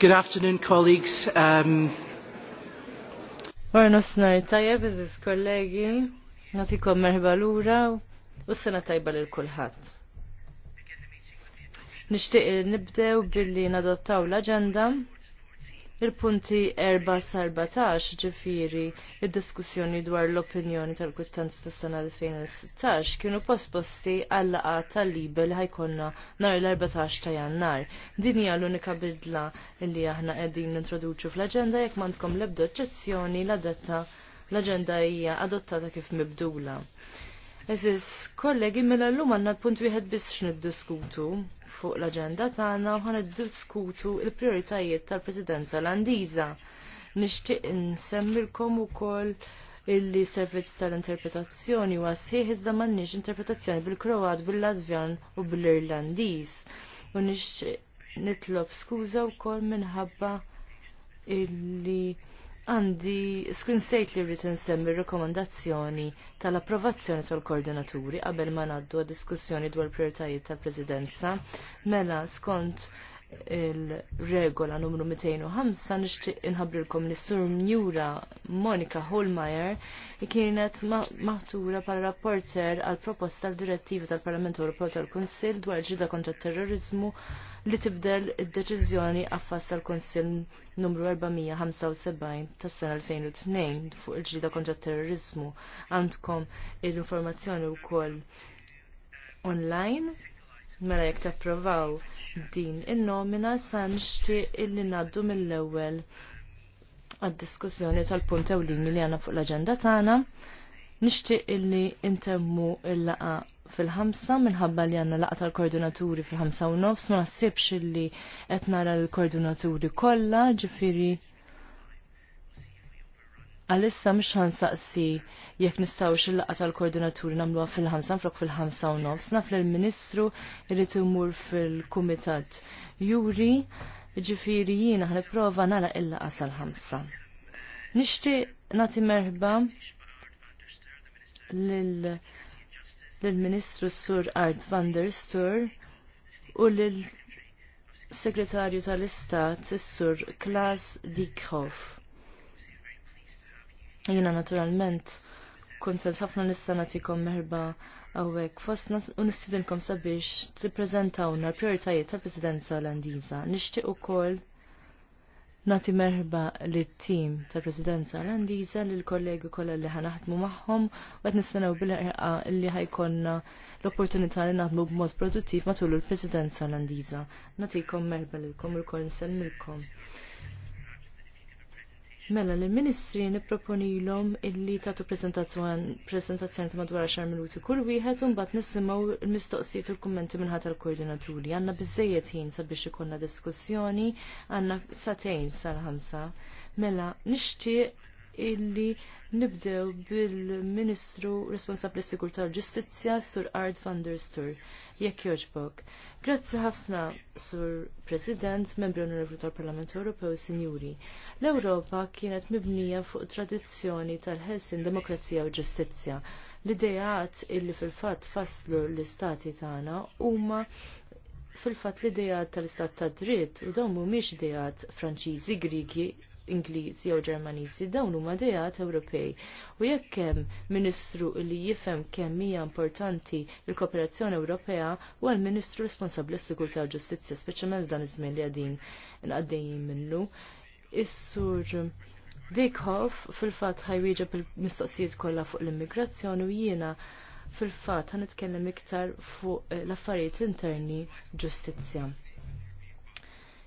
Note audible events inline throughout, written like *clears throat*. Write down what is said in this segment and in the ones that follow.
Good afternoon, colleagues. Um... Warnos nari tajab, iżis kollegi, natikom merħba l-ura u s-sena tajba l-kulħat. Nishtiq nibdew billi nadottaw l-agenda il-punti 4-14 ġifiri il-diskussjoni dwar l-opinjoni tal-kwittanza tas sena 2016 kienu posposti għall-laqa tal-libe li ħajkonna nar l-14 ta' jannar. Din hija l-unika bidla li aħna qegħdin nintroduċu fl-aġenda jekk m'għandkom l-ebda oġġezzjoni l l-aġenda hija adottata kif mibdula. Eżis, kollegi, mela l-lum għanna punt wieħed biex niddiskutu fuq l-agenda tagħna u ħaniddiskutu l-prijoritajiet tal-Presidenza Landiża. Nixtieq insemmilkom ukoll illi servizz tal-interpretazzjoni huwa sħiħ iżda m'għandniex interpretazzjoni bil-Kroat, bil-Latvjan u bil-Irlandiż. U nixtieq nitlob skuża wkoll minħabba illi għandi skin sejt li rrit nsemmi rekomendazzjoni tal-approvazzjoni tal-koordinaturi qabel ma naddu diskussjoni dwar prioritajiet tal-presidenza mela skont il-regola numru 205 nixtieq inħabrilkom li sur Njura Monika Holmeyer kienet maħtura pal rapporter għal proposta tal-direttiva tal-Parlament Ewropew tal-Kunsill dwar ġida kontra terrorizmu li tibdel id-deċiżjoni għaffas tal-Konsil numru 475 tas-sena 2002 fuq il ġdida kontra terrorizmu. Għandkom l-informazzjoni wkoll online mela jekk tapprovaw din il nomina sa nixtieq illi ngħaddu mill-ewwel għad-diskussjoni tal-punt ewlini li għandna fuq l-aġenda tagħna nixtieq illi intemmu il-laqa fil-ħamsa minħabba li għanna laqta l-koordinaturi fil-ħamsa u nofs ma nasibx li qed nara l-koordinaturi kollha ġifieri għalissa mhux ħansaqsi jekk nistgħux il-laqgħa tal-koordinaturi nagħmluha fil-ħamsa nfrok fil-ħamsa u nofs naf l-Ministru li imur fil-Kumitat Juri ġifieri jiena ħniprova nagħlaq il-laqgħa sal-ħamsa. Nixtieq nagħti merħba lil lill-Ministru Sur Art van der Stur u lill-Segretarju tal-Istat Sur Klaas Dikhoff. Jina naturalment kontent ħafna nista' nagħtikom merba Awek, fost nistidilkom sabiex t-prezentawna l-prioritajiet tal-presidenza Olandiża Nishtiq u Nati merħba li tim ta' presidenza Olandiza li l-kollegi kolla li ħanaħdmu maħħom u għed nistanaw bil-ħerqa li ħajkonna l-opportunità li naħdmu b'mod produttiv matul il-presidenza Olandiza. Natikom merħba li l-kom il-kol nsemmilkom. Mela, l-ministri niproponilom illi tatu prezentazzjoni ta' madwar 10 minuti kull wieħed u mbagħad nisimgħu l-mistoqsijiet u l-kummenti minnħat tal-koordinaturi. Għandna biżejjed ħin sabiex ikollna diskussjoni, għandna satejn sal-ħamsa. Mela, nixtieq illi nibdew bil-Ministru responsabbli sigurtà l-Ġustizzja Sur Ard van der Stur. Jekk joġbok. Grazzi ħafna Sur President, membri onorevoli tal-Parlament Ewropew, Sinjuri. L-Ewropa kienet mibnija fuq tradizzjoni tal-ħelsin demokrazija u ġustizzja. L-idejat illi fil fat faslu l-istati tagħna huma fil-fat l-idejat tal-istat tad dritt u dawn mhumiex idejat Franċiżi, Griegi Ingliżi jew Ġermaniżi dawn huma dejat Ewropej. U jekk hemm Ministru li jifhem kemm hija importanti l-Kooperazzjoni Ewropea u għal Ministru responsabbli s-Sigurtà u Ġustizzja, speċjalment dan iż-żmien li għadin nqaddejjin minnu. Is-sur Dikhoff fil-fatt ħajwieġeb il-mistoqsijiet kollha fuq l-immigrazzjoni u jiena fil-fatt ħanitkellem iktar fuq l-affarijiet interni ġustizzja.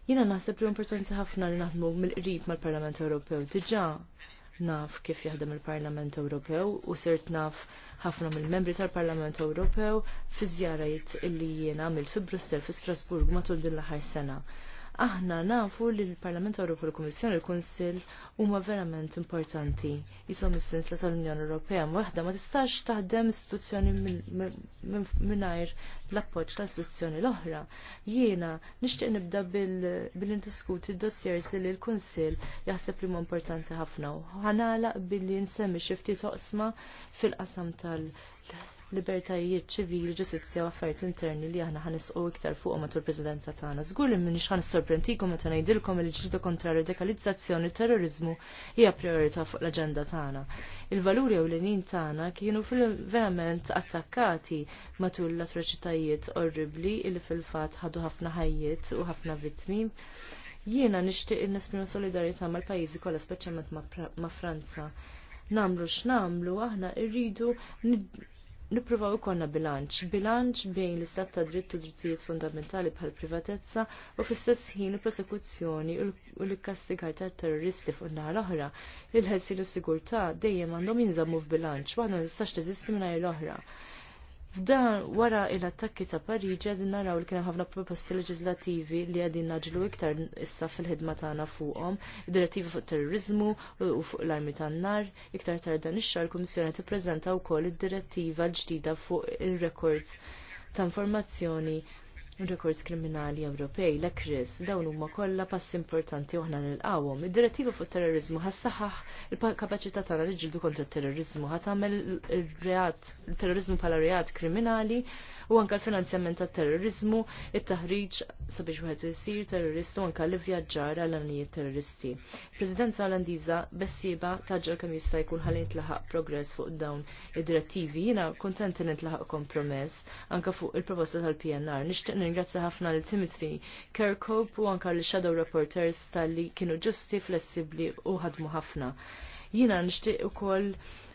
Jina naħseb li importanti ħafna li naħdmu mill-qrib mal-Parlament Ewropew. Diġà naf kif jaħdem il-Parlament Ewropew u sirt naf ħafna mill-membri tal-Parlament Ewropew fi żjarajiet illi jiena għamilt fi Brussell fi Strasburg matul din l-aħħar sena aħna nafu li l-Parlament Ewropew l-Kummissjoni l-Kunsill huma verament importanti. Isom is-sens tal-Unjoni Ewropea waħda ma tistax taħdem istituzzjoni mingħajr l-appoġġ tal-istituzzjoni l-oħra. Jiena nixtieq nibda bil-indiskuti d-dossiers li l-Kunsill jaħseb li huma importanti ħafna u ħanala billi nsemmi xi ftit oqsma fil-qasam tal- libertajiet ċivili, ġustizzja u affarijiet interni li aħna u iktar fuq matul preżidenza tagħna. Żgur li m'iniex ħanissorprendikom meta ngħidilkom li ġlidu kontra radikalizzazzjoni u terrorizmu hija priorità fuq l-aġenda tagħna. Il-valuri ewlenin tagħna kienu verament attakkati matul l-atroċitajiet orribli li fil-fatt ħadu ħafna ħajjiet u ħafna vittmi jiena nixtieq nesprimu solidarjetà mal-pajjiżi kollha speċjalment ma' Franza. Namlu x'namlu aħna rridu Nipprovaw ikonna bilanċ, bilanċ bejn l-istat ta' dritt u drittijiet fundamentali bħal privatezza u fl-istess ħin prosekuzzjoni u l-kastigar ta' terroristi fuq naħa l-oħra. il ħelsi u sigurtà dejjem għandhom jinżammu f'bilanċ, waħda ma tistax teżisti mingħajr l-oħra. F'dan wara l-attakki ta' Pariġi għadin naraw li kien ħafna proposti leġislativi li għadin naġlu iktar issa fil-ħidma tagħna fuqhom, id-direttiva fuq terrorizmu u fuq l-armi tan-nar, iktar tar dan ix xar il-Kummissjoni tippreżenta wkoll id-direttiva l-ġdida fuq ir-records ta' informazzjoni Rekords kriminali Ewropej, l kris dawn huma kollha pass importanti oħna nilqawhom. Id-direttiva fuq terrorizmu saħaħ il-kapaċità tagħna li ġildu kontra terrorizmu ħat tagħmel il-reat terrorizmu bħala reat kriminali u anka l-finanzjament ta' terrorizmu, it-taħriġ sabiex wieħed isir terrorist u anka l-vjaġġar għal anijiet terroristi. Presidenza Olandiża bessiba taġġel kemm jista' jkun ħalli nitlaħaq progress fuq dawn id-direttivi, jiena kontent nitlaħaq kompromess anka fuq il-proposta tal-PNR. Nixtieq ningrazzja ħafna lil Timothy Kirkhope u anka l-Shadow Reporters tal-li kienu ġusti, flessibli u ħadmu ħafna jina nishtiq u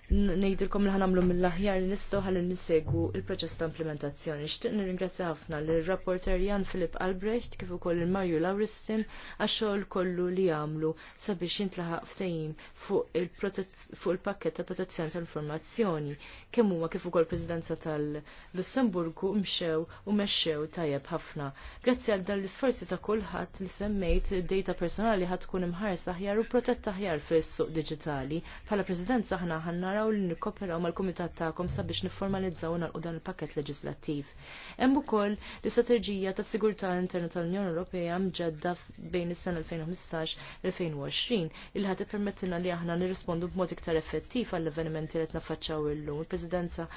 ngħidilkom li ħanamlu mill-aħjar nistgħu ħalli nissegwu il-proċess ta' implementazzjoni. Xtieq nirringrazzja ħafna lir rapporter Jan Filip Albrecht kif ukoll il-Marju Lauristin għax-xogħol kollu li jagħmlu sabiex jintlaħaq ftehim fuq il-pakket ta' protezzjoni tal-informazzjoni kemm huma kif ukoll Presidenza tal-Lussemburgu mxew u mexxew tajjeb ħafna. Grazzi għal dan l-isforzi ta' kulħadd li semmejt id-data personali ħad tkun imħarsa aħjar u protetta aħjar fis-suq diġitali. Bħala Presidenza aħna ħannar naraw li nikkoperaw mal-kumitat tagħkom sabiex nifformalizzaw nalqu dan il-pakket leġislattiv. Hemm ukoll l-istrateġija ta' sigurtà interna tal-Unjoni Ewropea mġedda bejn is-sena 2015-2020 il ħad permettina li aħna nirrispondu b'mod iktar effettiv għall-avvenimenti li qed naffaċċaw illum. Il-Presidenza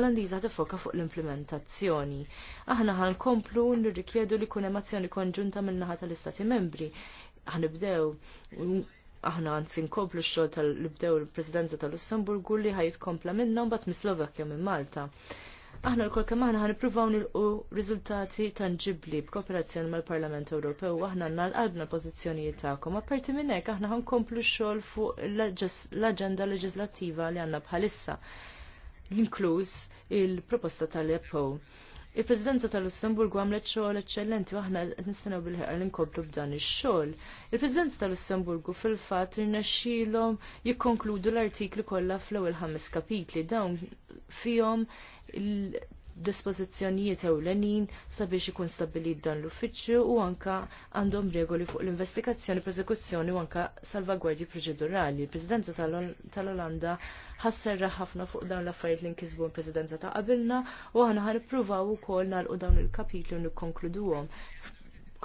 Olandiża tifoka fuq l-implementazzjoni. Aħna ħankomplu nirrikjedu li kun hemm azzjoni konġunta min-naħa tal-Istati Membri ħanibdew aħna għanzi nkomplu x-xogħol tal libdew il-Presidenza tal-Lussemburgu li ħajt kompla minna mbagħad mis-Slovakja minn Malta. Aħna l-kol kemm aħna ħanippruvaw nilqu riżultati tangibli b'kooperazzjoni mal-Parlament Ewropew aħna għandna l-qalbna l-pożizzjonijiet tagħkom. Apparti minn hekk aħna ħankomplu x-xogħol fuq l-aġenda leġislattiva li għandna bħalissa l-inkluż il-proposta tal-EPO. Il-Presidenza tal-Lussemburgu għamlet xogħol eċċellenti u aħna qed nistennew bil-ħerqa li nkomplu b'dan ix-xogħol. Il-Presidenza tal-Lussemburgu fil-fatt irnexxielhom jikkonkludu l-artikli kollha fl-ewwel ħames kapitli dawn fihom dispożizzjonijiet ewlenin sabiex ikun stabbilit dan l-uffiċċju u anka għandhom regoli fuq l-investigazzjoni, prosekuzzjoni u anka salvagwardji proċedurali. Il-Presidenza tal-Olanda ħasserra ħafna fuq dawn l-affarijiet li nkisbu l-Presidenza ta' qabilna u aħna ħanippruvaw ukoll nagħlqu dawn il-kapitlu nikkonkluduhom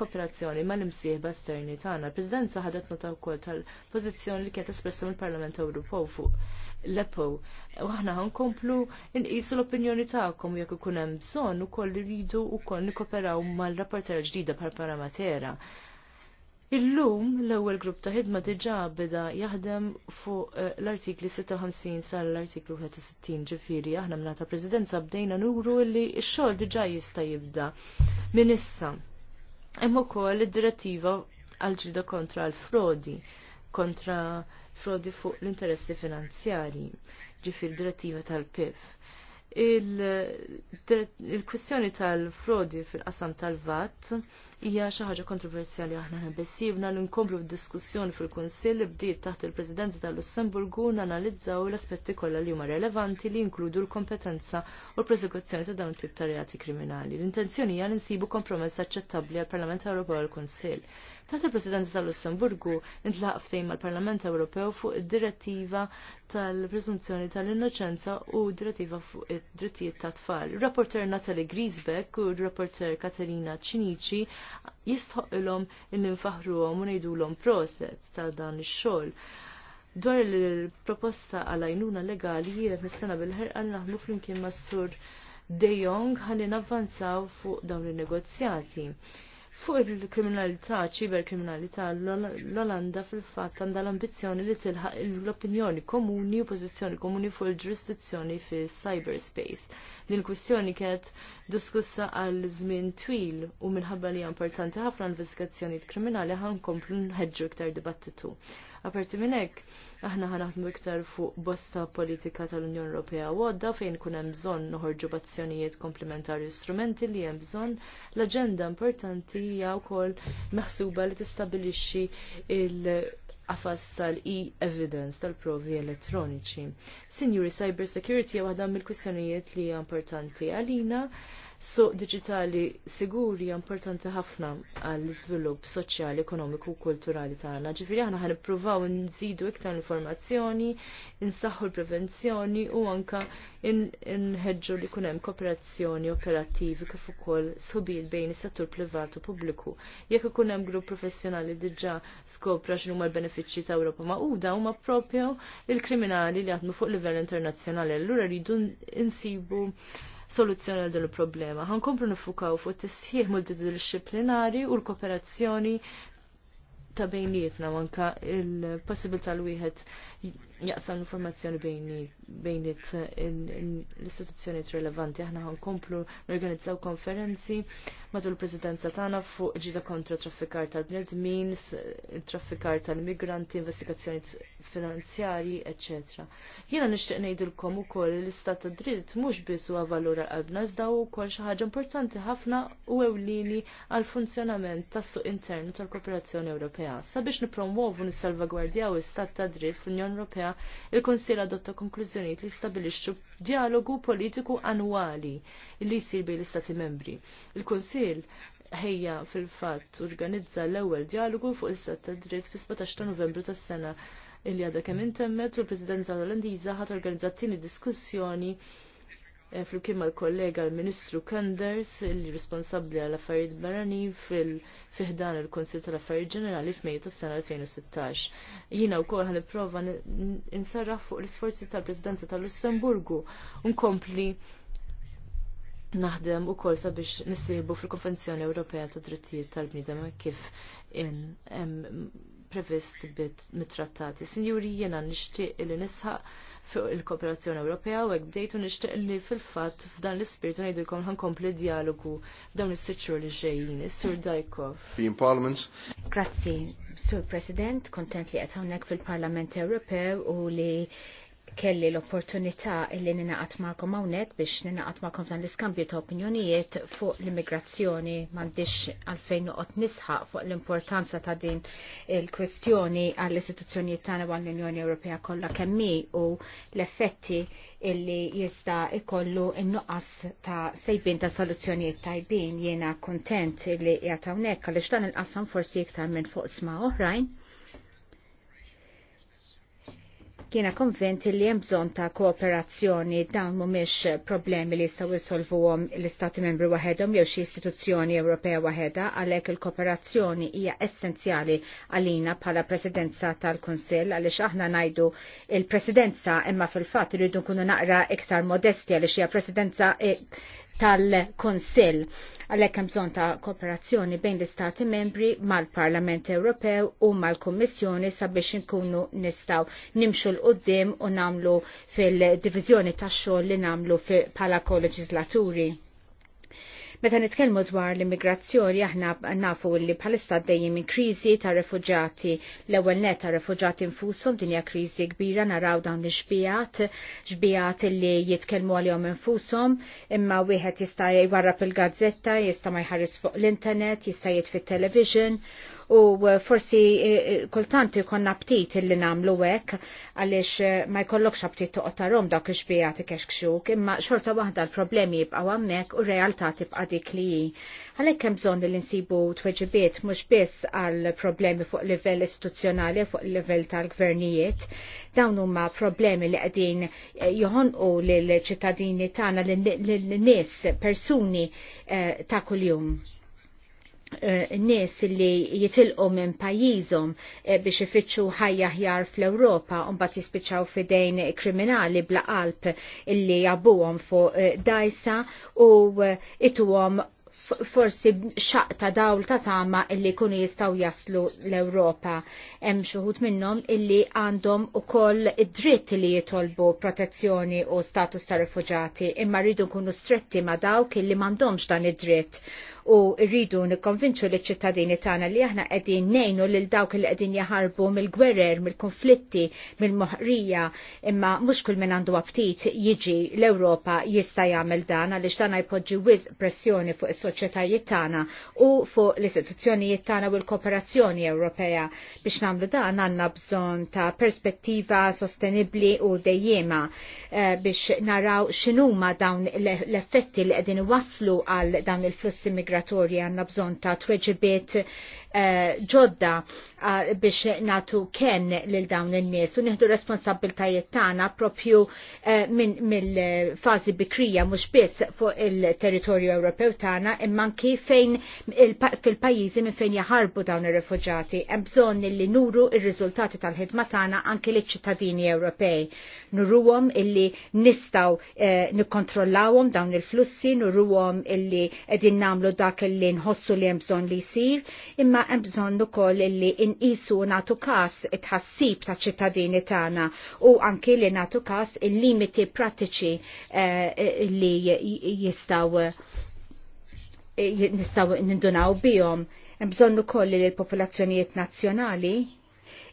kooperazzjoni ma' l-imsieħba Sterni tagħna. Il-Presidenza ħadet nota wkoll tal-pożizzjoni li kienet espressa mill-Parlament Ewropew fuq l-EPO. U aħna n nqisu l-opinjoni tagħkom jekk ikun hemm bżonn ukoll iridu wkoll nikoperaw mal-rapporter ġdida par paramatera. Illum l-ewwel grupp ta' ħidma diġà beda jaħdem fuq eh, l-artikli 56 sal-artiklu 61 ġifieri aħna mnata Presidenza bdejna nuru li x-xogħol diġà jista' jibda minn issa. Hemm ukoll id-direttiva għal ġilda kontra l-frodi kontra frodi fuq l-interessi finanzjari ġifir direttiva tal-PIF. Il-kwistjoni tal frodi fil-qasam tal-VAT hija xi ħaġa kontroversjali aħna ħbessibna li nkomplu b'diskussjoni fil-Kunsill bdiet taħt il-Presidenza tal-Lussemburgu nanalizzaw l-aspetti kollha li huma relevanti li jinkludu l-kompetenza u l-prosekuzzjoni ta' dawn tip ta' reati kriminali. L-intenzjoni hija li nsibu kompromess aċċettabbli għall-Parlament Ewropew għall kunsill Taħt il-Presidenza tal-Lussemburgu intlaq ftejn mal-Parlament Ewropew fuq id-direttiva tal-presunzjoni tal-innoċenza u direttiva fuq id-drittijiet tat-tfal. Rapporter Natalie Griesbeck u rapporter Katerina Cinici jistħoq ilhom ninfaħruhom u ngħidulhom proset tal dan ix-xogħol. Dwar il-proposta għal-għajnuna legali jiret nistana bil ħerqan naħlu flimkien mas-sur De Jong ħalli navvanzaw fuq dawn il-negozjati. Fuq il-kriminalità, ċiberkriminalità, l-Olanda fil-fatt għandha l-ambizzjoni li tilħaq l-opinjoni komuni u pożizzjoni komuni fuq il-ġurisdizzjoni fi cyberspace. L-kwistjoni kienet diskussa għal żmien twil u minħabba li importanti ħafna investigazzjonijiet kriminali ħankomplu nħeġġu iktar dibattitu. Aperti minn hekk, aħna ħanaħdmu iktar fuq bosta politika tal-Unjoni Ewropea u għodda fejn kun hemm bżonn noħorġu b'azzjonijiet komplementari strumenti li hemm bżonn. L-aġenda importanti hija wkoll meħsuba li tistabbilixxi il- għafas tal-e-evidence tal-provi elettroniċi. Sinjuri, cyber security għadha mill-kwistjonijiet li hija importanti għalina suq digitali siguri importanti ħafna għall iżvilupp soċjali, ekonomiku u kulturali tagħna. Ġifieri aħna ippruvaw nżidu iktar informazzjoni, insaħħu l-prevenzjoni u anka nħeġġu li jkun hemm kooperazzjoni operattivi kif ukoll sobil bejn is-settur privat u pubbliku. Jekk ikun hemm grupp professjonali diġà skopra x'inhuma l-benefiċċji ta' Ewropa Magħquda huma propju il-kriminali li jaħdmu fuq livell internazzjonali allura rridu insibu soluzzjoni għal din il-problema. komplu nifukaw fuq tisħiħ multidisciplinari u l-kooperazzjoni ta' bejnietna manka il-possibilità l wieħed jaqsam l-informazzjoni bejniet l-istituzzjonijiet rilevanti. Aħna n norganizzaw konferenzi matul il-Presidenza tagħna fuq ġida kontra traffikar tal-bnedmin, traffikar tal-migranti, investigazzjoni finanzjarji, etc. Jiena nixtieq ngħidilkom ukoll li l-istat ta' dritt mhux biss għavallura għabna, zdaw u koll xi ħaġa importanti ħafna u ewlieni għal funzjonament tas-suq internu tal-Kooperazzjoni Ewropea. Sabiex nippromuovu nissalvagwardjaw istat ta' dritt fl-Unjoni Ewropea, il-Kunsill adotta konklużjonijiet li stabilixxu dialogu politiku annwali li jsir bej l-istati membri. Il-Kunsill ħejja fil-fatt organizza l-ewwel dialogu fuq is istat tad dritt fis-17 ta' Novembru tas-sena illi għadha kemm intemmet u l-Presidenza Olandiża ħat organizzat diskussjoni eh, fil-kien mal-kollega l-Ministru Kenders illi responsabli għal affarijiet barranin fil fihdan il-Konsil tal-Affarijiet Ġenerali f'Mejju tas-sena 2016. Jiena wkoll ħan nipprova nsarraf fuq l-isforzi tal-Presidenza tal-Lussemburgu nkompli naħdem u kol sabiex nisibu fil-Konvenzjoni Ewropea tad Drittijiet tal-Bnidem kif in previst mit-trattati. Sinjuri jiena nixtieq li nisħaq fuq il-Kooperazzjoni Ewropea u hekk bdejtu nixtieq li fil-fatt f'dan l-ispirtu ngħidilkom ħankompli dialogu dawn is-sitxur li ġejjin. sur Dajkov. Grazzi, Sur President, kontent li qed hawnhekk fil-Parlament Ewropew u li kelli l-opportunità li ninaqat ma'kom hawnhekk biex ninaqat ma'kom dan l-iskambju ta' opinjonijiet fuq l-immigrazzjoni m'għandix għalfejn noqgħod nisħaq fuq l-importanza ta' din il-kwestjoni għall istituzzjonijiet tagħna u għall-Unjoni Ewropea kollha kemm u l-effetti illi jista' ikollu n-nuqqas ta' sejbin ta' soluzzjonijiet tajbin jiena kuntent illi qiegħed hawnhekk għaliex dan il-qasam forsi iktar minn fuq sma' oħrajn Jiena konvent li hemm bżonn ta' kooperazzjoni dawn mhumiex problemi li jistgħu jsolvuhom l-Istati Membri waħedhom jew xi istituzzjoni Ewropea waħedha għalhekk il-kooperazzjoni hija essenzjali għalina bħala presidenza tal-Kunsill għaliex aħna ngħidu il-presidenza imma fil-fatt irridu nkunu naqra iktar modesti għaliex hija presidenza eh, tal-Konsil għalhekk hemm bżonn ta' kooperazzjoni bejn l-Istati membri mal-Parlament Ewropew u mal-Kummissjoni sabiex inkunu nistgħu nimxu l qudiem u nagħmlu fil-diviżjoni tax-xogħol li nagħmlu bħala koleġislaturi. Meta nitkellmu dwar l-immigrazzjoni aħna nafu li bħalissa dejjem minn kriżi ta' refuġati l-ewwel net ta' refuġati infushom dinja kriżi kbira naraw dawn l-xbijat, xbijat li jitkellmu għalihom infushom, imma wieħed jista' jwarrab il-gazzetta, jista' ma jħares fuq l-internet, jista' jitfit television u eh, forsi eh, eh, kultant ikon aptit illi namlu hekk għaliex ma jkollokx aptit toqgħod tarhom dak ix ti kex kxuk imma xorta waħda l-problemi jibqa' hemmhekk u r-realtà tibqa' dik li hi. Għalhekk hemm bżonn li nsibu tweġibiet mhux biss għal problemi fuq livell istituzzjonali fuq livell tal-gvernijiet. Dawn huma problemi li qegħdin joħonqu lill ċittadini tagħna lin-nies persuni ta' kuljum. Eh, nies li jitilqu minn pajjiżhom eh, biex ifittxu ħajja ħjar fl-Ewropa un mbagħad jispiċċaw fidejn kriminali bla qalb illi jabuhom fuq eh, dajsa u ituhom forsi xaq ta' dawl ta' tama illi kunu jistaw jaslu l-Europa. Hemm xuħut minnhom illi għandhom ukoll id-dritt li jitolbu protezzjoni u status ta' rifuġati, imma rridu nkunu stretti ma' dawk illi m'għandhomx dan id-dritt u rridu nikkonvinċu l ċittadini tagħna li aħna qegħdin nejnu lil dawk li qegħdin jaħarbu mill-gwerer, mill-konflitti, mill-moħrija, imma mhux kull min għandu aptit jiġi l-Ewropa jista' jagħmel dan għaliex dan jpoġġi wisq pressjoni fuq is-soċjetajiet tagħna u fuq l-istituzzjonijiet tagħna u l-kooperazzjoni Ewropea biex nagħmlu dan għandna bżonn ta' perspettiva sostenibbli u dejjema eh, biex naraw x'inhuma dawn l-effetti li qegħdin waslu għal dawn il-flussi migratorji għanna bżon ta' tweġibiet Eh, ġodda eh, biex natu ken lil dawn in-nies u nieħdu responsabiltajiet tagħna propju eh, mill-fażi bikrija mhux biss fuq il-territorju Ewropew tagħna imma anki fejn fil-pajjiżi minn fejn jaħarbu dawn ir-refuġati hemm bżonn li nuru r riżultati tal-ħidma tagħna anki liċ-ċittadini Ewropej. Nuruhom illi nistgħu nikkontrollawhom dawn il-flussi, nurruhom illi qegħdin nagħmlu dak illi nħossu li hemm bżonn li jsir, imma imma hemm bżonn ukoll li inqisu nagħtu każ it-ħassib ta' ċittadini tagħna u anki li nagħtu każ il-limiti prattiċi eh, li jistgħu nistgħu nindunaw bihom. Hemm bżonn ukoll li l-popolazzjonijiet nazzjonali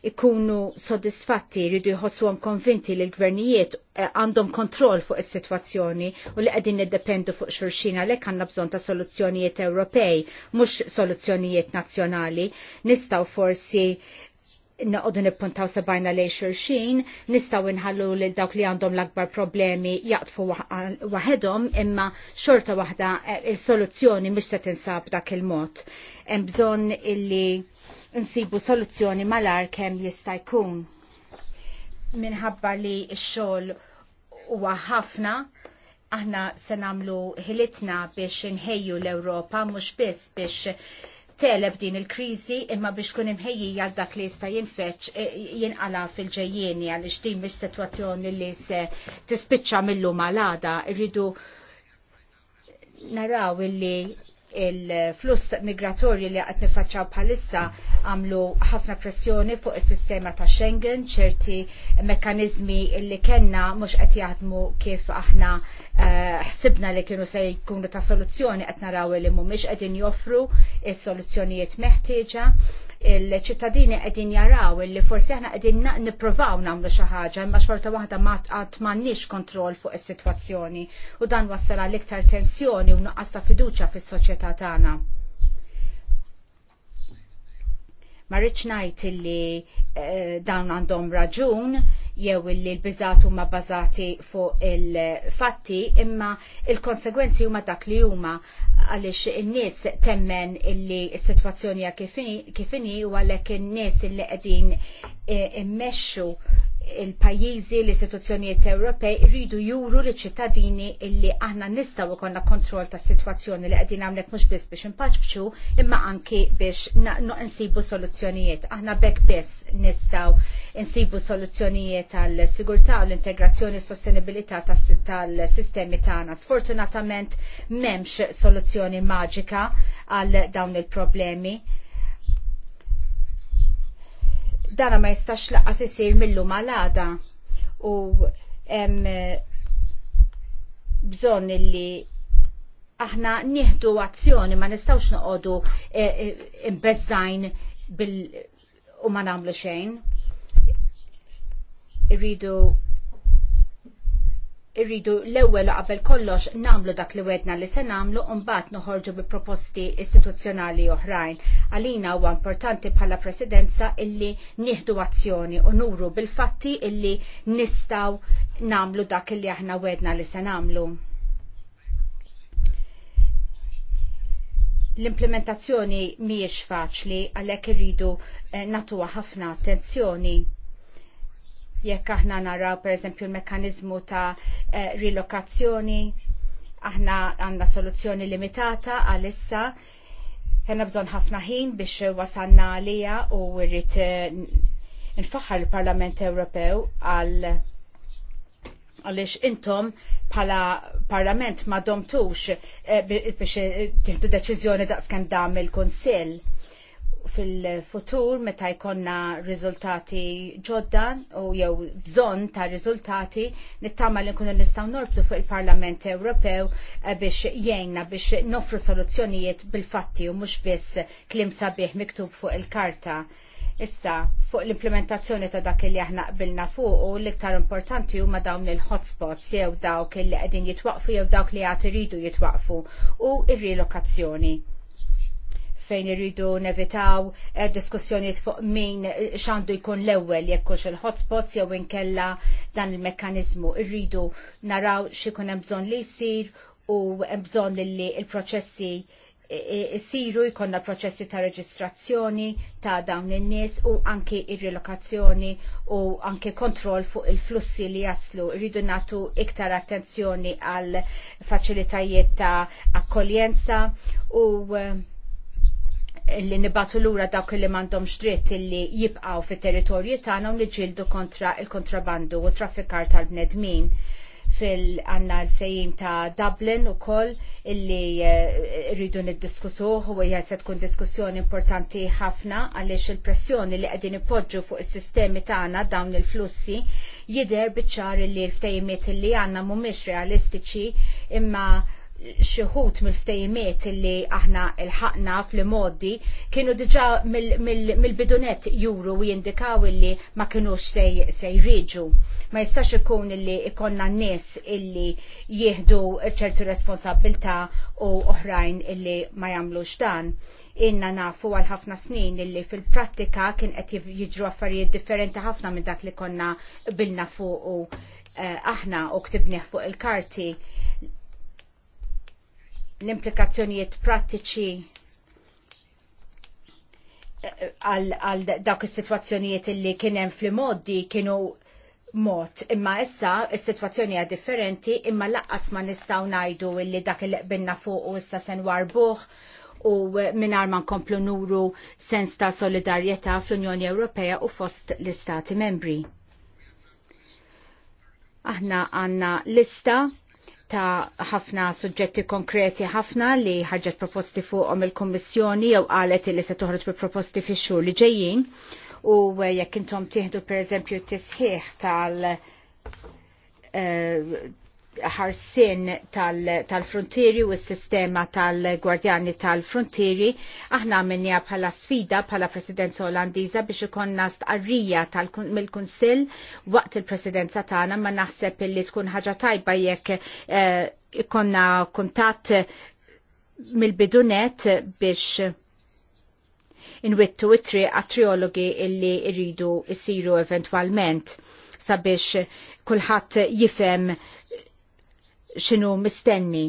ikunu soddisfatti jridu jħossuhom konvinti li l-gvernijiet eh, għandhom kontroll fuq is-sitwazzjoni u li qegħdin niddependu fuq xulxin għalhekk għandna bżonn ta' soluzzjonijiet Ewropej mhux soluzzjonijiet nazzjonali. Nistgħu forsi naqodu nippuntaw sabajna lej xurxin, nistaw inħallu li dawk li għandhom l-akbar problemi jaqtfu waħedhom, imma xorta waħda eh, il-soluzzjoni mhux se tinsab dak il-mod. Hemm bżonn illi nsibu soluzzjoni malar kem jista' jkun. Minħabba li x-xogħol huwa ħafna, aħna se nagħmlu ħilitna biex inħejju l-Ewropa mhux biss biex teleb din il-kriżi imma biex kun imħejjija għal dak li jista' jinfeċ e, jinqala fil-ġejjieni għaliex din mis-sitwazzjoni li se tispiċċa mill-lum għal irridu naraw illi il-fluss migratorju li għat nifacċaw bħalissa għamlu ħafna pressjoni fuq il-sistema ta' Schengen, ċerti mekanizmi li kena mux għat jaħdmu kif aħna eh, ħsibna uh, li kienu se jkunu ta' soluzzjoni għat naraw li mumiex għedin joffru il-soluzzjonijiet meħtieġa il-ċittadini qegħdin jaraw li forsi aħna qegħdin nippruvaw nagħmlu xi ħaġa imma xorta waħda ma qatt m'għandniex kontroll fuq is-sitwazzjoni u dan wassala l iktar tensjoni u nuqqas ta' fiduċja fis-soċjetà tagħna. Ma rridx ngħid illi eh, dawn għandhom raġun, jew illi l-biżat huma bbażati fuq il-fatti imma il-konsegwenzi huma dak li huma għaliex in-nies temmen illi s-sitwazzjoni kif inhi u għalhekk in-nies illi qegħdin e, immexxu il-pajjiżi l-istituzzjonijiet Ewropej rridu juru li ċittadini illi aħna nistgħu ikollna kontroll tas sitwazzjoni li qegħdin hawnhekk mhux biss biex impaċċu imma anki biex nsibu soluzzjonijiet. Aħna bekk biss nistgħu insibu soluzzjonijiet tal-sigurtà u l-integrazzjoni sostenibilità tal-sistemi tagħna. Sfortunatament m'hemmx soluzzjoni maġika għal dawn il-problemi dana ma jistax laqas isir mill-lum għal-għada u hemm eh, bżonn li aħna nieħdu azzjoni ma nistgħux noqogħdu eh, eh, imbeżżajn bil u ma nagħmlu xejn irridu irridu l-ewwel qabel kollox namlu dak li wedna li se namlu u mbagħad noħorġu bi proposti istituzzjonali oħrajn. Għalina huwa importanti bħala presidenza illi nieħdu azzjoni u nuru bil-fatti illi nistgħu namlu dak li aħna wedna li se namlu. L-implementazzjoni mhijiex faċli għalhekk irridu eh, natuha ħafna attenzjoni Jekk aħna naraw pereżempju l-mekkaniżmu ta' eh, rilokazzjoni, aħna għandna soluzzjoni limitata għalissa ħena bżon ħafna ħin biex wasanna għalija u rrit eh, nfaħħar l-Parlament Ewropew għal għalix intom pala parlament ma domtux eh, biex tieħdu deċiżjoni daqskem dam il konsil fil-futur meta jkonna riżultati ġodda u jew bżonn ta' rizultati nittama li nkunu nistgħu norbtu fuq il-Parlament Ewropew eh, biex jgħinna biex nofru soluzzjonijiet bil-fatti u mhux biss klim sabiħ miktub fuq il-karta. Issa, fuq l-implementazzjoni ta' dak li aħna qbilna fuq u l-iktar importanti huma dawn il-hotspots jew dawk li qegħdin jitwaqfu jew dawk li għad iridu jitwaqfu u ir-relokazzjoni fejn irridu nevitaw eh, diskussjoniet fuq min eh, xandu jkun l-ewwel jekkux il-hotspots jew inkella dan il-mekkanizmu. Irridu naraw xikun hemm bżonn li jsir u hemm bżonn li l proċessi eh, siru jkollna proċessi ta' reġistrazzjoni ta' dawn in-nies u anke ir-relokazzjoni u anke kontroll fuq il-flussi li jaslu. Rridu natu iktar attenzjoni għal faċilitajiet ta' akkoljenza u li nibatu lura dawk li mandom xdritt li jibqaw fit territorju tagħna u niġildu kontra il-kontrabandu u traffikar tal-bnedmin fil-għanna l-fejjim ta' Dublin u koll illi eh, rridu niddiskusuħ u se tkun diskussjoni importanti ħafna għaliex il-pressjoni li għedin ipoġġu fuq il-sistemi tagħna dawn il-flussi jider biċċar illi l-ftejjimiet illi għanna mumiex realistiċi imma xieħut mill-ftejmiet li aħna il-ħakna fl-modi kienu diġa mill-bidunet juru u jindikaw illi ma kienux sejriġu. Ma jistax ikun illi ikonna n-nis illi jihdu ċertu responsabilta u oħrajn illi ma jamlux dan. Inna nafu għal ħafna snin illi fil-prattika kien qed jiġru affarijiet differenti ħafna minn dak li konna bilna fuq u eh, aħna u ktibniħ fuq il-karti l-implikazzjonijiet prattiċi eh, għal dawk is-sitwazzjonijiet illi kien hemm fl-modi kienu mod imma issa is-sitwazzjoni hija differenti imma laqqas ma nistgħu ngħidu illi dak il qbilna fuq u issa se warbuħ u mingħajr ma nkomplu nuru sens ta' solidarjetà fl-Unjoni Ewropea u fost l-Istati Membri. Aħna għandna lista ta' ħafna suġġetti konkreti ħafna li ħarġet proposti fuqhom il-Kommissjoni jew qalet li se toħroġ bi proposti fix-xhur li ġejjin u eh, jekk intom tieħdu pereżempju t-tisħiħ tal eh, ħarsin tal-frontieri tal u s-sistema tal-gwardjani tal-frontieri, aħna minnija bħala sfida bħala presidenza olandiza biex ikonna stqarrija mill-Kunsill waqt il-presidenza tagħna ma naħseb illi tkun ħaġa tajba jekk eh, ikonna kuntatt mill-bidunet biex inwittu it-tri għat illi irridu isiru eventualment sabiex kulħadd jifem xinu mistenni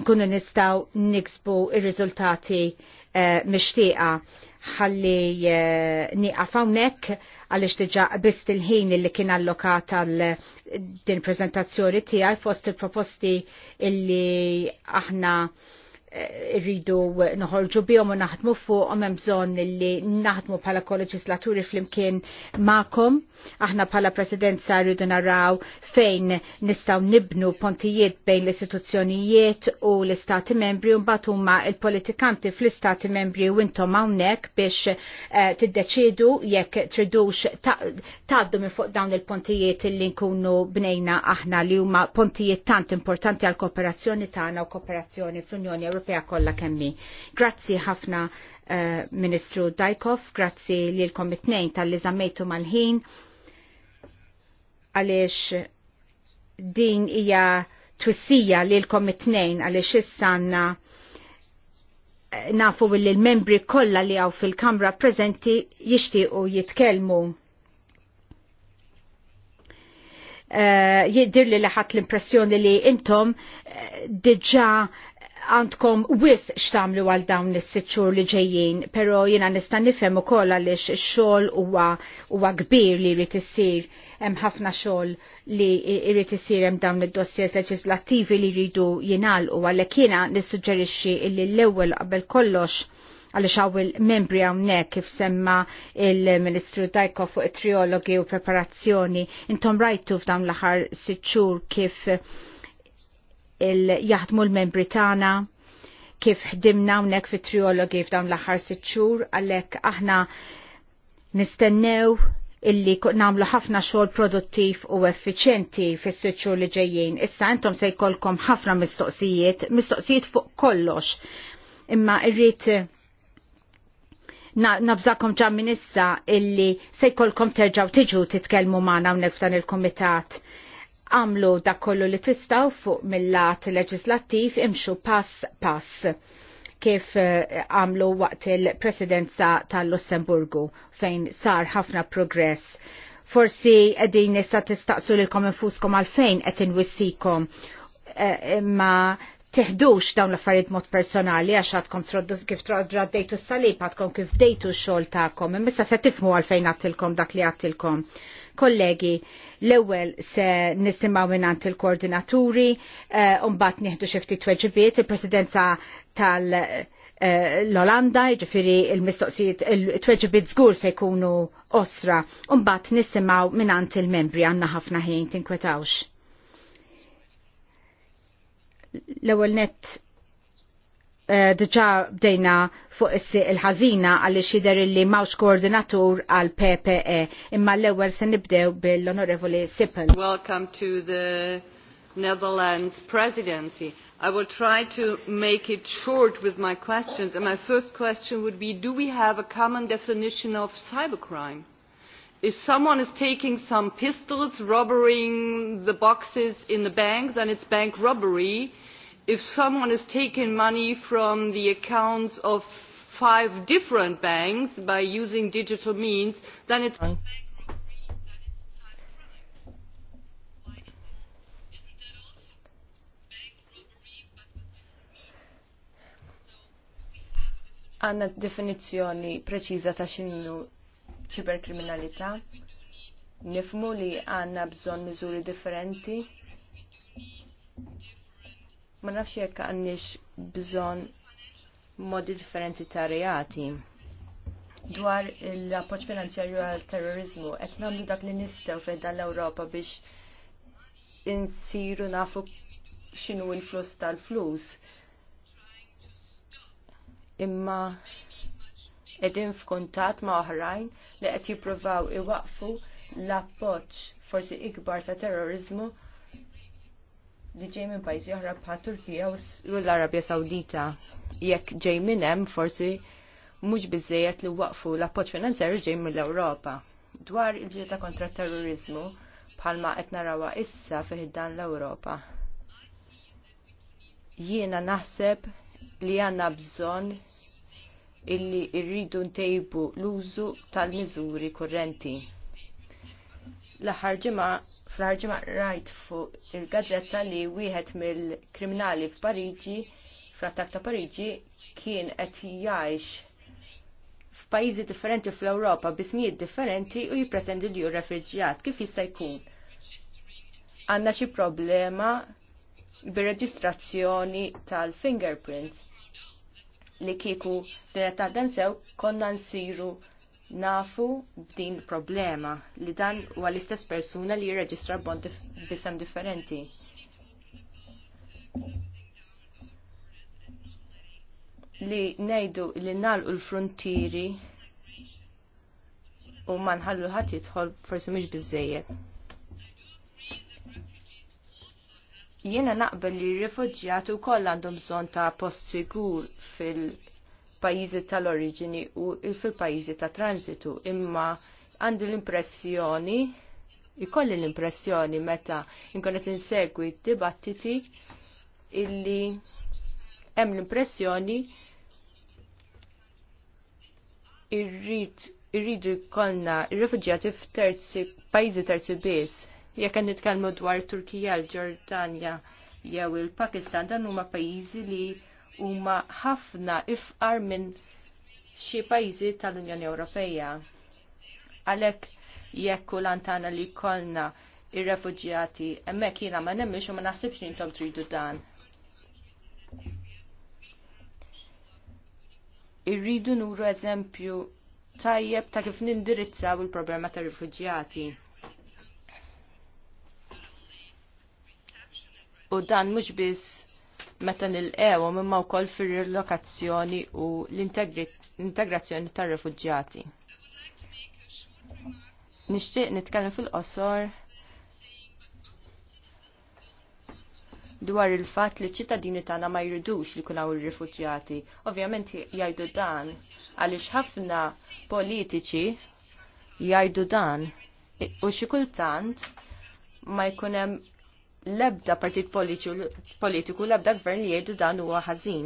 nkunu nistaw niksbu il riżultati uh, eh, mixtieqa ħalli uh, niqaf hawnhekk għaliex diġà qbist il-ħin li kien allokat għal eh, din prezentazzjoni tiegħi fost il-proposti illi aħna rridu noħorġu bihom u naħdmu fuq hemm bżonn li naħdmu bħala kolleġislaturi flimkien magħkom. Aħna bħala presidenza rridu naraw fejn nistgħu nibnu pontijiet bejn l-istituzzjonijiet u l-istati membri u mbagħad huma l-politikanti fl-istati membri u intom hawnhekk biex eh, tiddeċidu jekk tridux tgħaddu minn fuq dawn il-pontijiet li nkunu bnejna aħna li huma pontijiet tant importanti għal kooperazzjoni tagħna u kooperazzjoni fl-Unjoni Ewropea Ewropea kollha kemmi. Grazzi ħafna uh, Ministru Dajkov, grazzi lilkom it-tnejn tal-li żammejtu mal-ħin għaliex din hija twissija lilkom it-tnejn għaliex issanna eh, nafu li l-membri kollha li għaw fil-kamra preżenti jixtiequ jitkellmu. Uh, eh, jiddir li laħat l-impressjoni li intom uh, diġa għandkom wis xtamlu għal dawn is-sitxur li ġejjin, pero jiena nista' nifhem ukoll għaliex ix-xogħol huwa huwa kbir li jrid isir hemm ħafna xogħol li jrid isir hemm dawn id-dossiers leġislattivi li jridu jingħalqu għalhekk jiena nissuġġerixxi li l-ewwel qabel kollox għaliex għawil membri hawnhekk kif semma il-Ministru Dajko fuq it-triologi u preparazzjoni intom rajtu f'dawn l-aħħar sitt xhur kif jaħdmu l-membri tagħna kif ħdimna hawnhekk fit-triologi f'dawn l-aħħar sitt xhur għalhekk aħna nistennew illi namlu ħafna xogħol produttiv u effiċjenti fis-sitt xhur li ġejjin. Issa intom se jkollkom ħafna mistoqsijiet, mistoqsijiet fuq kollox. Imma rrid eh, nabżakom ġa issa illi se jkollkom terġaw tiġu titkellmu magħna hawnhekk f'dan il-kumitat għamlu dak kollu li tistaw fuq mill-lat leġislattiv imxu pass pass kif eh, għamlu waqt il-presidenza tal-Lussemburgu fejn sar ħafna progress. Forsi edin nista tistaqsu l-kom infuskom għalfejn qed inwissikom eh, imma teħdux dawn l-affarijiet mod personali għax għadkom troddus kif dejtu s-salib għadkom kif dejtu x-xol ta'kom, imma se tifmu għalfejn għattilkom dak li għattilkom. Kollegi, l-ewel se nisimaw minnant il-koordinaturi, eh, unbat nieħdu xifti t-weġibiet, il-presidenza tal- eh, l-Olanda, ġifiri il-mistoqsijiet, il-tweġibiet zgur se jkunu osra, unbat nisimaw minnant il-membri għanna ħafna ħin tinkwetawx. L-ewel net Eh, diġa bdejna fuq issi il-ħazina għalli xider li mawx koordinatur għal PPE. Imma l-ewel se nibdew bil-Onorevoli Sippel. Welcome to the Netherlands presidency. I will try to make it short with my questions. And my first question would be, do we have a common definition of cybercrime? If someone is taking some pistols, robbering the boxes in the bank, then it's bank robbery if someone is taking money from the accounts of five different banks by using digital means, then it's għanna definizjoni preċiża ta' xinu ċiberkriminalità. Nifmu li għanna bżon miżuri differenti ma nafx jekk għandix bżonn modi differenti ta' reati. Dwar l-appoġġ finanzjarju għal terrorizmu, qed nagħmlu dak li nistgħu fejn dan l-Ewropa biex insiru nafu x'inhu l-flus tal-flus. Imma qegħdin f'kuntatt ma' oħrajn li qed jippruvaw iwaqfu l-appoġġ forsi ikbar ta' terrorizmu li ġej minn pajjiżi oħra bħal Turkija u l-Arabja Sawdita jekk ġej minn hemm forsi mhux biżejjed li waqfu l-appoġġ finanzjarju ġej mill-Ewropa. Dwar il-ġieta kontra terrorizmu bħalma qed narawha issa fih dan l-Ewropa. Jiena naħseb li għandna bżonn illi rridu ntejbu l-użu tal-miżuri kurrenti. L-aħħar ġimgħa Fl-arġima rajt fuq il-gazzetta li wieħed mill-kriminali f'Pariġi, fl-attak ta' Pariġi, kien qed jgħix f'pajjiżi differenti fl-Ewropa bismijiet differenti u jippretendi li hu refuġjat kif jista' jkun. Għandna xi problema bir-reġistrazzjoni tal-fingerprints li kieku din taħdem sew konna nsiru nafu din problema li dan huwa l-istess persuna li jirreġistra bond bisem differenti. Li nejdu li nalqu l-frontieri u ma nħallu ħadd jidħol forsi mhux biżejjed. Jiena naqbel li r-rifuġjati wkoll għandhom bżonn ta' post sigur fil- pajizi pajjiżi tal-oriġini u fil-pajjiżi ta' transitu imma għandi l-impressjoni ikolli l-impressjoni meta inkonet insegwi dibattiti illi hemm l-impressjoni irrid irridu jkollna ir-refuġjati f'terzi pajjiżi terzi biss. Jekk qed nitkellmu dwar Turkija, l-Ġordanja jew il-Pakistan dan huma pajjiżi li huma ħafna ifqar minn xi pajjiżi tal-Unjoni Ewropea. Għalhekk jekk u lantana li kollna ir-refuġjati hemmhekk jiena ma nemmix u ma naħsibx nintom intom tridu dan. Irridu nuru eżempju tajjeb ta' kif nindirizzaw il-problema ta' rifuġjati. U dan mhux biss meta nil-ewom u wkoll fir-relokazzjoni u l-integrazzjoni tar-refuġjati. Nixtieq nitkellem fil-qosor dwar il-fatt li ċittadini tagħna ma jridux li kunaw ir-rifuġjati. Ovvjament jgħidu dan għaliex ħafna politiċi jgħidu dan u xi kultant ma jkun hemm lebda partit politiku, lebda gvern li jgħidu dan huwa ħażin.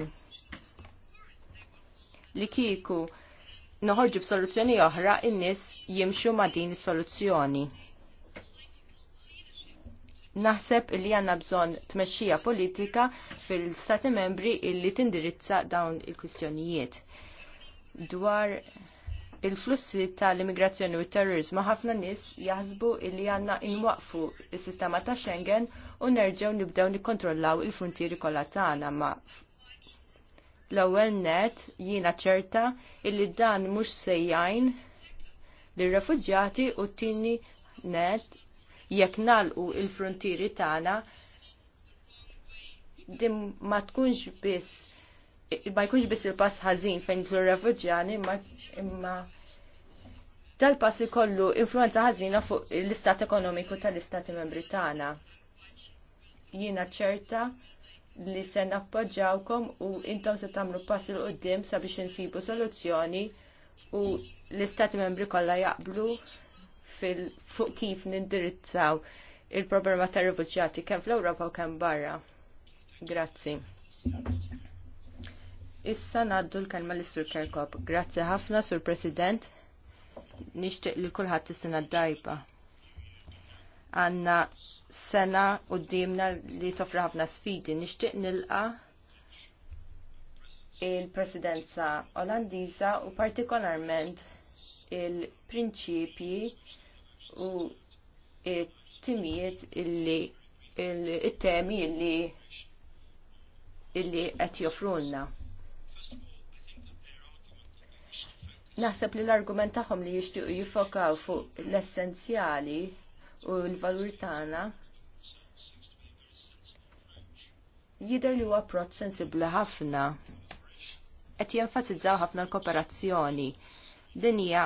Li kiku noħorġu b'soluzzjoni oħra, in-nies jimxu ma' din is-soluzzjoni. Naħseb li għanna bżon tmexxija politika fil-Stati membri illi tindirizza dawn il-kwistjonijiet. Dwar il-flussi tal-immigrazzjoni u terrorizmu ħafna nis jaħsbu illi għanna inwaqfu il-sistema ta' Schengen u nerġew nibdew nikkontrollaw il-frontieri kollha tagħna ma l-ewwel net jiena ċerta illi dan mhux sejjajn lir-refuġjati u t-tieni net jekk nalqu il-frontieri tagħna din ma tkunx biss ma jkunx biss il-pass ħażin fejn tlu refuġjani imma dal-pass ikollu influenza ħażina fuq l-istat ekonomiku tal-istati membri tagħna. Jiena ċerta li se nappoġġawkom u intom se tagħmlu pass il qudiem sabiex insibu soluzzjoni u l-istati membri kollha jaqblu fuq kif nindirizzaw il-problema tar rifuġjati kemm fl-Ewropa u kemm barra. Grazzi. Issa naddu l-kelma li Sur Kerkop. Grazzi ħafna, Sur President. Nishtiq li kullħat t sena d-dajba. Għanna sena u d-dimna li tofra ħafna sfidi. Nishtiq nilqa il-presidenza olandiza u partikolarment il-prinċipji u it-timijiet illi il-temi illi illi qed joffrulna. Naħseb li l-argument tagħhom li jixtiequ jifokaw fuq l-essenzjali u l-valur tagħna jidher li huwa approċċ sensibbli ħafna. Qed jenfasizzaw ħafna l-kooperazzjoni. Din hija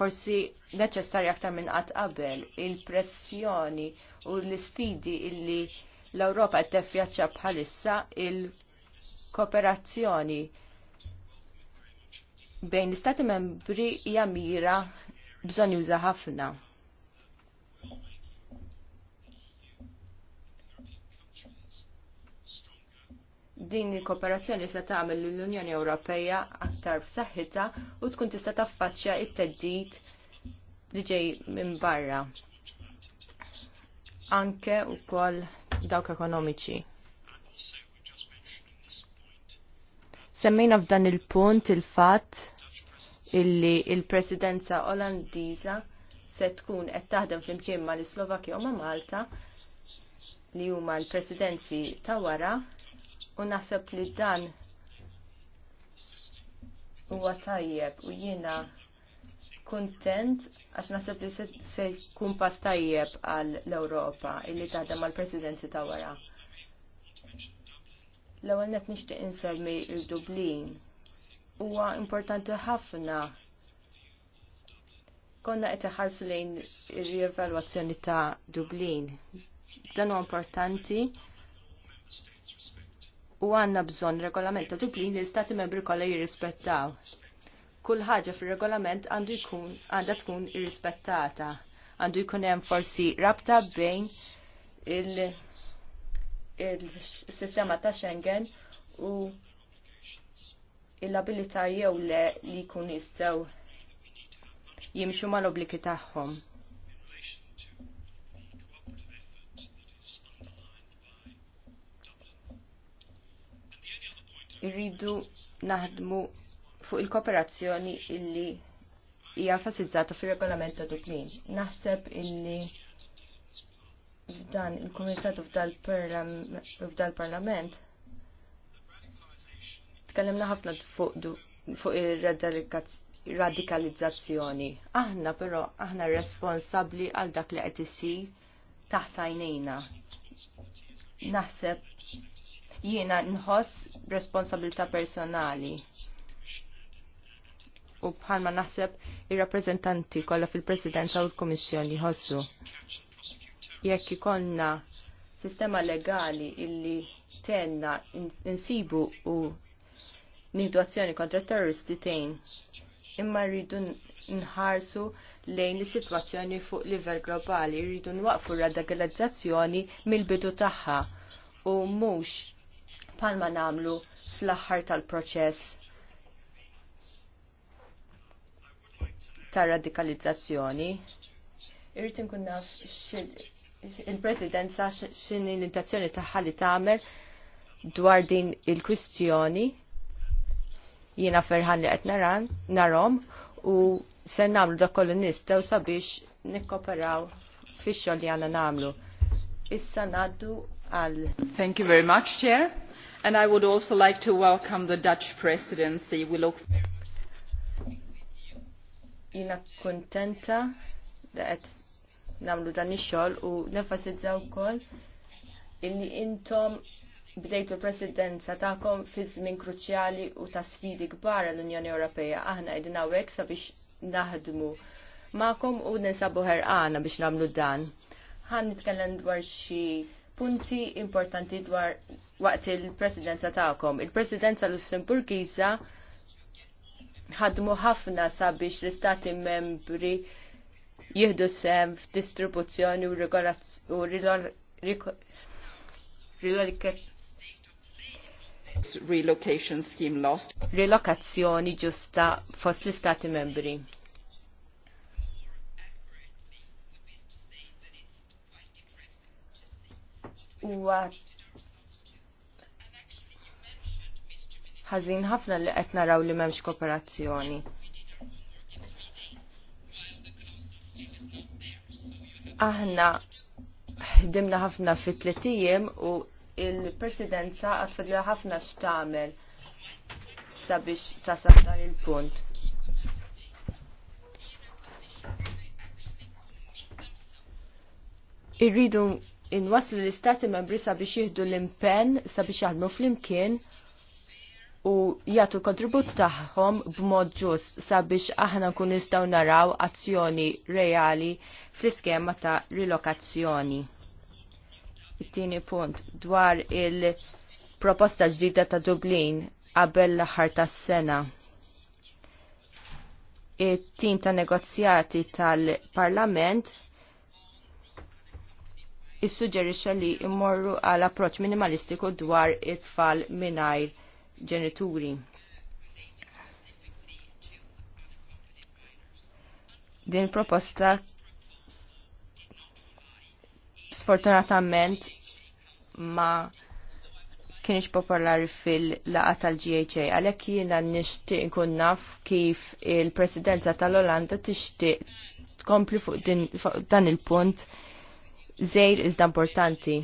forsi neċessarja aktar minn qatt qabel il-pressjoni u l-isfidi illi l-Ewropa qed teffjaċċa bħalissa il-kooperazzjoni il kooperazzjoni bejn l-Istati membri hija mira bżonn juża ħafna. din il-kooperazzjoni se tagħmel l-Unjoni Ewropea aktar f'saħħitha u tkun tista' taffaċċja t-teddid li ġej minn barra. Anke wkoll dawk ekonomiċi. Semmejna f'dan il-punt il-fatt illi il-presidenza Olandiża se tkun qed taħdem flimkien mal slovakkja u ma' Malta li huma l-presidenzi ta' wara u naħseb li dan huwa tajjeb u jiena kuntent għax naħseb li se jkun pass tajjeb għal l-Ewropa illi taħdem mal presidenzi ta' wara. L-ewwel qed nixtieq insemmi l-Dublin huwa importanti ħafna. Konna qed iħarsu lejn ir-rievalwazzjoni ta' Dublin. Dan huwa importanti u għanna bżonn regolament ta' Dublin li l-Stati membri kollha jirrispettaw. Kull ħaġa fir-regolament għandu jkun għandha tkun irrispettata. Għandu jkun hemm forsi rabta bejn il-sistema il ta' Schengen u il-abilità jew le li jkun jistgħu jimxu mal-obbligi tagħhom. Irridu naħdmu fuq il-kooperazzjoni illi hija enfasizzata fir-regolament ta' Dublin. Naħseb illi f'dan il-Kumitat u f'dal-Parlament Tkellimna ħafna fuq ir-radikalizzazzjoni. Aħna però aħna responsabbli għal dak li qed isir taħt għajnejna. Naħseb jiena nħoss responsabilità personali. U bħalma naħseb ir-rappreżentanti kollha fil-Presidenza u l-Kummissjoni jħossu. Jekk ikollna sistema legali illi tenna insibu u nieħdu azzjoni kontra terroristi tejn. Imma rridu nħarsu lejn is-sitwazzjoni fuq livell globali, rridu nwaqfu radikalizzazzjoni mill-bidu tagħha u mhux palma namlu fl-aħħar tal-proċess ta' radikalizzazzjoni. Irrid inkun naf il-presidenza x'inhi l-intenzjoni tagħha li tagħmel dwar din il-kwistjoni Jiena ferħan li qed narom u ser nagħmlu dak kollu nistgħu sabiex nikkoperaw fix-xogħol li għandna nagħmlu. Issa ngħaddu għal Thank you very much, Chair. And I would also like to welcome the Dutch presidency. We look jina kontenta da qed namlu dan ix-xogħol u nenfasizzaw ukoll illi intom bdejtu presidenza ta'kom fi żmien kruċjali u ta' sfidi kbar l-Unjoni Ewropea. Aħna qegħdin hawnhekk sabiex naħdmu ma'kom u ninsabu ħerqana biex nagħmlu dan. Ħan nitkellem dwar xi punti importanti dwar waqt il-presidenza ta'kom. Il-presidenza Lussemburgiża ħadmu ħafna sabiex l-istati membri jihdu sem f'distribuzzjoni u regolazzjoni Relocation scheme lost. Relokazzjoni ġusta fost l-Istati membri. Huwa ħażin ħafna li qed naraw li m'hemmx kooperazzjoni. Aħna ħdimna ħafna fit tlietijiem u il-presidenza għatfadla ħafna x'tamel sabiex tasab dan il-punt. Irridu inwaslu l-istati membri sabiex jihdu l-impen sabiex jaħdmu fl-imkien u jagħtu kontribut tagħhom b'mod ġust sabiex aħna nkun nistgħu naraw azzjoni reali fl-iskema ta' rilokazzjoni. It-tieni punt dwar il-proposta ġdida ta' Dublin qabel l-aħħar tas-sena. It-tim ta' negozjati tal-Parlament issuġġerixxa li mmorru għal approċċ minimalistiku dwar it-tfal mingħajr ġenituri. Din proposta sfortunatament ma kienx popolari fil-laqa tal-GHA, għalhekk jiena nixtieq nkun naf kif il-Presidenza tal-Olanda tixtieq tkompli fuq dan il-punt żejr iżda importanti.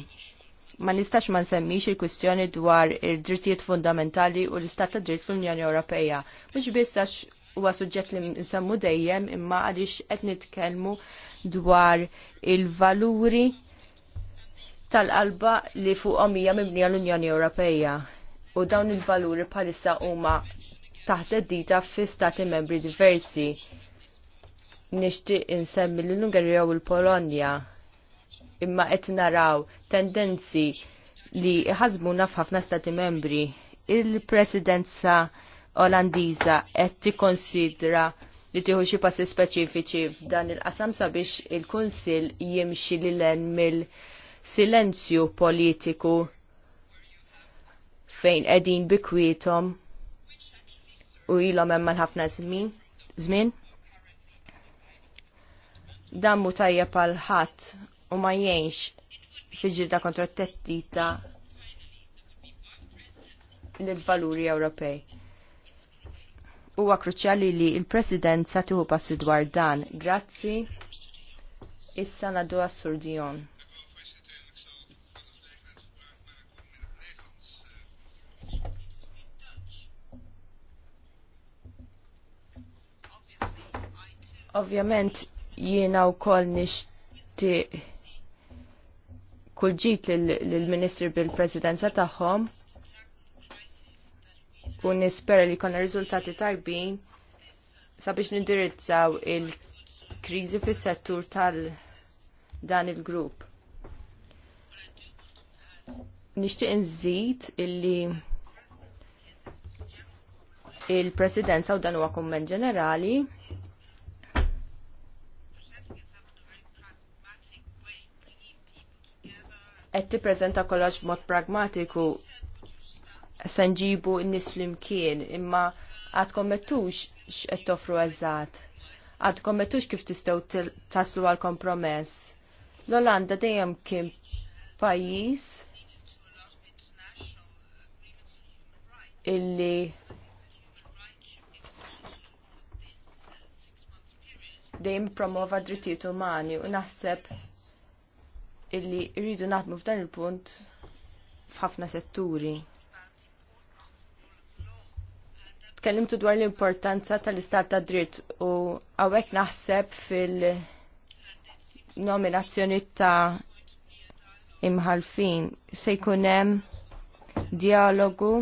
Ma nistax ma nsemmix il-kwistjoni dwar il-drittijiet fundamentali u l-istat ta' dritt fl-Unjoni Ewropea. Mhux bissax u huwa suġġett li nsemmu dejjem imma għaliex qed nitkellmu dwar il-valuri tal-qalba li fuqhom hija mibnija l-Unjoni Ewropeja u dawn il-valuri bħalissa huma taħt id-dita fi stati membri diversi. Nixtieq insemmi l-Ungerija u l-Polonja imma qed naraw tendenzi li ħażmuna f'ħafna stati membri. Il-presidenza Olandiża qed tikkonsidra li tieħu xi passi speċifiċi f'dan il-qasam sabiex il-Kunsill jimxi lil mill- silenzju politiku fejn edin bikwietom u ilhom hemm ħafna żmien żmien. Dan mu tajja pal ħadd u ma jgħinx fiġġielda kontra t-tettita lill-valuri Ewropej. Huwa kruċjali li l-President sa tieħu pass dwar dan. Grazzi. Issa nadu assurdion. Ovvjament jiena wkoll nixtieq kull kulġit lill-Ministri bil-Presidenza tagħhom u nispera li konna riżultati tajbin sabiex nindirizzaw il-kriżi fis-settur tal dan il-grupp. Nixtieq nżid illi il-Presidenza u dan huwa kumment ġenerali qed tippreżenta kollox b'mod pragmatiku se nġibu n-nies flimkien imma għad kommettux x'qed toffru eżatt. Għad kommettux kif tistgħu taslu għal kompromess. L-Olanda dejjem kien pajjiż illi dejjem promova drittijiet umani u naħseb illi rridu naħdmu f'dan il-punt f'ħafna setturi. Tkellimtu dwar l-importanza tal-istat ta' dritt u għawek naħseb fil-nominazzjoni ta' imħalfin se jkunem dialogu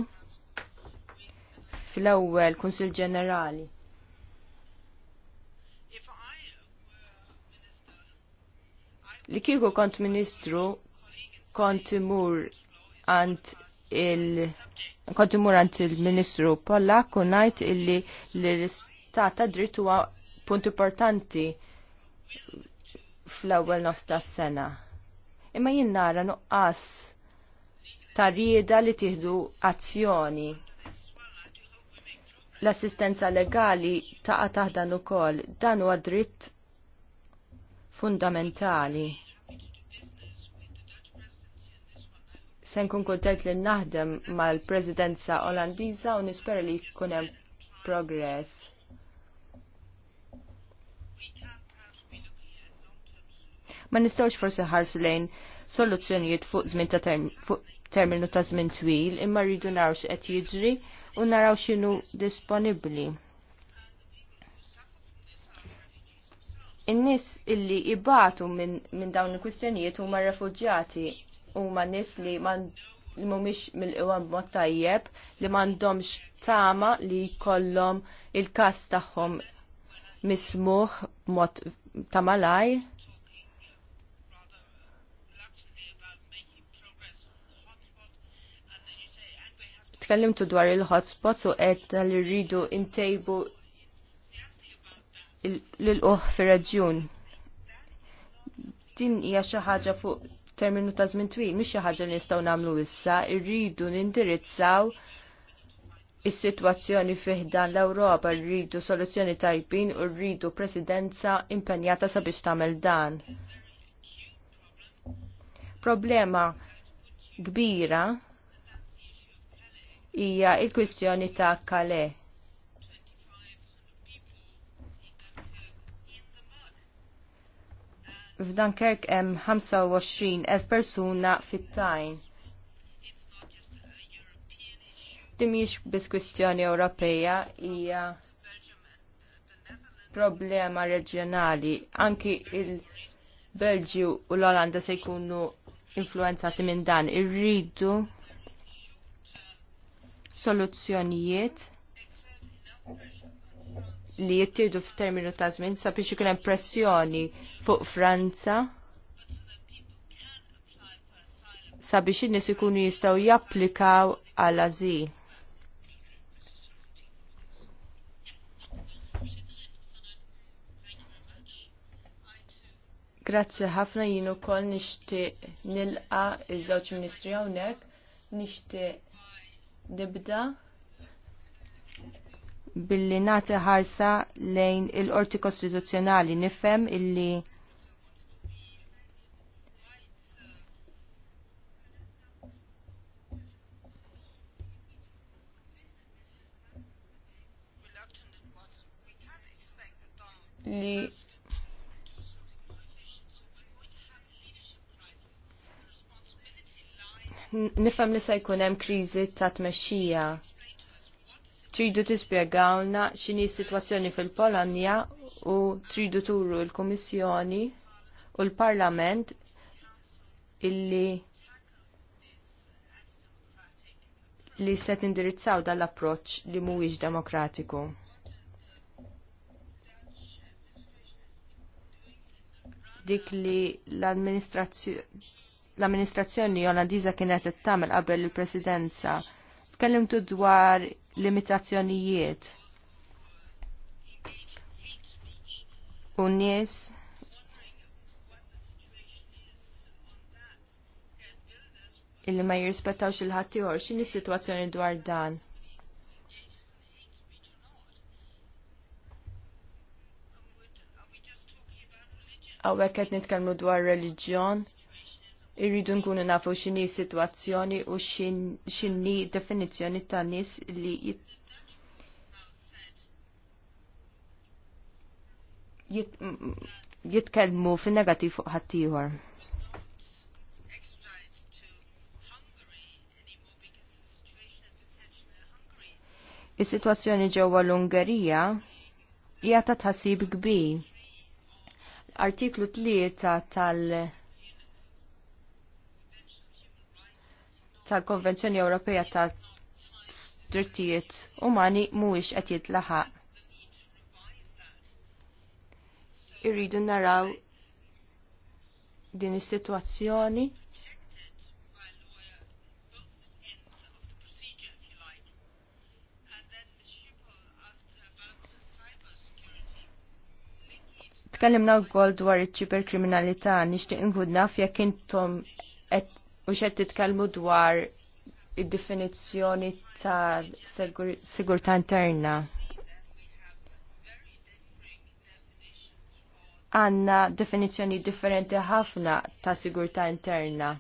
fl-ewwel Kunsil Ġenerali. li kieku kont ministru kont imur għand il kont imur għand il-ministru Pollak u ngħid illi l-istat ta' dritt huwa punt importanti fl-ewwel nofsta tas-sena. Imma jien nara nuqqas ta' rieda li tieħdu azzjoni. L-assistenza legali taqa' taħdan ukoll dan huwa dritt fundamentali. Se kun kontent li naħdem mal-Presidenza Olandiża u nispera li jkun hemm progress. Ma nistgħux forsi ħarsu lejn soluzzjonijiet fuq żmien ta' term, fuq terminu ta' żmien twil, imma rridu narawx qed jiġri u naraw x'inhu disponibbli. In-nies illi ibatu minn min dawn il-kwistjonijiet huma refuġjati huma nies li man li mhumiex mill-qwa mod tajjeb li m'għandhomx tama li jkollhom il-każ tagħhom mismuħ mod ta' malajr. Tkellimtu dwar il-hotspots u qed li rridu intejbu l-uħ fir-reġjun. Din hija xi ħaġa fuq terminu ta' żmien twil, mhix xi ħaġa li nistgħu nagħmlu issa, irridu nindirizzaw is-sitwazzjoni fih dan l-Ewropa, rridu soluzzjoni tajbin u rridu presidenza impenjata sabiex tagħmel dan. Problema kbira hija il-kwistjoni ta' Calais. F'Dankerk hemm 25,000 persuna fit-tajn. Dimiex biss kwistjoni Ewropeja hija problema reġjonali. Anki il-Belġju u l-Olanda se jkunu influenzati minn dan. Irridu soluzzjonijiet li jittiedu f'terminu ta' żmien sabiex ikun hemm pressjoni fuq Franza sabiex in-nies ikunu jistgħu japplikaw għal ażil. Grazzi ħafna jien ukoll nixtieq nilqa' iż-żewġ ministri hawnhekk, nixtieq nibda' billi nati ħarsa lejn il-qorti kostituzzjonali nifhem illi li nifhem li se jkun hemm kriżi ta' tmexxija tridu tispjegawna x'inhi s-sitwazzjoni fil-Polonja u tridu turu l-Kummissjoni u l-Parlament illi li se tindirizzaw dal-approċ li mhuwiex demokratiku. Dik li l-amministrazzjoni Olandiża kienet tagħmel qabel il-Presidenza. Tkellimtu dwar limitazzjonijiet. Unies nies illi ma jirrispettawx il-ħaddieħor x'inhi s-sitwazzjoni dwar dan. Għawek qed nitkellmu dwar religjon, irridu nkunu nafu x'inhi situazzjoni u x'inhi definizzjoni ta' nies li jit, jit, jitkellmu fin fuq ħaddieħor. Is-sitwazzjoni ġewwa l-Ungerija hija ta' tħassib kbir. Artiklu 3 tal- tal-Konvenzjoni Ewropea tal-Drittijiet Umani mhuwiex qed jitlaħaq. Irridu naraw din is-sitwazzjoni Tkellimna wkoll dwar iċ ċiperkriminalità nixtieq inkun naf jekk intom qed u xed titkellmu dwar id-definizzjoni ta' sigurta interna. Għanna definizzjoni differenti ħafna ta' sigurta interna.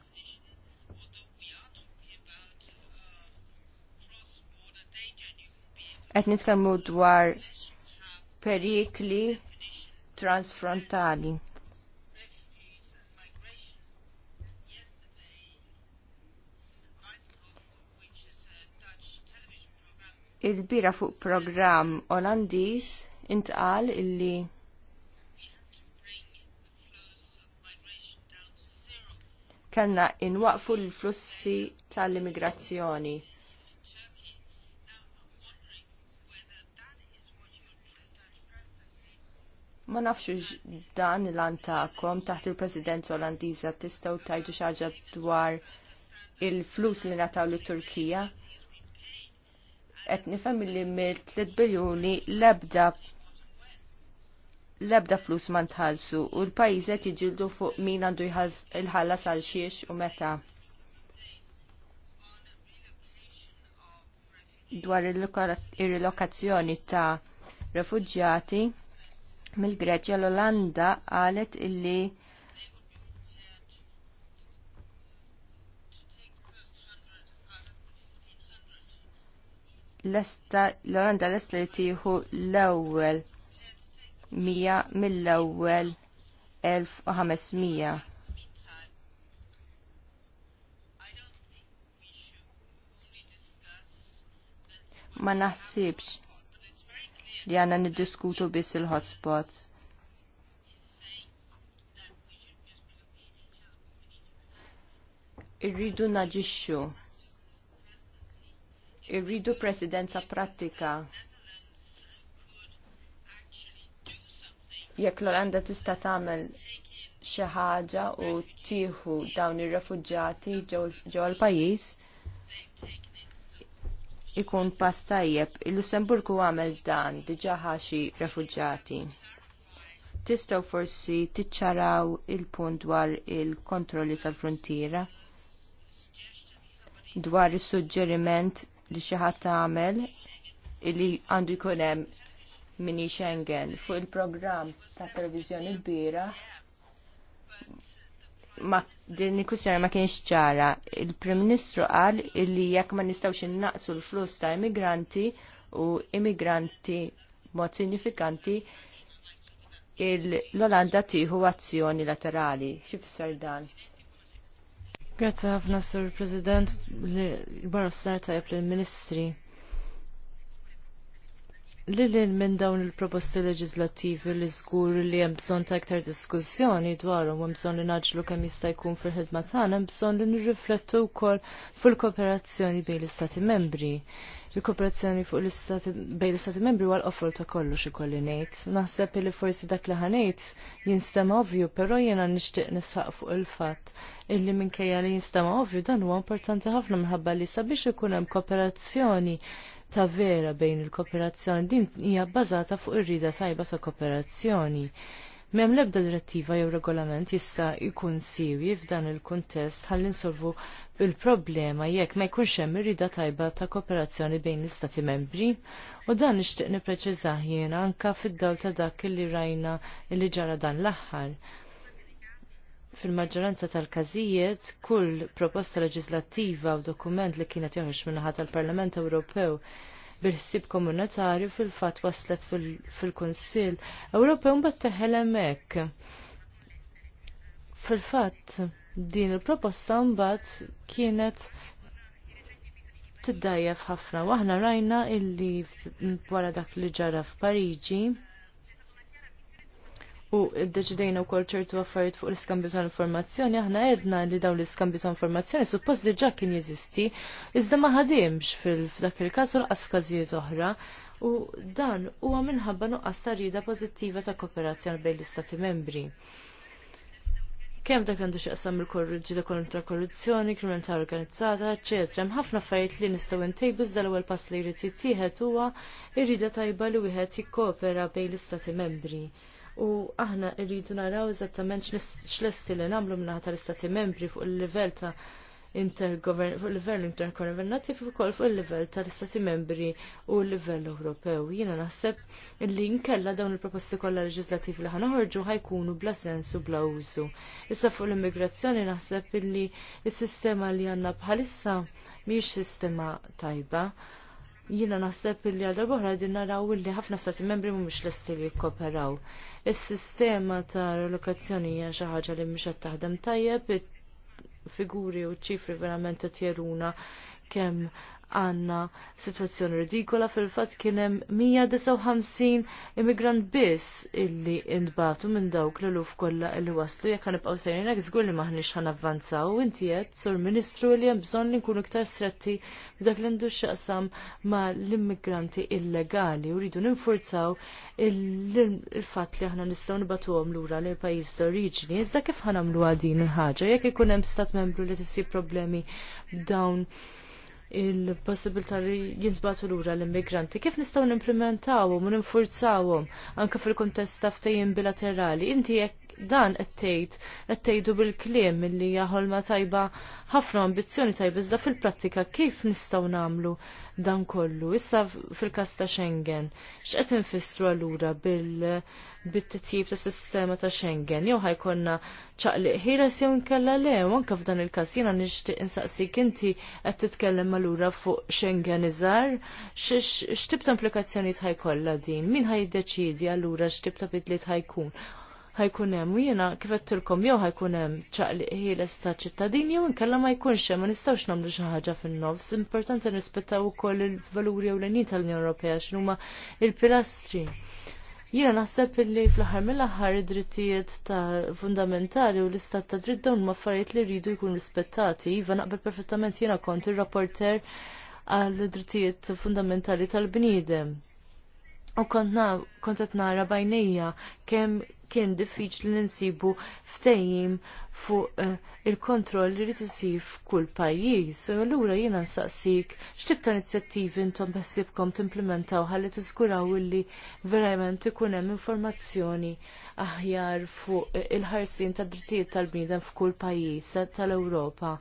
Qed nitkellmu dwar perikli transfrontali. il-bira fuq program Olandiż intqal illi kanna inwaqfu l-flussi tal-immigrazzjoni. Ma nafxu dan l-antakom taħt il-Presidenza Olandiża tistgħu tajdu xi ħaġa dwar il-flus li nataw lit turkija qed nifhem milli mill 3 biljuni l-ebda l-ebda flus ma ntħallsu u l-pajjiż qed jiġildu fuq min għandu jħallas għal xiex u meta. Dwar il-rilokazzjoni ta' refuġjati mill-Greċja l-Olanda qalet illi l-Olanda l-esta li tieħu l-ewwel mija mill-ewwel 1500. Ma naħsibx li għanna niddiskutu biss il-hotspots. Irridu naġixxu irridu presidenza pratika. Jekk l-Olanda tista' tagħmel xi ħaġa u tieħu dawn ir-refuġġati ġew l-pajjiż, ikun pass tajjeb. Il-Lussemburgu għamel dan diġà ħaxi refuġġati. Tistgħu forsi tiċċaraw il-punt dwar il-kontrolli tal-frontiera dwar is-suġġeriment li xi ħadd tagħmel illi għandu jkun hemm mini Schengen fuq il-programm ta' televiżjoni l-bira ma din il-kwistjoni ma kienx ċara. Il-Prim Ministru qal illi jekk ma nistgħux innaqsu l-flus ta' immigranti u immigranti mod sinifikanti l-Olanda tieħu azzjoni laterali. Xi fisser dan? Grazie ħafna, Sur President, li barra s-sar tajab l-Ministri. Li li minn dawn il-proposti leġislativi li zgur li hemm bżonn ta' iktar diskussjoni dwarhom hemm bżonn li naġlu kemm jista' jkun fil-ħidma tagħna hemm bżonn li nirriflettu wkoll fuq il-kooperazzjoni bejn l-Istati membri il-kooperazzjoni fuq l-istati bejn l-istati membri għal l-offol ta' kollox ikolli ngħid. Naħseb li forsi dak li ħanejt jinstema' ovvju, però jiena nixtieq nisħaq fuq il-fatt illi minkejja li jinstema' ovvju dan huwa importanti ħafna minħabba li sabiex ikun hemm kooperazzjoni ta' vera bejn il-kooperazzjoni din hija bbażata fuq ir-rida tajba ta' kooperazzjoni. Ta Mem lebda direttiva jew regolament jista' jkun siwi f'dan il-kuntest ħalli nsolvu il-problema jekk ma jkunx hemm irrida tajba ta' kooperazzjoni bejn l-istati membri u dan nixtieq nippreċiżah jien anka fid-dawl ta' dak li rajna li ġara dan l-aħħar. Fil-maġġoranza tal-każijiet, kull proposta leġislattiva u dokument li kienet joħroġ ħadd tal-Parlament Ewropew bil-ħsib komunitarju fil-fat waslet fil-Konsil Ewropew mbagħad teħel hemmhekk. Fil-fatt din il-proposta mbagħad kienet tiddajjef ħafna waħna rajna illi wara dak li ġara f'Pariġi u deċidejna wkoll ċertu affarijiet fuq l-iskambju ta' informazzjoni, aħna għedna li dawn l-iskambju ta' informazzjoni suppost diġà kien jeżisti, iżda ma ħadimx fil-f'dak il-każ u l każijiet oħra. U dan huwa minħabba nuqqas ta' rida pożittiva ta' kooperazzjoni bejn l-Istati membri. Kemm dak għandu xieqsam il korruġi da' kontra korruzzjoni, kriminalità organizzata, ecc. M'ħafna ħafna affarijiet li nistgħu ntejbu iżda l-ewwel pass li jrid jittieħed huwa r-rida tajba li wieħed jikkoopera bejn l-Istati membri u aħna rridu naraw eżattament x'lesti li nagħmlu minnaħa tal-istati membri fuq il-livell ta' il-livell intergovernativ ukoll fuq il-livell tal-Istati membri u l-livell Ewropew. Jiena naħseb li nkella dawn il-proposti kollha leġislativi li ħanoħorġu ħajkunu bla sens u bla użu. Issa fuq l-immigrazzjoni naħseb li s-sistema li għandna bħalissa mhijiex sistema tajba. Jiena naħseb li għal darba din naraw li ħafna stati membri mhumiex lesti li jikkoperaw. Is-sistema ta' relokazzjoni hija xi ħaġa li mhux qed taħdem tajjeb, figuri u ċifri verament qed jeruna kemm għanna situazzjoni ridikola fil-fat kienem 159 immigrant biss illi indbatu minn dawk l luf kolla illi waslu jekk għanibqaw sejrin għizgur li maħnix għan avvanzaw inti jett sur ministru li jem bżon li nkunu ktar stretti dak l-indu xaqsam ma l-immigranti illegali u rridu ninfurzaw il-fat li ħana nistaw nibatu għom l-ura li pajiz d origini iżda kif ħanamlu għadin il-ħagġa jekk ikun hemm stat membru li tissi problemi b'dawn il-possibilità li jintbatu lura l-immigranti. Kif nistgħu implementawum u infurzawum anke fil-kuntest ta' ftehim bilaterali? Inti jek dan qed ettejdu tgħidu bil-kliem milli hija tajba ħafna ambizzjoni tajba iżda fil-prattika kif nistgħu nagħmlu dan kollu. Issa fil-każ ta' Schengen, x'qed infissru allura bil bit-titjib ta' sistema ta' Schengen jew ħajkonna ċaqliq ħires jew nkella le, anke f'dan il-każ jiena nixtieq insaqsik inti qed titkellem allura fuq Schengen iżgħar, x'tib ta' implikazzjoni tħajkolla din, min ħajdeċidi allura x'tib ta' bidliet ħajkun ħajkun hemm u jiena kif qed tilkom jew ħajkun hemm ċaqliq ħieles ta' ċittadini jew inkella ma jkunx hemm ma nistgħux nagħmlu xi ħaġa fin-nofs. Importanti nrispettaw ukoll il-valuri ewlenin tal-Unjoni Ewropea x'inhuma il-pilastri. Jiena naħseb illi fl-aħħar mill-aħħar id-drittijiet ta' fundamentali u l-istat ta' dritt dawn affarijiet li rridu jkunu rispettati, iva naqbel perfettament jiena kont ir-rapporter għal drittijiet fundamentali tal-bniedem. U kont qed nara bajnejja kemm kien diffiċli li nsibu ftejjim fuq eh, il-kontroll li rrid isir f'kull pajjiż. Allura jiena nsaqsik x'tib ta' inizjattivi intom ħassibkom timplementaw ħalli tiżguraw illi verament ikun hemm informazzjoni aħjar fuq il-ħarsien ta' drittijiet tal-bniedem f'kull pajjiż tal-Ewropa.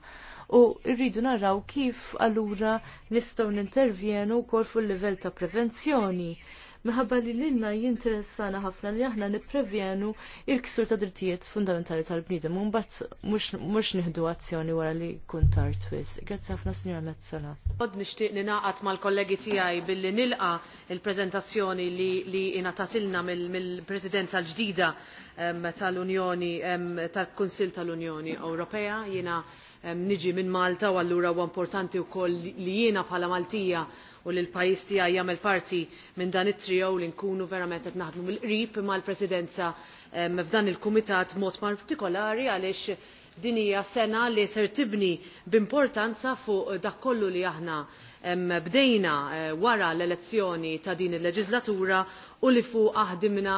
U rridu naraw kif allura nistgħu nintervjenu wkoll fuq il livell ta' prevenzjoni Meħabba li l-inna jinteressana ħafna li aħna niprevjenu il-ksur ta' drittijiet fundamentali tal-bnidem, un bat mux nihdu azzjoni wara li kuntar twis. Grazie ħafna, signora Metzola. Od nishtiq ninaqat mal-kollegi tijaj billi nilqa il-prezentazzjoni li inatatilna mill prezidenza l-ġdida tal-Unjoni, tal-Kunsil tal-Unjoni Ewropea, jina niġi minn Malta u allura u importanti wkoll li jiena bħala Maltija u li l-pajjiż tiegħi jagħmel parti minn dan it-trio li nkunu verament qed naħdmu mill-qrib mal-Presidenza f'dan il-Kumitat mod partikolari għaliex din hija sena li ser tibni b'importanza fuq dak kollu li aħna bdejna eh, wara l-elezzjoni ta' din il-leġislatura u li fuq aħdimna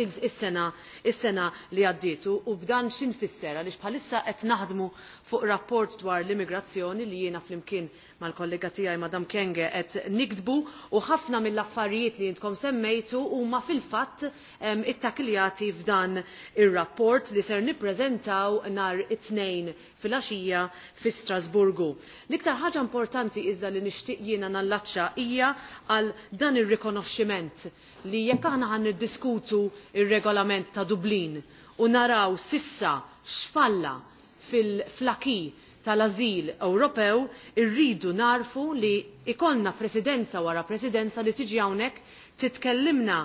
is-sena il sena li għaddietu u b'dan fissera li bħalissa qed naħdmu fuq rapport dwar l-immigrazzjoni li jiena flimkien mal-kollega tiegħi Madam Kenge qed nikdbu u ħafna mill-affarijiet li intkom semmejtu huma fil-fatt ittakiljati f'dan ir-rapport li ser nippreżentaw nhar it-tnejn fil axija fi Strasburgu. L-iktar ħaġa importanti iżda li nixtieq jiena nallaċċa hija għal dan ir-rikonoxximent investiment li jekk aħna ħan niddiskutu ir-regolament ta' Dublin u naraw sissa x'falla fil-flaki tal-azil Ewropew irridu narfu li ikollna presidenza wara presidenza li tiġi hawnhekk titkellimna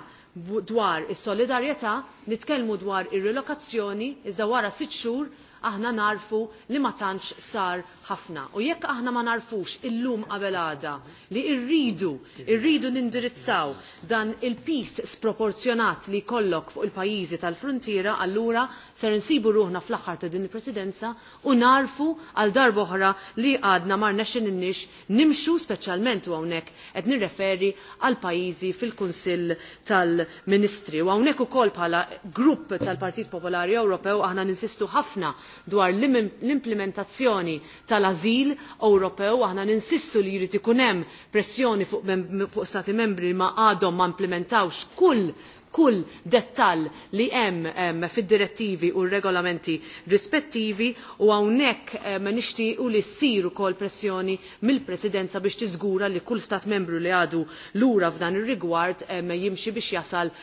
dwar is-solidarjetà, nitkellmu dwar ir-relokazzjoni iżda wara sitt xhur aħna narfu li ma tantx sar ħafna. U jekk aħna ma narfux illum qabel għada li irridu, irridu nindirizzaw dan il-pis sproporzjonat li kollok fuq il-pajjiżi tal-frontiera, allura ser insibu ruħna fl-aħħar ta' din il-presidenza u narfu għal darba oħra li għadna mar nexin nix nimxu speċjalment u hawnhekk qed nirreferi għal pajjiżi fil-Kunsill tal-Ministri. U hawnhekk ukoll bħala grupp tal-Partit Popolari Ewropew aħna ninsistu ħafna dwar l-implementazzjoni tal-azil Ewropew aħna ninsistu li jrid ikun hemm pressjoni fuq, stati membri ma għadhom ma implementawx kull kull dettall li hemm fid-direttivi u r-regolamenti rispettivi u hawnhekk nixtiequ li ssir ukoll pressjoni mill-Presidenza biex tiżgura li kull stat membru li għadu lura f'dan ir-rigward jimxi biex jasal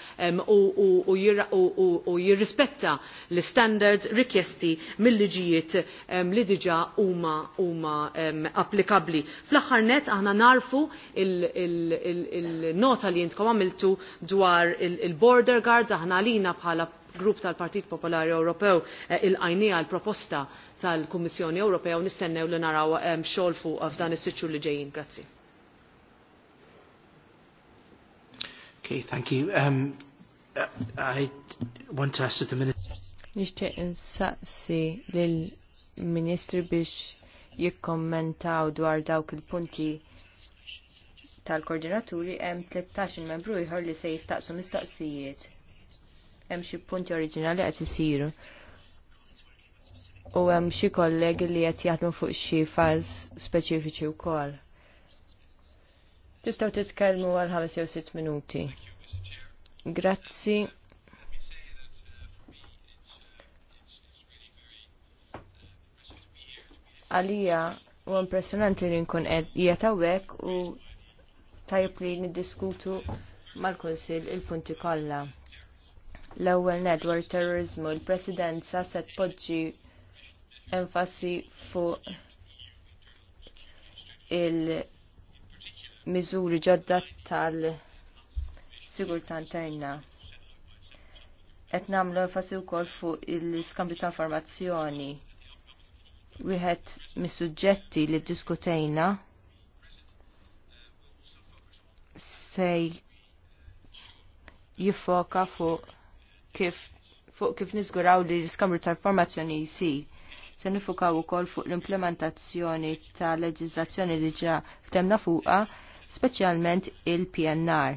u jirrispetta l-standards rikjesti mill-liġijiet li diġà huma applikabbli. Fl-aħħar net aħna narfu il-nota li jintkom għamiltu dwar il il-border guards aħna għalina bħala grupp tal-Partit Popolari Ewropew eh, il-għajnija l-proposta tal-Kummissjoni Ewropea u nistennew li naraw eh, xogħol fuq f'dan is-sitxu li ġejjin. Grazzi. Okay, thank you. Um, uh, I want to ask the Minister. Nixtieq insaqsi lill-Ministri biex jikkommentaw dwar dawk il-punti tal-koordinaturi hemm 13 membru ieħor li se jistaqsu mistaqsijiet. Hemm xi punti oriġinali qed isiru. U hemm xi kollegi li qed jaħdmu fuq xi faż speċifiċi wkoll. Tistgħu titkellmu għal ħames jew sitt minuti. Grazzi. Għalija u impressionanti li nkun qed jgħet u tajb li niddiskutu mal kunsill il-punti kollha. L-ewwel netwar terrorizmu l-Presidenza se tpoġġi enfasi fuq il-miżuri ġodda tal-sigurtà interna. Qed nagħmlu enfasi wkoll fuq il iskambju ta' informazzjoni. Wieħed mis-suġġetti li ddiskutejna se jiffoka fuq kif fuq kif niżguraw li l-iskamru ta' informazzjoni jsir. Se nifukaw ukoll fuq l-implementazzjoni ta' leġiżlazzjoni li ġa ftemna fuqa, speċjalment il-PNR.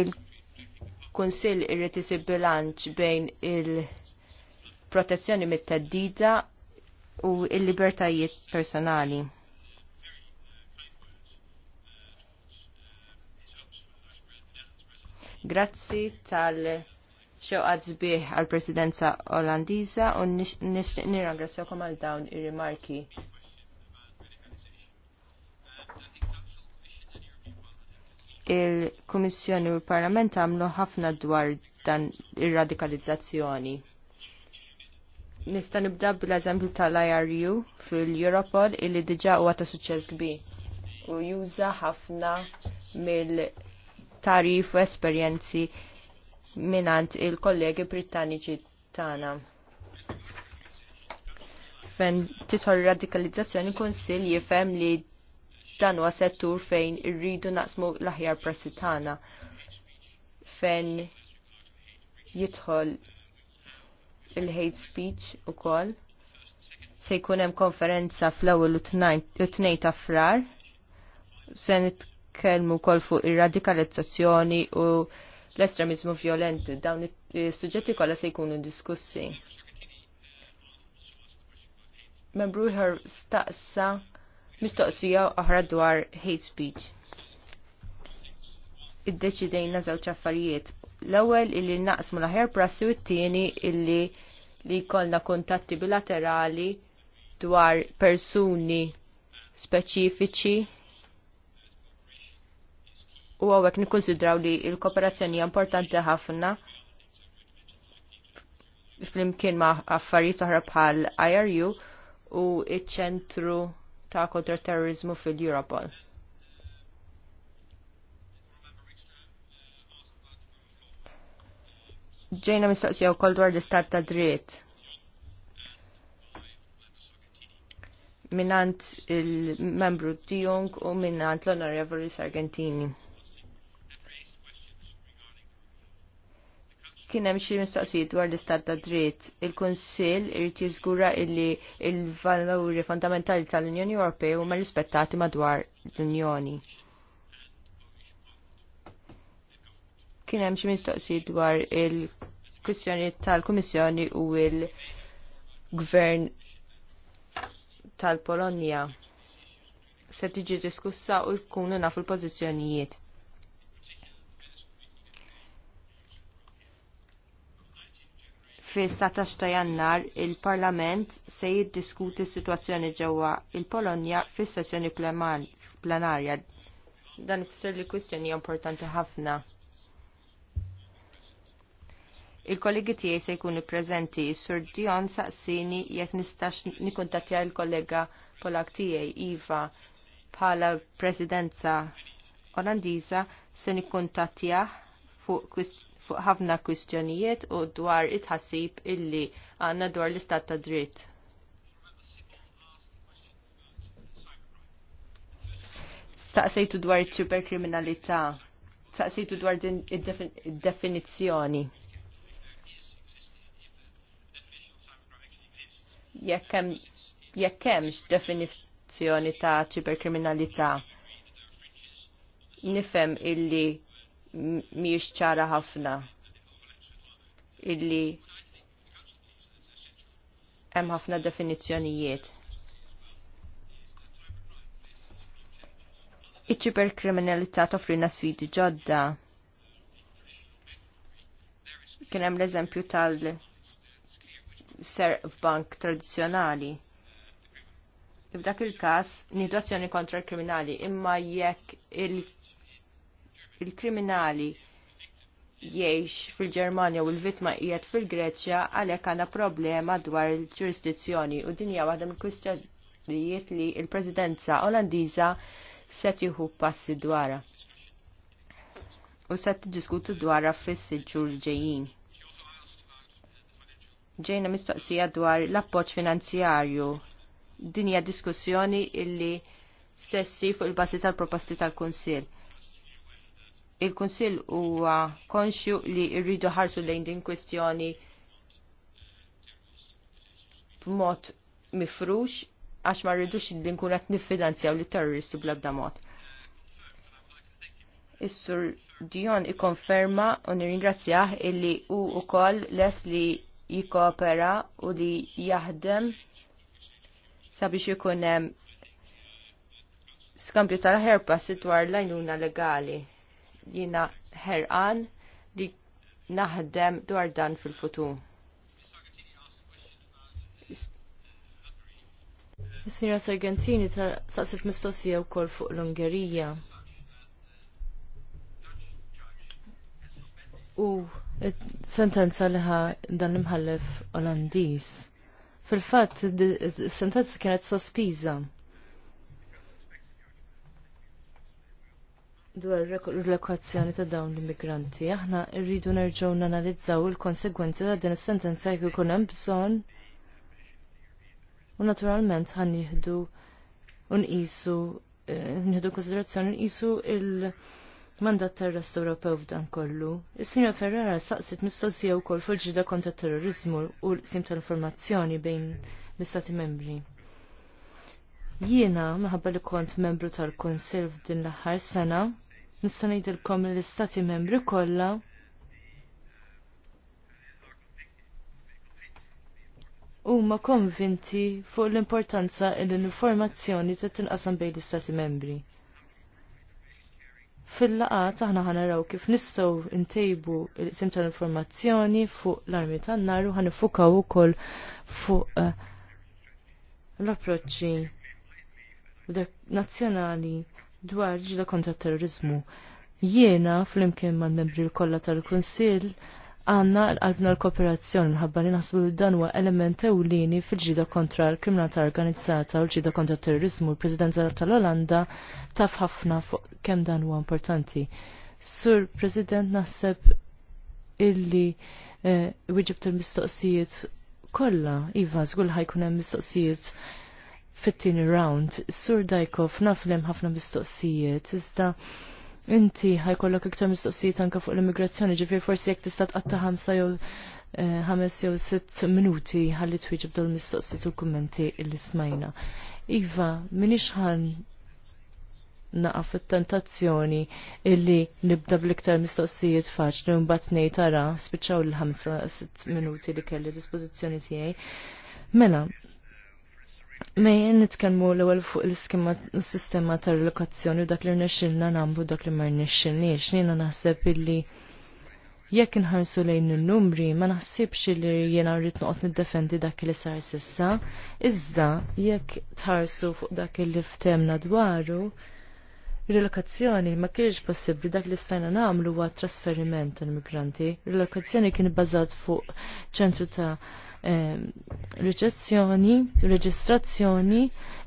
Il-Kunsill irrid isib bilanċ bejn il-protezzjoni mit-teddida u il-libertajiet personali. Grazzi tal- xewqat zbieħ għal presidenza Olandiża u nixtieq nirrangrazzjakom għal dawn ir-rimarki. Il-Kummissjoni u l-Parlament għamlu ħafna dwar dan ir-radikalizzazzjoni. Nista' nibda bl-eżempju tal-IRU fil-Europol illi diġà huwa ta' suċċess kbir u juża ħafna mill- tarif u esperjenzi minant il-kollegi Britanniċi tagħna. Fen titħol radikalizzazzjoni kunsil jifhem li dan huwa settur fejn irridu naqsmu l-aħjar tagħna. fejn jidħol il-hate speech u koll. Se jkun hemm konferenza fl-ewwel u tnejn ta' frar. Se kelmu wkoll fuq ir-radikalizzazzjoni u l-estremizmu violenti. Dawn is-suġġetti kollha se jkunu diskussi. Membru ieħor staqsa mistoqsija oħra dwar hate speech. Iddeċidejna żewġ affarijiet. L-ewwel illi naqsmu l-aħjar prassi u t-tieni illi li jkollna kontatti bilaterali dwar persuni speċifiċi u għawek nikonsidraw li il-kooperazzjoni importanti ħafna fl-imkien ma' affarijiet oħra bħal IRU u iċ-ċentru ta' kontraterrorizmu fil-Europol. Ġejna mistoqsija u kol dwar l-istat ta' dritt. Minant il-membru Dijong u minant l-onorevoli Sargentini. Kien hemm xi mistoqsijiet dwar l-istat ta' dritt. Il-Kunsill irid jiżgura illi il-valuri fondamentali tal-Unjoni Ewropea huma rispettati madwar l-Unjoni. Kien hemm xi mistoqsijiet dwar il-kwistjoni tal-Kummissjoni u il-Gvern tal-Polonja se tiġi diskussa u jkunu nafu l-pożizzjonijiet fi 17 ta' jannar il-Parlament se jiddiskuti s-situazzjoni ġewwa il-Polonja fis sessjoni plenarja. Dan ifisser li kwistjoni importanti ħafna. Il-kollegi tiegħi se jkunu preżenti, Sur Dion saqsini jekk nistax nikkuntattja il-kollega Polak tiegħi Iva bħala presidenza Olandiża se nikkuntattjah fuq fuq ħafna kwistjonijiet u dwar it-ħassib illi għanna dwar l-istat ta' dritt. Staqsejtu dwar ċiberkriminalità, staqsejtu dwar id-definizzjoni. Jekkem jekkemx definizzjoni ta' ċiperkriminalità, Nifem illi miex ċara ħafna illi hemm ħafna definizzjonijiet. Iċ-ċiberkriminalità toffrina sfidi ġodda. Kien hemm l-eżempju tal- ser f'bank tradizzjonali. F'dak il-każ nidwazzjoni kontra l-kriminali imma jekk il il-kriminali jiex fil-Ġermanja u l-vitma qiegħed fil-Greċja għalhekk għandna problema dwar il-ġurisdizzjoni u dinja hija waħda mill-kwistjonijiet li l-Presidenza Olandiża se tieħu passi dwarha. U se diskutu dwarha fis ġur ġejjin. Ġejna mistoqsija dwar l-appoġġ finanzjarju. Din hija diskussjoni illi sessi fuq il-bażi tal-proposti tal-Kunsill il-Kunsill huwa konxju li rridu ħarsu lejn din kwestjoni b'mod mifrux għax ma rridux li nkunu qed niffinanzjaw li terroristi bl-ebda mod. Is-Sur Dion ikkonferma u nirringrazzjah illi hu wkoll les li jikkoopera u li jaħdem sabiex ikun hemm skambju tal-ħerpa sitwar lajnuna legali jina herqan li naħdem dwar dan fil-futur. Signora Sargentini ta' saqsit mistoqsija kol fuq l-Ungerija. U sentenza liħa dan l imħallef Olandis. fil fat sentenza kienet sospiża. dwar relokazzjoni ta' dawn l-immigranti. Aħna rridu nerġgħu nanalizzaw il-konsegwenzi ta' din is-sentenza jekk ikun hemm bżonn. U naturalment ħan nieħdu u nqisu eh, nieħdu konsiderazzjoni nqisu il- mandat tar rest Ewropew f'dan kollu. Is-Sinja Ferrara saqsit mistoqsija wkoll fuq ġida kontra terrorizmu u l-qsim tal-informazzjoni bejn l-Istati membri. Jiena minħabba li kont membru tal-Konsil f'din l-aħħar sena, Nista' ngħidilkom l-istati membri kollha ma konvinti fuq l-importanza l informazzjoni ta' tinqasam bejn l-istati membri. Fil-laqat aħna ħanaraw kif nistgħu ntejbu l-isim tal-informazzjoni fuq l-armi tan-nar u ħanifukaw ukoll fuq eh, l-approċċi nazzjonali dwar ġida kontra terrorizmu. Jiena, fl-imkien ma' membri l-kolla tal konsil għanna l-qalbna l-kooperazzjoni mħabba li naħsbu dan huwa element ewlieni fil-ġida kontra l-kriminalità organizzata u l-ġida kontra terrorizmu. l presidenza tal-Olanda taf ħafna fuq kemm dan huwa importanti. Sur President naħseb illi eh, wieġib tal-mistoqsijiet kollha, iva, żgur ħajkun hemm mistoqsijiet fit-tieni round. Sur Dajkov naflem ħafna mistoqsijiet, iżda inti ħajkollok iktar mistoqsijiet anke fuq l-immigrazzjoni, ġifier forsi jekk tista' tqatta' ħamsa jew eh, ħames jew sitt minuti ħalli twieġeb dawn mistoqsijiet u kummenti illi smajna. Iva, minix ħan naqaf it-tentazzjoni illi nibda bl-iktar mistoqsijiet faċli un mbagħad ngħid ara spiċċaw l-5 6 minuti li kelli dispożizzjoni tiegħi. Mela, Mejjen nitkellmu l-ewwel fuq l-sistema tar-relokazzjoni u dak li rnexxilna nagħmlu dak li ma rnexxilniex. Jiena naħseb illi jekk inħarsu lejn in-numri ma naħsibx li jiena rrid noqgħod niddefendi dak li sar sissa, iżda jekk tħarsu fuq dak li ftemna dwaru, Relokazzjoni ma kienx possibbli dak li stajna nagħmlu huwa trasferiment tal-migranti. Relokazzjoni kien bbażat fuq ċentru ta' Ehm, riċezzjoni, reġistrazzjoni,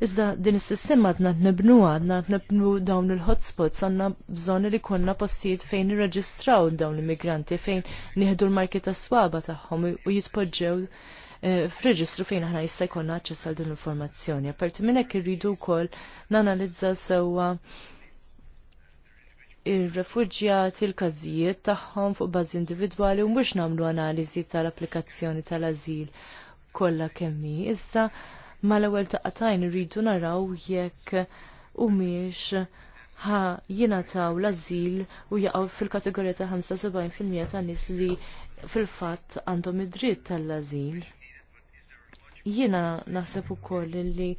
iżda din is-sistema għadna t-nibnu għadna t-nibnu dawn il-hotspots, għanna bżon li konna postijiet fejn irreġistraw dawn l-immigranti, fejn nieħdu l-marki ta' swaba tagħhom u jitpoġġew eh, f'reġistru fejn aħna jista' jkollna aċċess għal din l-informazzjoni. Apparti minn hekk irridu wkoll nanalizza sewwa ir-refuġjati l-każijiet tagħhom fuq bażi individwali u mhux nagħmlu analiżi tal-applikazzjoni tal-ażil kollha kemm hi. Issa mal-ewwel taqatajn irridu naraw jekk humiex ħa jingħataw l-ażil u jaqgħu fil-kategorija ta' 75% ta' nies li fil-fatt għandhom id-dritt tal-ażil. Jiena naħseb ukoll li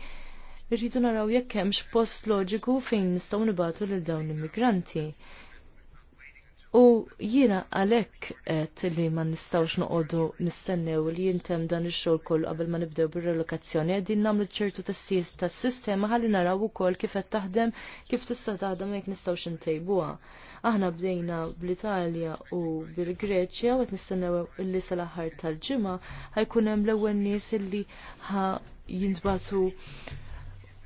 irridu naraw jekk hemmx post loġiku fejn nistgħu nibatu lil dawn l-immigranti. U jiena għalhekk qed li ma nistgħux noqogħdu nistennew li jintem dan ix-xogħol koll qabel ma nibdew bir relokazzjoni qegħdin nagħmlu ċertu testijiet tas sistema ħalli naraw ukoll kif qed taħdem kif tista' taħdem jekk nistgħux intejbuha. Aħna bdejna bl-Italja u bil-Greċja u qed nistennew illi sal-aħħar tal-ġimgħa ħajkun hemm l-ewwel nies illi jintbatu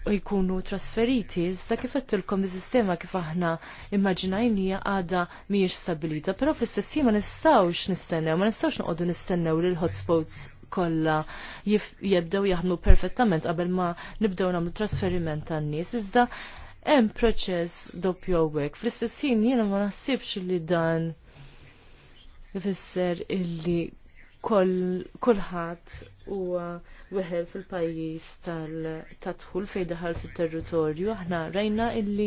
u jkunu trasferiti, iżda kif għattilkom il-sistema kif aħna immaġinajnija għada miex stabilita, pero fl-istess ma nistawx nistennew, ma nistawx nqoddu nistennew li l-hotspots kolla jibdew jaħdmu perfettament qabel ma nibdew namlu trasferiment għannis, nies iżda hemm proċess doppju għek. Fl-istess jiena ma naħsibx li dan ifisser illi kolħat huwa weħel fil-pajjiż tal-tadħul fejn daħal fit-territorju. Aħna rajna illi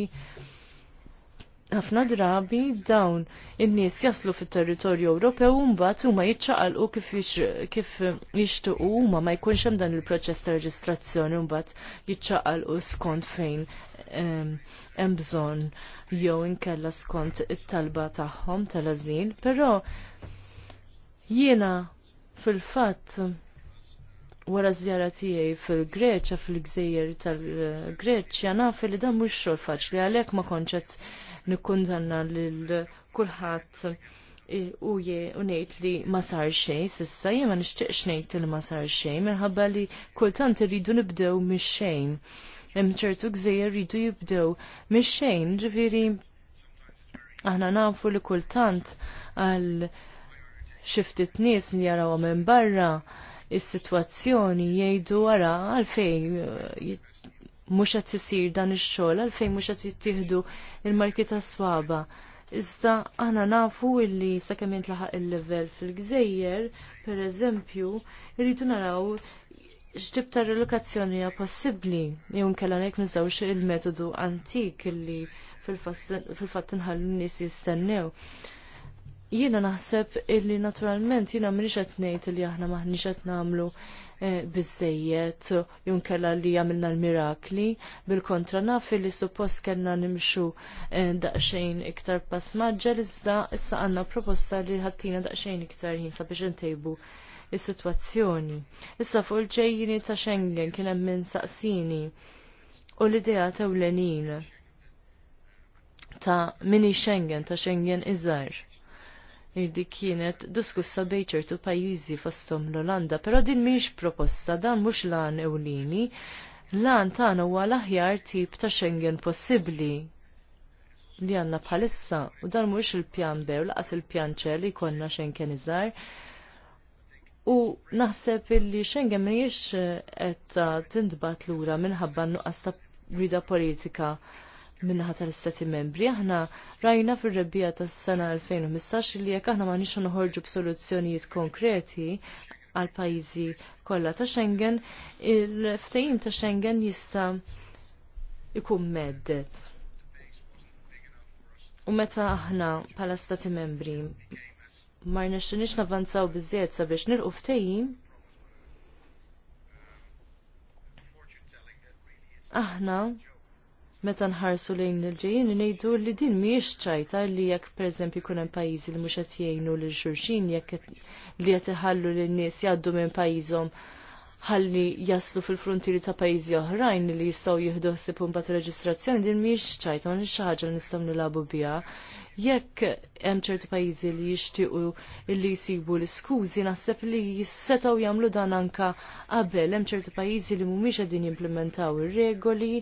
ħafna drabi dawn in-nies jaslu fit-territorju Ewropew mbagħad huma jiċċaqalqu kif kif jixtuqu huma ma jkunx hemm dan il-proċess ta' reġistrazzjoni u mbagħad jiċċaqalqu skont fejn hemm bżonn jew inkella skont it-talba tagħhom tal-ażil, però jiena fil-fatt wara żjara tiegħi fil-Greċja fil-Gżejjer tal-Greċja naf li dan mhux xogħol faċli għalhekk ma konċet nikkundanna lil kulħadd u ngħid li ma sar xejn sissa jien ma nixtieqx ngħid li ma sar xejn minħabba li kultant rridu nibdew mix-xejn. Hemm ċertu gżejjer rridu jibdew mix-xejn, ġviri aħna nafu li kultant għal xiftit nies jaraw minn barra is-sitwazzjoni jgħidu wara għalfej eh, mhux qed isir dan ix-xogħol għalfejn mhux qed jittieħdu il-marki swaba. Iżda aħna nafu illi sakemm jintlaħaq il-level fil-gżejjer, pereżempju, rridu naraw x'tib ta' relokazzjoni hija possibbli jew nkella jekk nużawx il-metodu antik illi fil-fatt inħallu n-nies jistennew. Jiena naħseb illi naturalment jiena m'iniex qed ngħid li aħna maħniex qed nagħmlu eh, biżejjed junkella li jagħmilna l-mirakli. Bil-kontra naf li suppost kellna nimxu eh, daqxejn iktar pass li issa issa għandna proposta li ħattina daqxejn iktar ħin sabiex intejbu is-sitwazzjoni. Issa fuq il-ġejjini ta' Schengen kien hemm minn saqsini u l-idea ta' ta' mini Schengen ta' Schengen iżgħar li kienet diskussa bejn ċertu pajjiżi fosthom l-Olanda, però din miex proposta dan mhux lan ewlieni, lan tagħna huwa l-aħjar tip ta' Schengen possibbli li għanna bħalissa u dan mux il-pjan bew laqas il-pjan ċer li konna Schengen iżgħar. U naħseb illi Schengen mhijiex eh, qed tintbat lura minħabba nuqqas ta' rida politika minnaħat tal-istati membri. Aħna rajna fil-rebbija tas-sena 2015 li jekk aħna ma nix noħorġu b'soluzzjonijiet konkreti għal pajjiżi kollha ta' Schengen, il ftajim ta' Schengen jista' ikun meddet. U meta aħna bħala stati membri ma rnexxinix navanzaw biżjed sabiex nilqu ftehim, aħna meta nħarsu lejn il-ġejjin ngħidu li din mhijiex ċajta li jekk pereżempju jkun hemm pajjiżi li mhux qed jgħinu lil xulxin jekk li qed iħallu lin-nies jgħaddu minn pajjiżhom ħalli jaslu fil-frontieri ta' pajjiżi oħrajn li jistgħu jieħdu ħsieb imbagħad reġistrazzjoni din mhijiex ċajta ma xi ħaġa li nistgħu nilagħbu biha. Jekk hemm ċertu pajjiżi li jixtiequ li jsibu l-iskużi naħseb li jissetgħu jagħmlu dan anka qabel hemm ċertu pajjiżi li mhumiex qegħdin jimplementaw ir-regoli,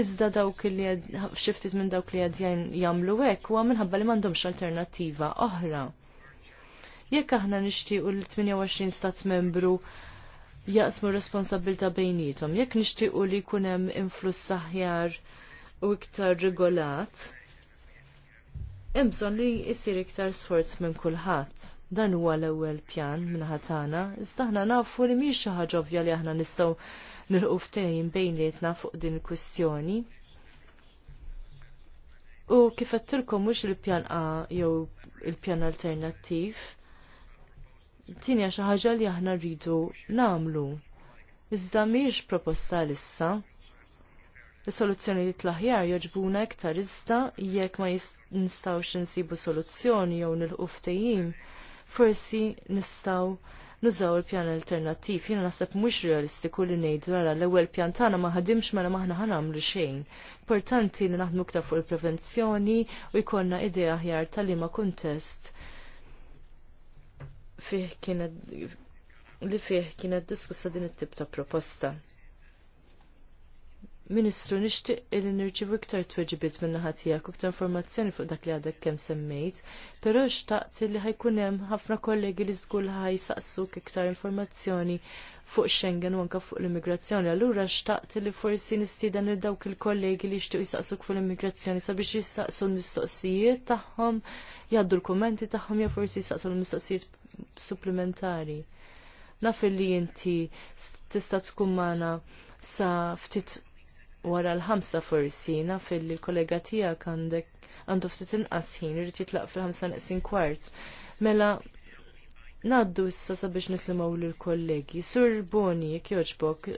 iżda dawk li xiftit minn dawk li għadjan jamlu hekk huwa minħabba li m'għandhomx alternattiva oħra. Jekk aħna nixtiequ l-28 stat membru jaqsmu responsabilta bejnietom, jekk nixtiequ li jkun hemm influss saħjar u iktar regolat, imbżon li jsir iktar sforz minn kulħadd. Dan huwa l-ewwel pjan minn ħatana, iżda aħna nafu li mhix xi ħaġa ovvja li aħna nistgħu bejn li bejnietna fuq din il-kwistjoni. U kif għattilkom mux il-pjan A jew il-pjan alternattiv, tini għaxa ħaġa li aħna rridu namlu. Iżda miex proposta issa. Is-soluzzjoni li tlaħjar joġbuna iktar iżda jekk ma nistawx nsibu soluzzjoni jew nilqu ftehim, forsi nistaw nużaw il-pjan alternattiv. Jiena naħseb mhux realistiku li ngħidu għala l-ewwel pjan tagħna ma ħadimx mela maħna ħanamlu xejn. Importanti li naħdmu iktar fuq il-prevenzjoni u jkollna idea aħjar tal-liema kuntest fih kienet li fih kienet diskussa din it-tip ta' proposta. Ministru, nixtieq li nirċivu iktar tweġibiet minn naħa tiegħek u informazzjoni fuq dak li għadek kemm semmejt, però xtaqt li ħajkun hemm ħafna kollegi li ħaj saqsuk iktar informazzjoni fuq Schengen u anka fuq l-immigrazzjoni. Allura xtaqt li forsi nistidan il dawk il-kollegi li xtiq jisaqsuk fuq l-immigrazzjoni sabiex jisaqsu l-mistoqsijiet tagħhom, jaddu l kommenti tagħhom jew forsi jisaqsu l-mistoqsijiet supplementari. Naf li inti tista' tkun sa ftit wara l-ħamsa forsi naf li l-kollega tiegħek għandek għandu ftit inqas ħin irid jitlaq fil-ħamsa naqsin kwart. Mela ngħaddu issa sabiex nisimgħu lill-kollegi. Sur Boni jek joġbok,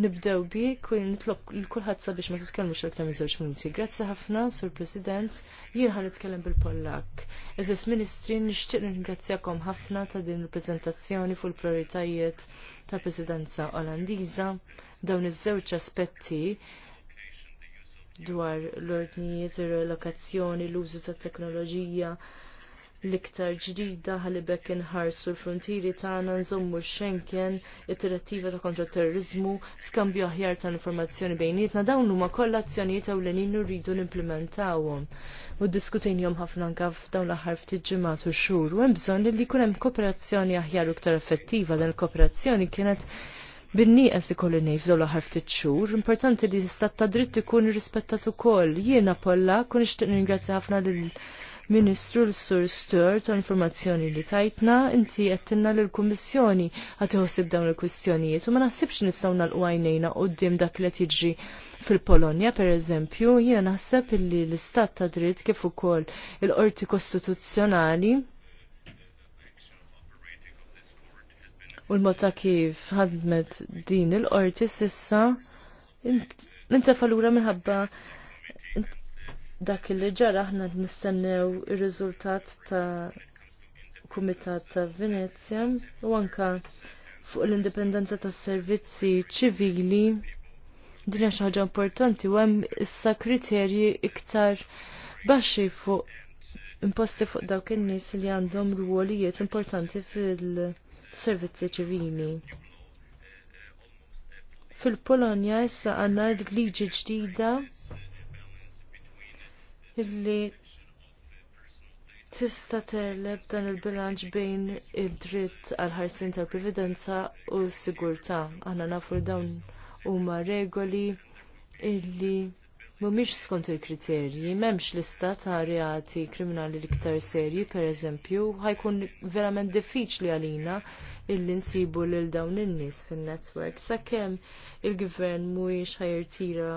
nibdew bi, u nitlob l-kulħadd sabiex ma titkellmux aktar minn żewġ minuti. Grazzi ħafna, Sur President, jien ħan nitkellem bil-Pollak. E'żess Ministri, nixtieq ringrazzjakom ħafna ta' din il prezentazzjoni fuq il-prioritajiet tal-Presidenza Olandiża dawn iż-żewġ aspetti dwar l-ordnijiet, ir-relokazzjoni, l-użu tat-teknoloġija, l-iktar ġdida ħalibek inħarsu l-frontieri tagħna nżommu Schengen, it-direttiva ta' kontra terrorizmu, skambju aħjar ta' informazzjoni bejnietna dawn huma kollha azzjonijiet ewlenin rridu nimplementawhom. U diskutejnihom ħafna anke f'dawn l-aħħar ftit ġimgħat u xhur u hemm bżonn li jkun hemm kooperazzjoni aħjar u iktar effettiva dan il-kooperazzjoni kienet Bin-nieqes ikolli ngħid f'dawn l-aħħar ftit xhur, importanti li l-istat ta' dritt ikun irrispettat ukoll. Jiena Polla kun nixtieq ningrazzja ħafna lil Ministru l-Sur Stewart tal-informazzjoni li tajtna, inti għettinna l-Kummissjoni għatiħosib dawn il-kwistjonijiet u ma naħsibx nistaw nal-għajnejna u d dak li tiġi fil-Polonja, per eżempju, jiena naħseb li l-Istat ta' dritt kif ukoll il-Qorti Kostituzzjonali u l mota kif ħadmet din il-qorti sissa Ninta falura minħabba dak li ġara aħna nistennew ir-riżultat ta' Kumitat ta' Venezia u anka fuq l-indipendenza tas servizzi ċivili din xi ħaġa importanti u hemm issa kriterji iktar baxxi fuq imposti fuq dawk in-nies li għandhom ruolijiet importanti fil-servizzi ċivili. Fil-Polonja issa l liġi ġdida illi tista teleb dan il-bilanċ bejn id-dritt għal ħarsien tal-previdenza u s-sigurtà. Aħna nafu dawn huma regoli illi mhumiex skont il-kriterji, m'hemmx lista ta' reati kriminali l-iktar serji, pereżempju, ħajkun verament diffiċli għalina illi nsibu lil dawn in-nies fin-netwerk sakemm il-gvern mhuwiex ħajrtira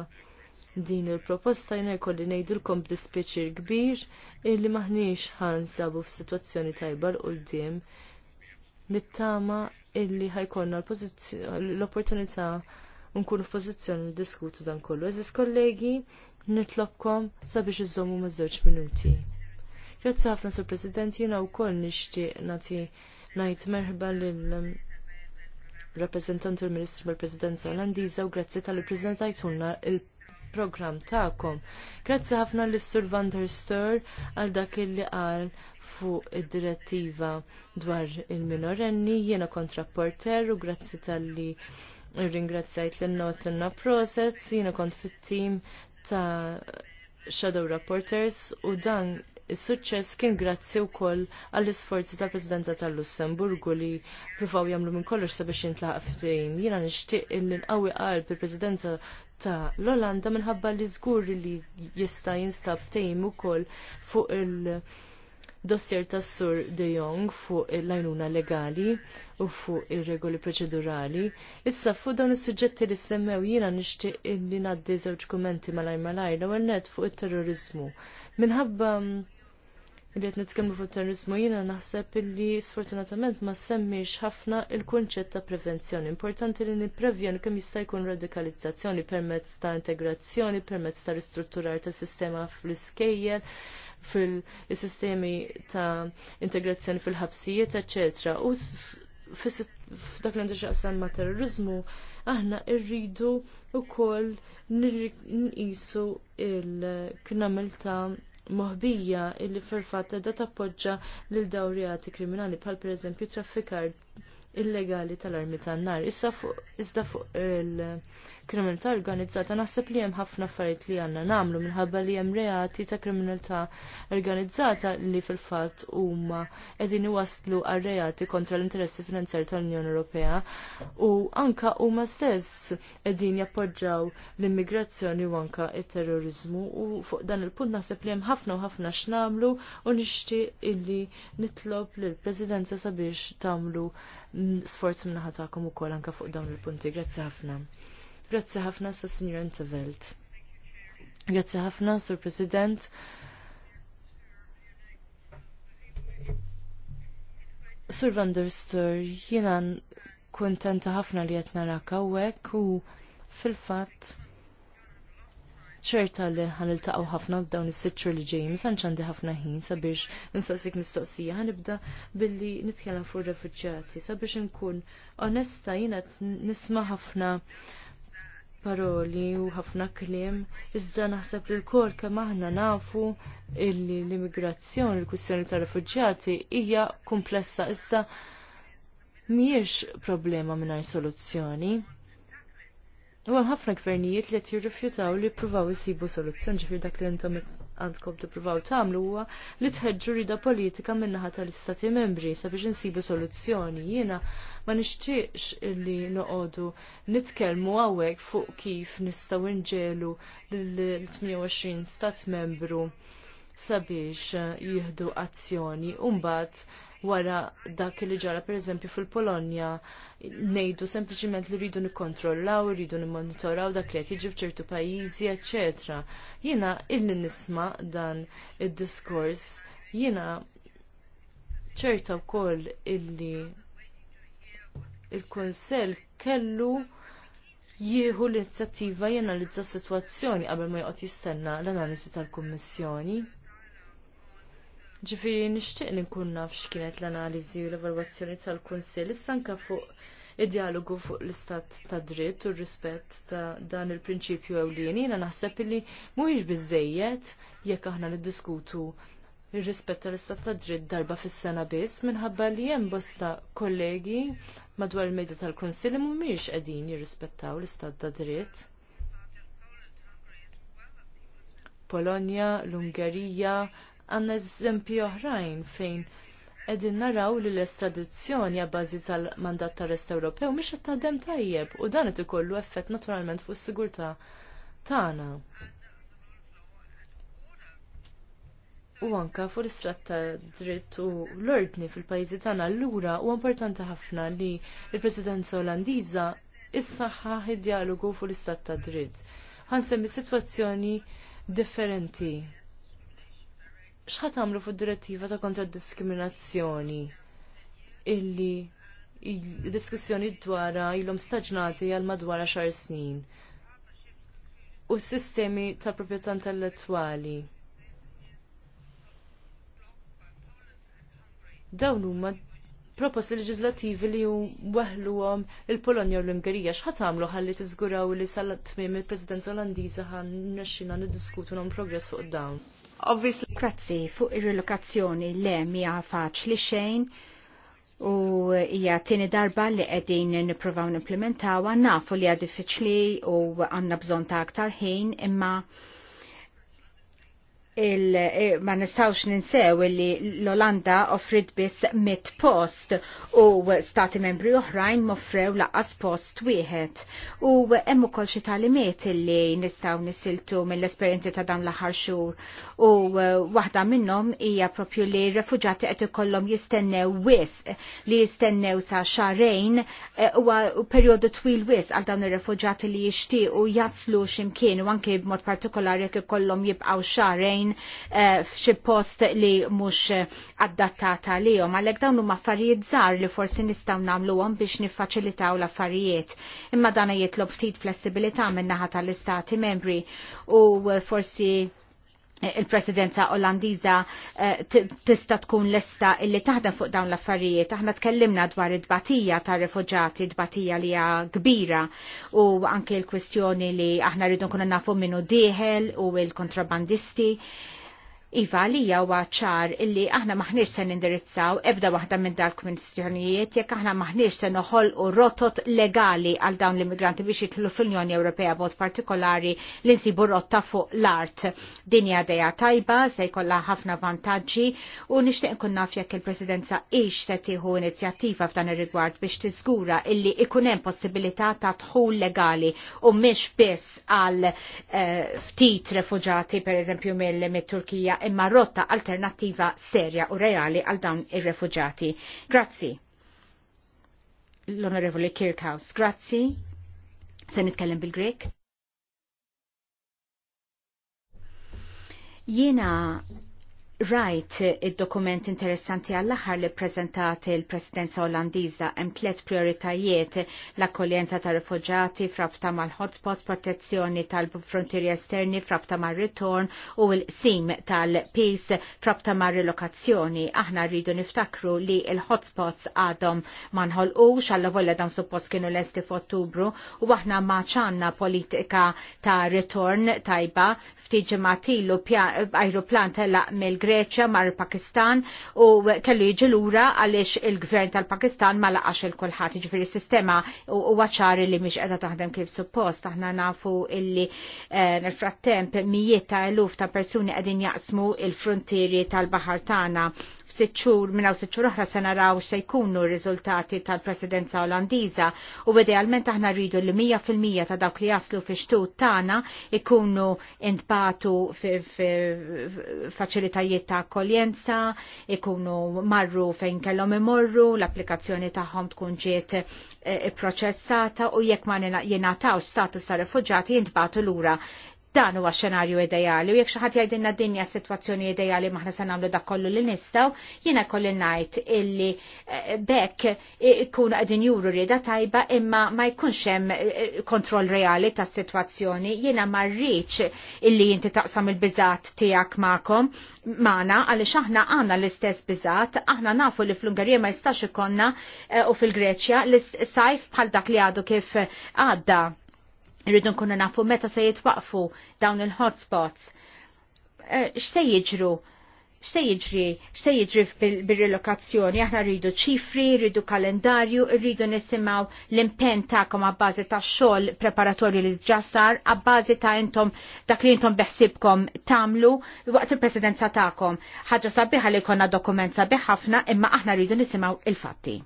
din il-proposta jina jkolli nejdilkom b'dispieċir kbir illi maħniex ħanżabu f'sitwazzjoni tajba l-qoddim nittama illi ħajkonna l-opportunità nkunu f'pożizzjoni diskutu dan kollu. Eżis kollegi, nitlobkom sabiex iżommu ma' żewġ minuti. Grazzi ħafna sur President jiena wkoll nixtieq nagħti ngħid merħba lil um, rappresentant il-Ministru mal-Presidenza Olandiża u grazzi tal-li preżentajtulna il program ta'kom. Grazzi ħafna l-Sur Van der Stur għal dak li qal fuq id-direttiva dwar il-minorenni, jiena kontrapporter u grazzi tal-li ringrazzajt l-notenna proset, jiena kont fit-tim ta' Shadow Reporters u dan Is-suċċess kien grazzi wkoll għall-isforzi tal-Presidenza tal-Lussemburgu li provaw jagħmlu minn kollox sabiex jintlaħaq ftehim. Jiena nixtieq li nqawwi qalb il-Presidenza ta' l-Olanda minħabba li żgur li jista' jinstab tejm ukoll fuq il- dossier tas Sur De Jong fuq l ajnuna legali u fuq ir-regoli proċedurali. Issa fuq dawn is-suġġetti li semmew jiena nixtieq li ngħaddi żewġ kumenti malaj malaj l għennet fuq it-terrorizmu. Minħabba mm, li nitkemmu nitkellmu fuq terrorizmu jiena naħseb li sfortunatament ma semmix ħafna il-kunċett ta' prevenzjoni. Importanti li nipprevjenu kemm jista' jkun radikalizzazzjoni permezz ta' integrazzjoni, permezz ta' ristrutturar ta' sistema fl-iskejjel, fil-sistemi ta' integrazzjoni fil-ħabsijiet, eċetera. U f'dak l-għandu xaqsam ma' terrorizmu, aħna irridu u koll nqisu il-knamil ta' moħbija illi fil-fatt qiegħda tappoġġa lil dawrijati kriminali bħal pereżempju traffikar illegali tal-armi tan-nar. Issa fuq iżda fuq il-kriminalità organizzata naħseb li hemm ħafna affarijiet li għandna nagħmlu minħabba li hemm reati ta' kriminalità organizzata li fil-fatt huma qegħdin iwaslu għal reati kontra l-interessi finanzjari tal-Unjoni Ewropea u anka huma stess qegħdin jappoġġaw l-immigrazzjoni u anka it-terrorizmu u fuq dan il-punt naħseb li hemm ħafna u ħafna x'nagħmlu u nixtieq illi nitlob lill-Presidenza sabiex tagħmlu sforz minnaħatakom u kol anka fuq dawn il-punti. Grazzi ħafna. Grazzi ħafna sa' Signor Intervelt. Grazzi ħafna, Sur President. Sur Van der Stur, jina kontenta ħafna li jetna raka u fil-fat ċerta li ħaniltaqgħu ħafna b'dawn is-sitxur li ġejjin għandi ħafna ħin sabiex nistaqsik mistoqsija ħanibda billi nitkellem fuq ir-refuġjati sabiex inkun onesta jiena nisma' ħafna paroli u ħafna kliem iżda naħseb li l kemm aħna nafu illi l-immigrazzjoni l-kwistjoni tar-refuġjati hija komplessa iżda mhijiex problema mingħajr soluzzjoni U ħafna gvernijiet li qed jirrifjutaw li jippruvaw jisibu soluzzjoni ġifier dak li intom għandkom tippruvaw tagħmlu huwa li tħedġu rida politika min-naħa tal-istati membri sabiex insibu soluzzjoni. Jiena ma nixtieqx li noqogħdu nitkellmu hawnhekk fuq kif nistgħu nġelu l 28 stat membru sabiex jieħdu azzjoni u mbagħad wara dak li ġara pereżempju fil-Polonja ngħidu sempliciment li rridu nikkontrollaw, rridu nimmonitoraw dak li qed jiġi f'ċertu pajjiżi, eċetera. Jiena illi nisma' dan id-diskors jiena ċerta wkoll illi il-Kunsell kellu jieħu l-inizjattiva jenalizza s-sitwazzjoni qabel ma joqgħod jistenna l-analisi tal-Kummissjoni. Ġifiri nixtieq li nkun naf x'kienet l-analiżi u l-evalwazzjoni tal-Kunsill issa anke fuq id-dialogu fuq l-istat ta' dritt u r-rispett ta' dan il-prinċipju ewlieni, jiena naħseb li mhuwiex biżejjed jekk aħna niddiskutu ir-rispett tal-istat ta' dritt darba fis-sena biss minħabba li hemm bosta kollegi madwar il-medja tal-Kunsill mhumiex qegħdin jirrispettaw l-istat ta' dritt. Polonja, l-Ungerija, għanna eżempju oħrajn fejn edin naraw li l estraduzzjoni għabbażi tal-mandat tal-rest Ewropew miex qed tgħaddem tajjeb u dan qed ikollu effett naturalment fuq is-sigurtà tagħna. U anka fuq l-istrat ta' dritt u l-ordni fil-pajjiżi tagħna allura u importanti ħafna li l-Presidenza Olandiża issaħħa id-dialogu fuq l-istat ta' dritt. Ħansemmi sitwazzjoni differenti xħat għamlu fuq direttiva ta' kontra diskriminazzjoni illi il-diskussjoni dwara ilhom staġnati għal madwar xar snin u s-sistemi ta' proprjetà intellettwali. Dawn huma proposti leġislativi li weħluhom il-Polonja u l-Ungerija x'ħat għamlu ħalli tiżguraw li sal tmiem il-Presidenza Olandiża ħa nexxina niddiskutu non progress fuq dawn. Obviously. Grazzi fuq ir-relokazzjoni le mija faċli xejn u hija tieni darba li qegħdin nippruvaw nimplementawha nafu li hija diffiċli u għandna bżonn ta' aktar ħin imma il, eh, ma nistawx ninsew li l-Olanda offrit biss mit post u stati membri oħrajn moffrew laqas post wieħed. U hemm ukoll xi talimiet li nistgħu nisiltu mill-esperjenzi ta' dawn l-aħħar xhur u eh, waħda minnhom hija propju li refuġati qed ikollhom jistennew wisq li jistennew sa xarejn huwa eh, perjodu twil wis għal dawn ir-refuġati li jixtiequ jaslu x'imkien u anke b'mod partikolari jekk ikollhom jibqgħu xarejn xejn eh, f'xi post li mhux eh, adattata għalihom. Għalhekk dawn huma affarijiet żgħar li forsi nistgħu nagħmluhom biex niffaċilitaw l-affarijiet. Imma dana jitlob ftit flessibilità min-naħa tal-istati membri u eh, forsi il-presidenza Olandiza eh, tista tkun lesta illi taħdem fuq dawn l-affarijiet. Aħna tkellimna dwar id-batija ta' refugġati, id-batija li hija kbira u anke l-kwestjoni li aħna rridu nkunu nafu minnu diħel u l-kontrabandisti. Iva għalija huwa ċar illi aħna maħniex se nindirizzaw ebda waħda minn dal kwistjonijiet jekk aħna maħniex se noħolqu rotot legali għal dawn l-immigranti biex jitlu fl-Unjoni Ewropea bot partikolari li nsibu rotta fuq l-art. Din hija tajba se jkollha ħafna vantaġġi u nixtieq nkun naf jekk il-Presidenza ix se tieħu inizjattiva f'dan ir-rigward biex tiżgura illi ikun hemm possibilità ta' dħul legali u mhix biss għal eh, ftit refuġati pereżempju mill-Turkija imma rotta alternattiva serja u reali għal dawn ir-refuġati. Grazzi. L-Onorevoli Kirkhouse, grazzi. Se nitkellem bil-Grek. Jiena Rajt id-dokument interessanti għall-aħħar li prezentat il-Presidenza Olandiża hemm tliet prioritajiet l-akkoljenza ta' rifugjati, frabta mal-hotspots, protezzjoni tal-frontieri esterni frabta mar-ritorn u l-sim tal-peace frabta mar-relokazzjoni. Aħna rridu niftakru li l-hotspots għadhom ma nħolqux xalla volja dan suppost kienu lesti f'Ottubru u aħna maċanna politika ta' ritorn tajba ftiġi matilu ajruplan tella mill greċja mar pakistan u kellu jiġi lura għaliex il-gvern tal-Pakistan ma laqax il-kulħadd, jiġifieri sistema u waċari li mhix edha taħdem kif suppost. Aħna nafu illi eh, frattemp mijiet ta' eluf ta' persuni qegħdin jaqsmu il-frontieri tal bahartana tagħna f'sitt xhur minn hawn sitt xhur oħra se naraw x'se jkunu r-riżultati tal-Presidenza Olandiża u idealment aħna rridu li mija fil-mija ta' dawk li jaslu fi xtut tagħna ikunu intbatu faċilitajiet ta' akkoljenza, ikunu marru fejn kellhom imorru, l-applikazzjoni tagħhom tkun ġiet eh, ipproċessata u jekk ma jingħataw status ta' refuġati jintbatu lura Dan huwa xenarju ideali u jekk xi ħadd jgħidilna dinja sitwazzjoni ideali maħna se nagħmlu dak kollu li nistgħu, jiena kolli ngħid illi eh, bekk ikun qegħdin juru rieda tajba imma ma jkunx hemm eh, kontroll reali tas-sitwazzjoni. Jiena ma rridx illi inti taqsam il-biżat tiegħek magħkom magħna għaliex aħna għandna l-istess biżat, aħna nafu li fl-Ungerija ma jistax ikonna eh, u fil-Greċja l-sajf bħal dak li għadu kif għadda Irridu nkunu nafu meta se jitwaqfu dawn il-hotspots. Eh, x'se jiġru? X'se jiġri? X'se jiġri bir-relokazzjoni? Aħna rridu ċifri, rridu kalendarju, rridu nisimgħu l-impenn tagħkom għabbażi tax-xogħol preparatorju li ġasar, għabbażi ta' intom dak li intom beħsibkom tagħmlu waqt il-presidenza tagħkom. Ħaġa sabiħa li konna dokument sabiħ ħafna imma aħna rridu nisimgħu il-fatti.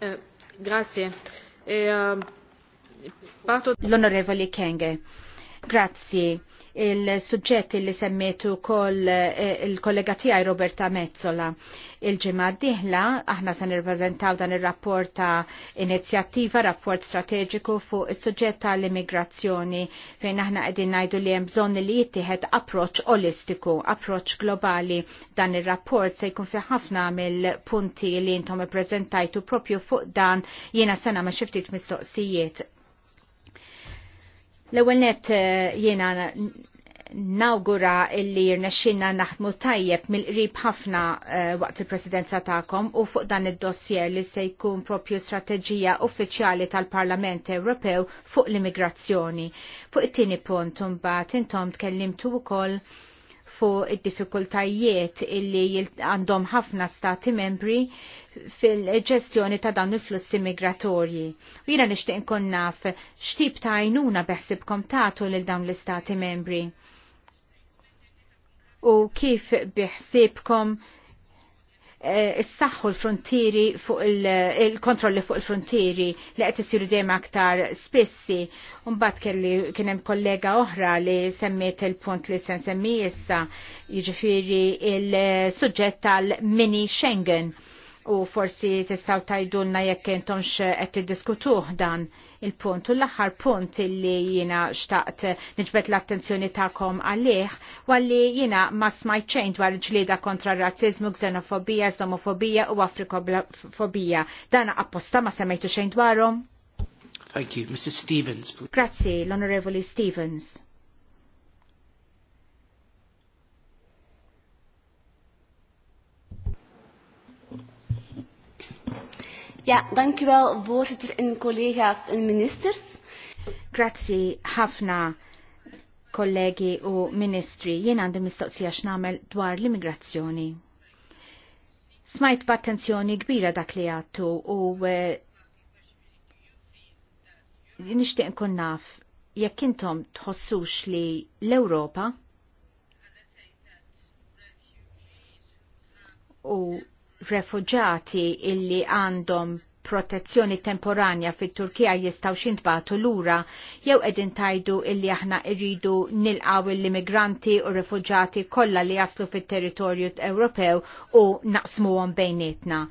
Eh, grazie. Eh, eh, L'onorevole Kenge, grazie il-sujġetti li semmetu kol eh, il-kollega tijaj Roberta Mezzola. Il-ġimma diħla, aħna se nirreżentaw dan il-rapport ta' inizjattiva, rapport strategiku fuq il-sujġett tal-immigrazzjoni fejn aħna qegħdin ngħidu li hemm bżonn li jittieħed approċċ olistiku, approċċ globali. Dan ir-rapport se jkun fi ħafna mill-punti li intom ippreżentajtu propju fuq dan jiena sena ma' xiftit mistoqsijiet L-ewwel net eh, jiena nawgura illi jirnexxinna naħdmu tajjeb mill-qrib ħafna eh, waqt il-presidenza tagħkom u fuq dan id-dossier li se jkun propju strateġija uffiċjali tal-Parlament Ewropew fuq l-immigrazzjoni. Fuq it-tieni punt imbagħad intom tkellimtu wkoll fuq id-diffikultajiet illi għandhom ħafna stati membri fil-ġestjoni ta' dawn il-flussi migratorji. U jina nishtiq nkun naf xtib ta' għajnuna beħsibkom tagħtu lil dawn l-istati membri. U kif biħsibkom Eh, issaħħu l-frontieri fuq eh, il-kontrolli fuq il-frontieri li qed isiru dejjem aktar spessi, Mbagħad kelli kien hemm kollega oħra li semmiet il-punt li se nsemmi issa, jiġifieri il-suġġett tal-mini Schengen u forsi tistaw tajdunna jekk intomx qed tiddiskutuh dan il-punt. U l-aħħar punt illi jina xtaqt nġbet l-attenzjoni tagħkom għalih għalli jiena ma smajt xejn dwar ġlieda kontra r xenofobija, zdomofobija u afrikofobija. Dan apposta ma semajtu xejn dwarhom? Thank you, Mrs. Stevens. Please. Grazie, l-Onorevoli Stevens. Ja, dank u wel, voorzitter en collega's en ministers. Grazzi ħafna kollegi u ministri. Jien għandi mistoqsija x'namel dwar l-immigrazzjoni. Smajt b'attenzjoni kbira dak li għattu u eh, nixtieq nkun naf jekk intom tħossux li l-Ewropa u refugjati illi għandhom protezzjoni temporanja fit turkija jistaw xintbatu lura jew edin tajdu illi aħna irridu nilqaw l-immigranti u refugjati kollha li jaslu fit-territorju Ewropew u naqsmuhom bejnietna.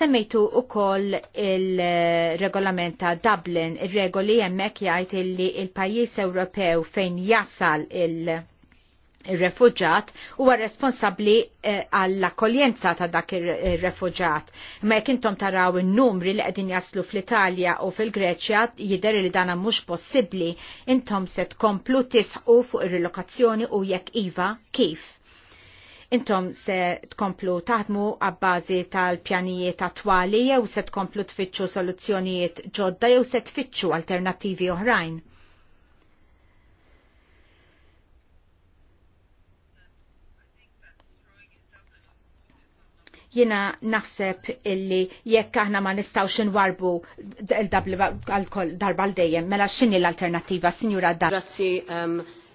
Semmejtu u koll il-regolament ta' Dublin, il-regoli jemmek jgħid illi il-pajis Ewropew fejn jasal il- il-refugġat huwa responsabbli eh, għall-akkoljenza ta' dak il-refugġat. Ma jekk intom taraw in-numri li qegħdin jaslu fl-Italja u fil-Greċja jidher li dana mhux possibbli, intom se tkomplu tisħu fuq ir-relokazzjoni u jekk iva kif. Intom se tkomplu taħdmu għabbażi tal-pjanijiet attwali jew se tkomplu tfittxu soluzzjonijiet ġodda jew se tfittxu alternattivi oħrajn Jina naħseb illi jekk aħna ma nistawx nwarbu għal-koll darba l-dejjem, mela x'inhi l-alternativa, Sinjura da. Grazzi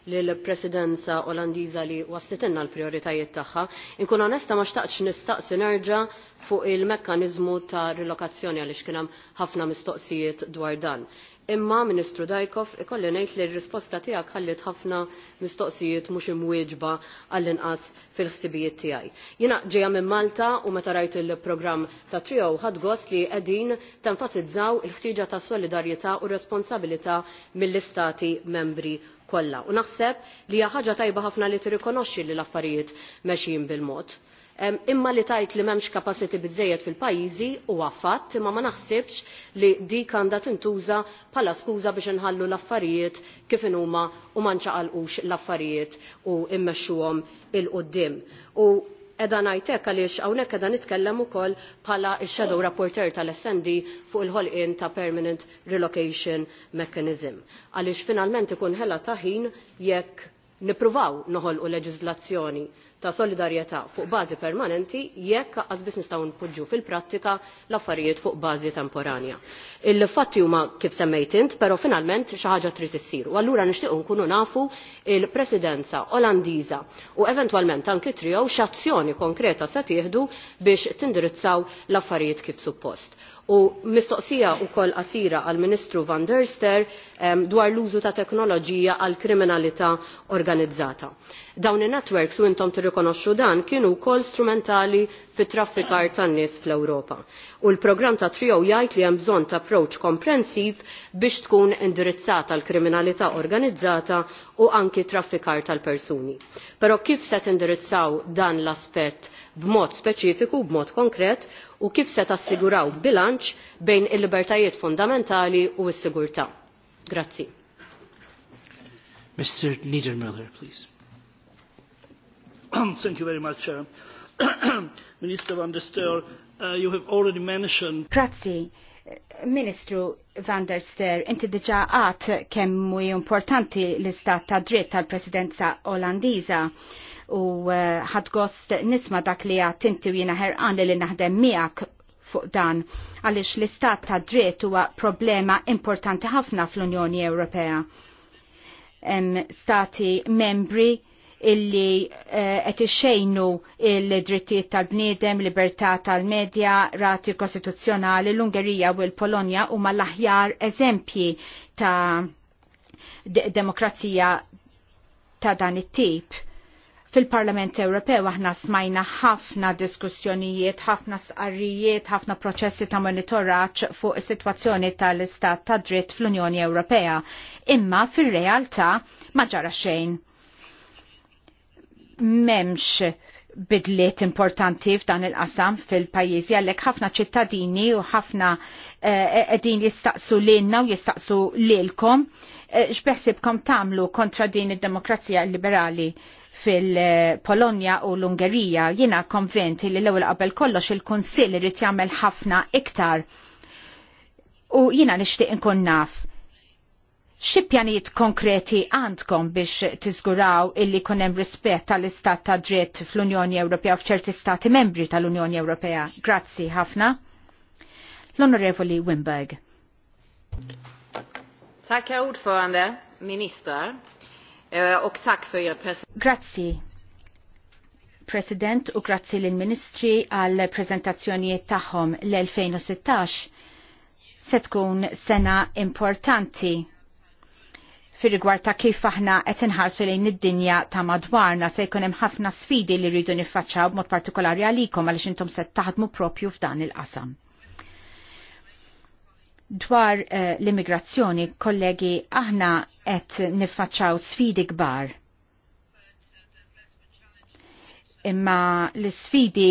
lill-presidenza Olandiża li waslitenna l-prioritajiet tagħha. Inkun onesta ma xtaqx nistaqsi nerġa' fuq il-mekkaniżmu ta' rilokazzjoni għaliex kien hemm ħafna mistoqsijiet dwar dan. Imma, Ministru Dajkov, ikolli ngħid li r-risposta tiegħek ħallit ħafna mistoqsijiet mhux imwieġba għall-inqas fil-ħsibijiet tiegħi. Jiena ġejja minn Malta u meta rajt il-programm ta' trio ħadd gost li qegħdin tenfasizzaw il-ħtieġa ta' solidarjetà u responsabilità mill-istati membri kollha. U naħseb li hija ħaġa tajba ħafna li tirrikonoxxi li l-affarijiet mexjin bil-mod imma li tajt li m'hemmx kapacity biżżejjed fil-pajjiżi huwa fatt imma ma naħsibx li dik għandha tintuża bħala skuża biex inħallu l-affarijiet kif huma u ma nċaqalqux l-affarijiet u immexxuhom il qudiem U edha hekk għaliex hawnhekk edha nitkellem ukoll bħala shadow rapporteur tal-SND fuq il-ħolqien ta' Permanent Relocation Mechanism. Għaliex finalment ikun ħela ta' ħin jekk nippruvaw noħolqu leġiżlazzjoni ta' solidarjetà fuq bażi permanenti jekk għaz biss nistgħu npoġġu fil-prattika l-affarijiet fuq bażi temporanja. Il-fatti huma kif semmejt int, però finalment xi ħaġa trid issir. U allura nixtieq nkunu nafu il-Presidenza Olandiża u eventwalment anki trio x'azzjoni konkreta se tieħdu biex tindirizzaw l-affarijiet kif suppost. U mistoqsija wkoll qasira għall Ministru Van der Ster dwar l-użu ta' teknoloġija għal kriminalità organizzata. Dawn in-networks u intom tirrikonoxxu dan kienu wkoll strumentali fit-traffikar tan-nies fl-Ewropa. U l-programm ta' trio jgħid li hemm bżonn ta' approach komprensiv biex tkun indirizzata l-kriminalità organizzata u anki traffikar tal-persuni. Però kif se tindirizzaw dan l-aspett b'mod speċifiku, b'mod konkret, u kif se tassiguraw bilanċ bejn il-libertajiet fundamentali u s-sigurtà. Grazzi. Mr. Niedermüller, please. *clears throat* Thank you very much, uh, Chair. *clears throat* Minister van der Steur, uh, you have already mentioned... Grazie. Ministru van der Ster, inti diġa għat kemm importanti l-istat ta' dritt tal-presidenza olandiza u eh, ħadgost nisma dak li għattinti u jina ħerqan li naħdem miegħek fuq dan għaliex l-istat ta' dritt huwa problema importanti ħafna fl-Unjoni Ewropea. Stati membri illi eh, qed ixxejnu il-drittijiet tal-bniedem, libertà tal-medja, rati kostituzzjonali, l-Ungerija u l-Polonja huma l-aħjar eżempji ta' demokrazija ta' dan it-tip Fil-Parlament Ewropew aħna smajna ħafna diskussjonijiet, ħafna sqarrijiet, ħafna proċessi ta' monitoraġġ fuq is-sitwazzjoni tal-istat ta' dritt fl-Unjoni Ewropea, imma fir-realtà ma ġara xejn. Memx bidliet importanti f'dan il-qasam fil-pajjiżi għalhekk ħafna ċittadini u ħafna eh, qegħdin jistaqsu lilna u jistaqsu lilkom eh, x'beħsibkom tagħmlu kontra din id-demokrazija liberali fil-Polonja u l-Ungerija. Jina konventi li l-ewel qabel kollox il-Konsil irrid jagħmel ħafna iktar. U jina nixtieq inkun naf xi pjanijiet konkreti għandkom biex tiżguraw illi jkun hemm rispett tal-istat ta' dritt fl-Unjoni Ewropea u f'ċerti stati membri tal-Unjoni Ewropea. Grazzi ħafna. L-Onorevoli Wimberg. Tack ordförande, minister. Eh, er grazzi President u grazzi l ministri għal prezentazzjonijiet tagħhom l-2016 se tkun sena importanti fir rigward ta' kif aħna qed inħarsu lejn id-dinja ta' madwarna se jkun hemm ħafna sfidi li rridu niffaċċaw b'mod partikolari għalikom għaliex intom se taħdmu propju f'dan il-qasam dwar uh, l-immigrazzjoni, kollegi, aħna qed niffaċċaw sfidi kbar. Imma l-sfidi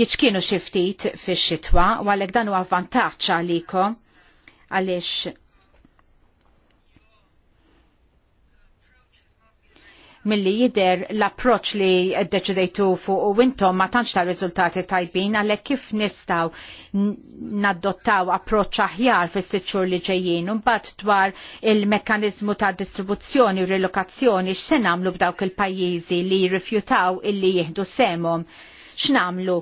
jiċkienu xiftit fix-xitwa u għalhekk dan huwa vantaġġ għalikom għaliex milli jider l-approċ li deċidejtu fuq u intom ma tantx ta' riżultati tajbin għalhekk kif nistgħu naddottaw approċċ aħjar fis-sitxur li ġejjin u mbagħad dwar il-mekkaniżmu ta' distribuzzjoni u rilokazzjoni x'se nagħmlu b'dawk il-pajjiżi li jirrifjutaw illi jieħdu semhom. X'namlu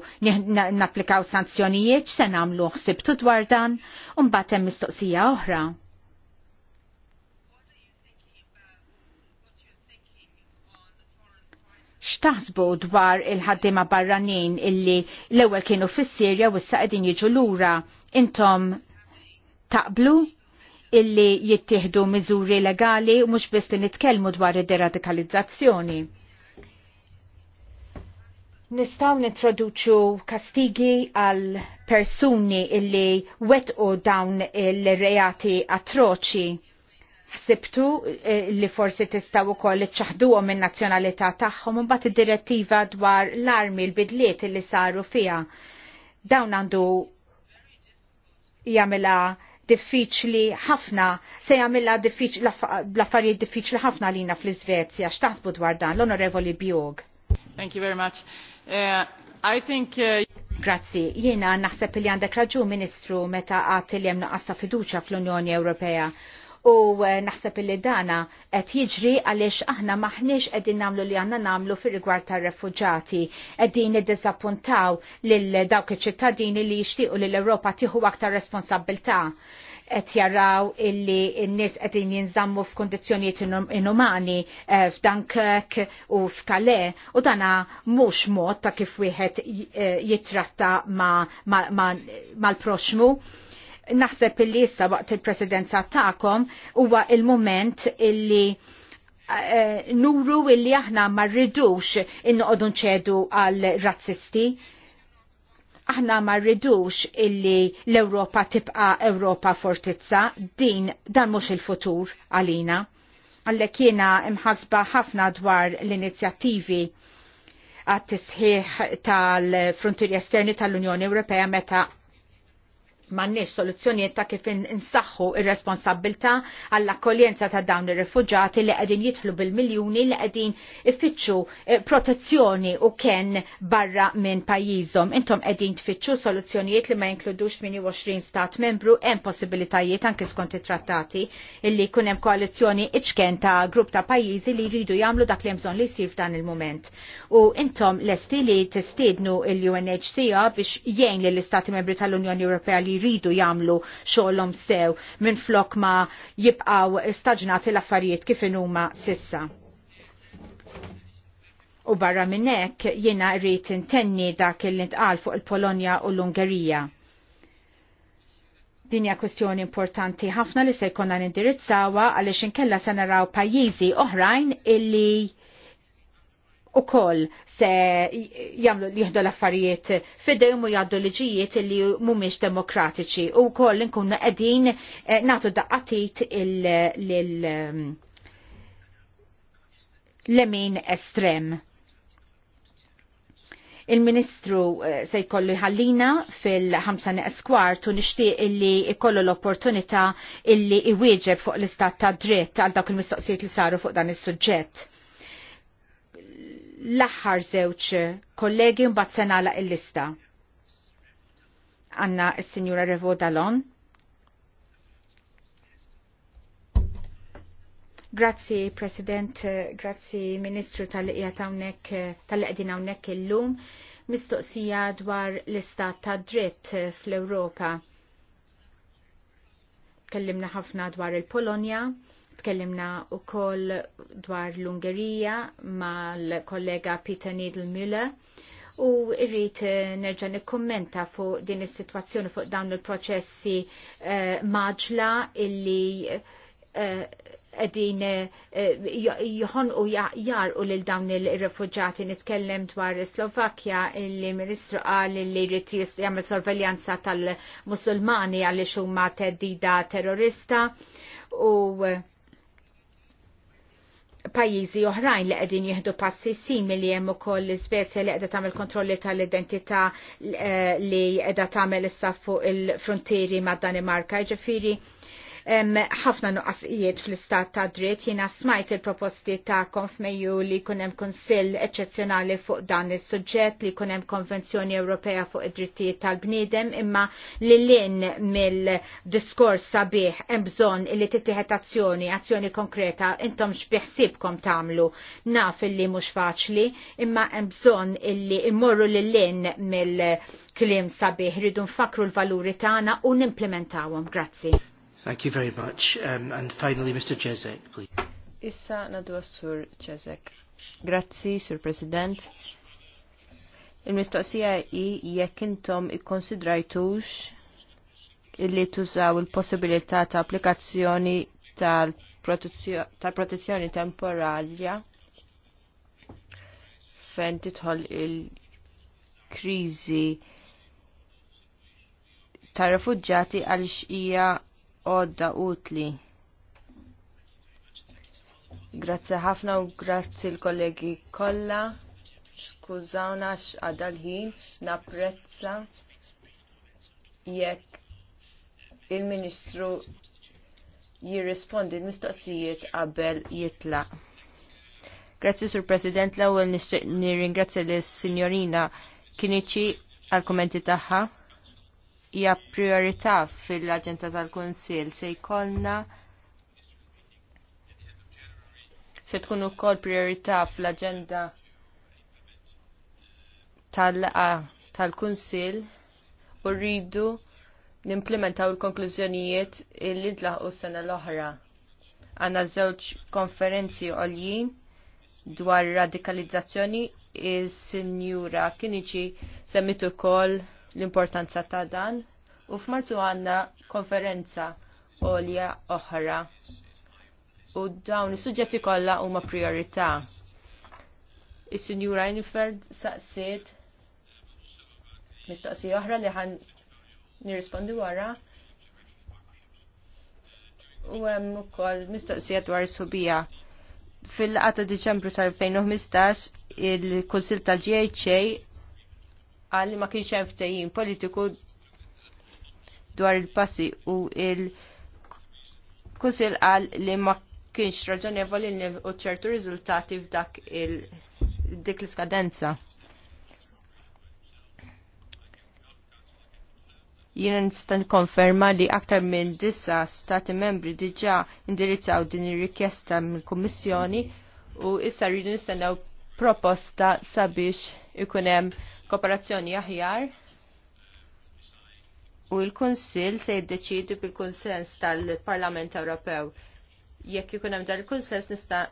napplikaw sanzjonijiet, x'se nagħmlu ħsibtu dwar dan u mbagħad hemm mistoqsija oħra xtaħsbu dwar il-ħaddima barranin illi l ewwel kienu fis-Sirja u issa qegħdin jiġu lura intom taqblu illi jittieħdu miżuri legali u mhux biss li nitkellmu dwar id-deradikalizzazzjoni. Nistaw nitroduċu kastigi għal persuni illi wetqu dawn il-reati atroċi ħsibtu eh, li forsi tistaw ukoll iċċaħduhom minn nazzjonalità tagħhom imbagħad id-direttiva dwar l-armi l-bidliet li saru fiha. Dawn għandu jagħmilha diffiċli ħafna, se jagħmilha l-affarijiet diffiċli ħafna lina fl-Iżvezja. X'taħsbu dwar dan l-Onorevoli Bjog? Thank you very much. Uh, I think uh... Grazzi, jiena naħseb li għandek raġu Ministru meta għat li hemm nuqqas fiduċja fl-Unjoni Ewropea u eh, naħseb illi dana qed jiġri għaliex aħna maħniex qegħdin nagħmlu li għandna nagħmlu fir-rigward tar-refuġati. Qegħdin iddiżappuntaw lil dawk iċ-ċittadini li jixtiequ li l-Ewropa tieħu aktar responsabilità qed jarraw illi n-nies qegħdin jinżammu f'kundizzjonijiet inumani eh, f'Dunkirk u f'Kale u dana mhux mod ta' kif wieħed eh, jitratta mal-proxmu. Ma, ma, ma naħseb illi issa waqt il-presidenza ta'kom huwa il-moment illi uh, nuru illi aħna ma rridux innoqodu nċedu għal razzisti. Aħna ma rridux illi l-Ewropa tibqa Ewropa fortizza, din dan mhux il-futur għalina. Għallek jiena imħasba ħafna dwar l-inizjattivi għat tisħiħ tal-frontieri esterni tal-Unjoni Ewropea meta mannix soluzzjonijiet ta' kif insaħħu ir-responsabilta għall-akkoljenza ta' dawn ir-rifuġati li qegħdin jidħlu bil-miljuni li qegħdin ifittxu eh, protezzjoni u kien barra minn pajjiżhom. Intom qegħdin tfittxu soluzzjonijiet li ma jinkludux 28 stat membru hemm possibilitajiet anke skont it-trattati illi jkun hemm koalizzjoni iċken ta' grupp ta' pajjiżi li jridu jagħmlu dak li hemm bżonn li jsir f'dan il-mument. U intom lesti li tistiednu l-UNHCR biex jgħin lill istati membri tal-Unjoni Ewropea li jridu jagħmlu xogħolhom sew minn flok ma jibqgħu staġnati l-affarijiet kif huma sissa. U barra minnek jiena rrit intenni dak il intqal fuq il-Polonja u l-Ungerija. Din hija kwestjoni importanti ħafna li se jkollna nindirizzawa għaliex inkella se naraw pajjiżi oħrajn illi u koll se jamlu li jihdu l-affarijiet fidejum u jaddu liġijiet li mumiex demokratiċi u koll nkunu edin eh, natu daqqatit ehm, l-emin estrem. Il-Ministru eh, se jkollu jħallina fil-5 eskwart u nixtieq illi jkollu l-opportunità illi iwieġeb fuq l-istat ta' dritt għal dak il-mistoqsijiet li saru fuq dan is-suġġett l-aħħar żewġ kollegi mbagħad se nagħlaq il-lista. Anna s-Sinjura Revo Dalon. Grazzi President, grazzi Ministru tal-qiegħed unnek il qegħdin hawnhekk illum. Mistoqsija dwar l-istat ta' dritt fl-Ewropa. Kellimna ħafna dwar il-Polonja Tkellimna u koll dwar l-Ungerija mal-kollega Peter Needle-Müller u irrit eh, nerġa' nikkummenta fuq din is-sitwazzjoni fuq dawn il-proċessi eh, maġla illi għedin eh, eh, u jar u lil dawn il-refugġati nitkellem dwar Slovakkja illi ministru qal li jrid jagħmel sorveljanza tal-Musulmani għaliex huma teddida terrorista u eh, pajjiżi oħrajn li qegħdin jieħdu passi simili hemm ukoll l-Iżvezja li qiegħda tagħmel kontrolli tal-identità eh, li qiegħda tagħmel issa fuq il-frontieri mad-Danimarka. Ġifieri ħafna nuqqasijiet fl-istat ta' dritt jiena smajt il-proposti ta' f'Mejju li kunem konsil eccezjonali fuq dan is-suġġett li kunem konvenzjoni Ewropea fuq id-drittijiet tal-bniedem imma li lin mill-diskors sabiħ hemm bżonn li tittieħed azzjoni, azzjoni konkreta intom x'biħsibkom tagħmlu. Naf illi mhux faċli imma hemm bżonn illi immorru l lin mill-kliem sabiħ rridu nfakru l-valuri tagħna u nimplementawhom. Grazzi. Thank you very much. Um, and finally, Mr. Jezek, please. Issa nadu sur Jezek. Grazzi, Sur President. Il-mistoqsija i jekk intom ikkonsidrajtux illi tużaw il-possibilità ta' applikazzjoni tal-protezzjoni temporalja fejn titħol il-kriżi tar refugġati għaliex hija għodda utli. Grazzi ħafna u grazzi l-kollegi kollha. Skużawna għadal ħin, napprezza jekk il-Ministru jirrispondi l-mistoqsijiet qabel jitlaq. Grazzi Sur President l-ewwel nirringrazzja lis sinjorina Kiniċi għal-kommenti tagħha hija priorità fil-aġenda tal-Kunsill se jkollna se tkun ukoll priorità fl-aġenda tal tal-Kunsill u rridu nimplementaw il-konklużjonijiet illi ntlaħqu s-sena l-oħra. Għanna żewġ konferenzi għoljien dwar radikalizzazzjoni is-sinjura kien iġi semmitu ukoll l-importanza ta' dan u f'Marzu għandna konferenza għolja oħra u dawn is-suġġetti kollha huma priorità. Is-Sinjura Einfeld saqsiet mistoqsija oħra li ħan nirrispondi wara. U hemm ukoll mistoqsija dwar is subija. fil qata ta' Diċembru tal-2015 il-Kunsil tal-GHA għalli ma kienx hemm ftehim politiku dwar il-passi u il kusil qal li ma kienx raġonevoli li u ċertu riżultati f'dak il dik l-iskadenza. jiena nistan konferma li aktar minn disa stati membri diġa indirizzaw din ir-rikjesta mill-Kummissjoni u issa rridu nistennew proposta sabiex ikun hemm kooperazzjoni aħjar u l-Kunsill se jiddeċidi bil-kunsens tal-Parlament Ewropew. Jekk ikun hemm dan il-kunsens nista'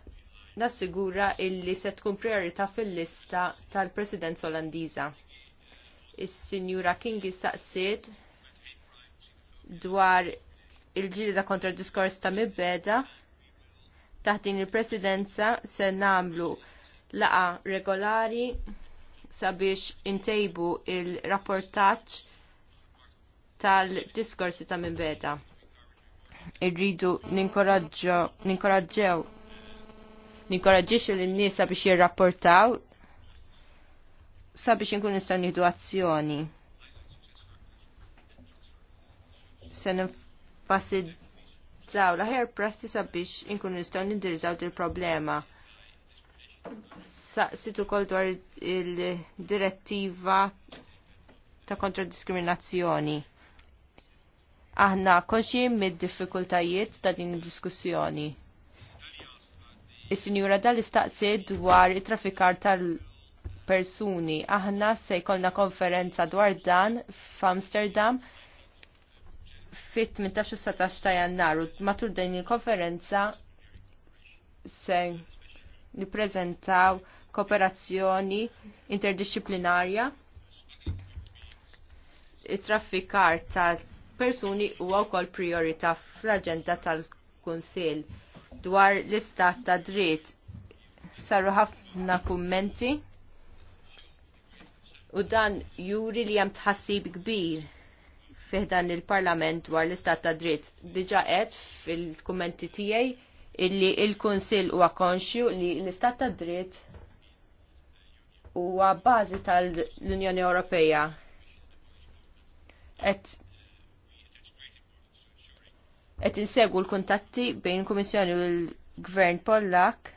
nassigura illi se tkun priorità fil-lista tal-President Olandiża. Is-Sinjura King saqsiet dwar il-ġilda kontra diskors ta' mibbeda taħt din il-presidenza se namlu laqa regolari sabiex intejbu il-rapportaċ tal-diskorsi ta' minn beda. Irridu ninkoraġġew ninkoraġġiex il nies sabiex jirrapportaw sabiex inkun nistgħu nieħdu azzjoni. Se nfassilizzaw l-aħjar prassi sabiex inkun nistgħu nindirizzaw il problema Saqsitu kol dwar il-direttiva ta' kontra diskriminazzjoni. Aħna konxi mid-diffikultajiet ta' din id-diskussjoni. Is-sinjura dal-istaqsi dwar it-trafikar tal- persuni. Aħna se jkollna konferenza dwar dan f'Amsterdam fit-18 u 17 ta' jannar. Matul din il-konferenza se niprezentaw kooperazzjoni interdisciplinarja, it-traffikar ta' persuni huwa wkoll priorità fl-aġenda tal-Kunsill dwar l-istat ta' dritt saru ħafna kummenti u dan juri li hemm tħassib kbir fih dan il-Parlament dwar l-istat ta' dritt. Diġa qed fil-kummenti tiegħi illi il-Kunsill huwa konxju li l-istat ta' dritt huwa bażi tal-Unjoni Ewropea. Et qed insegu l-kuntatti bejn il-Kummissjoni u l-Gvern Pollak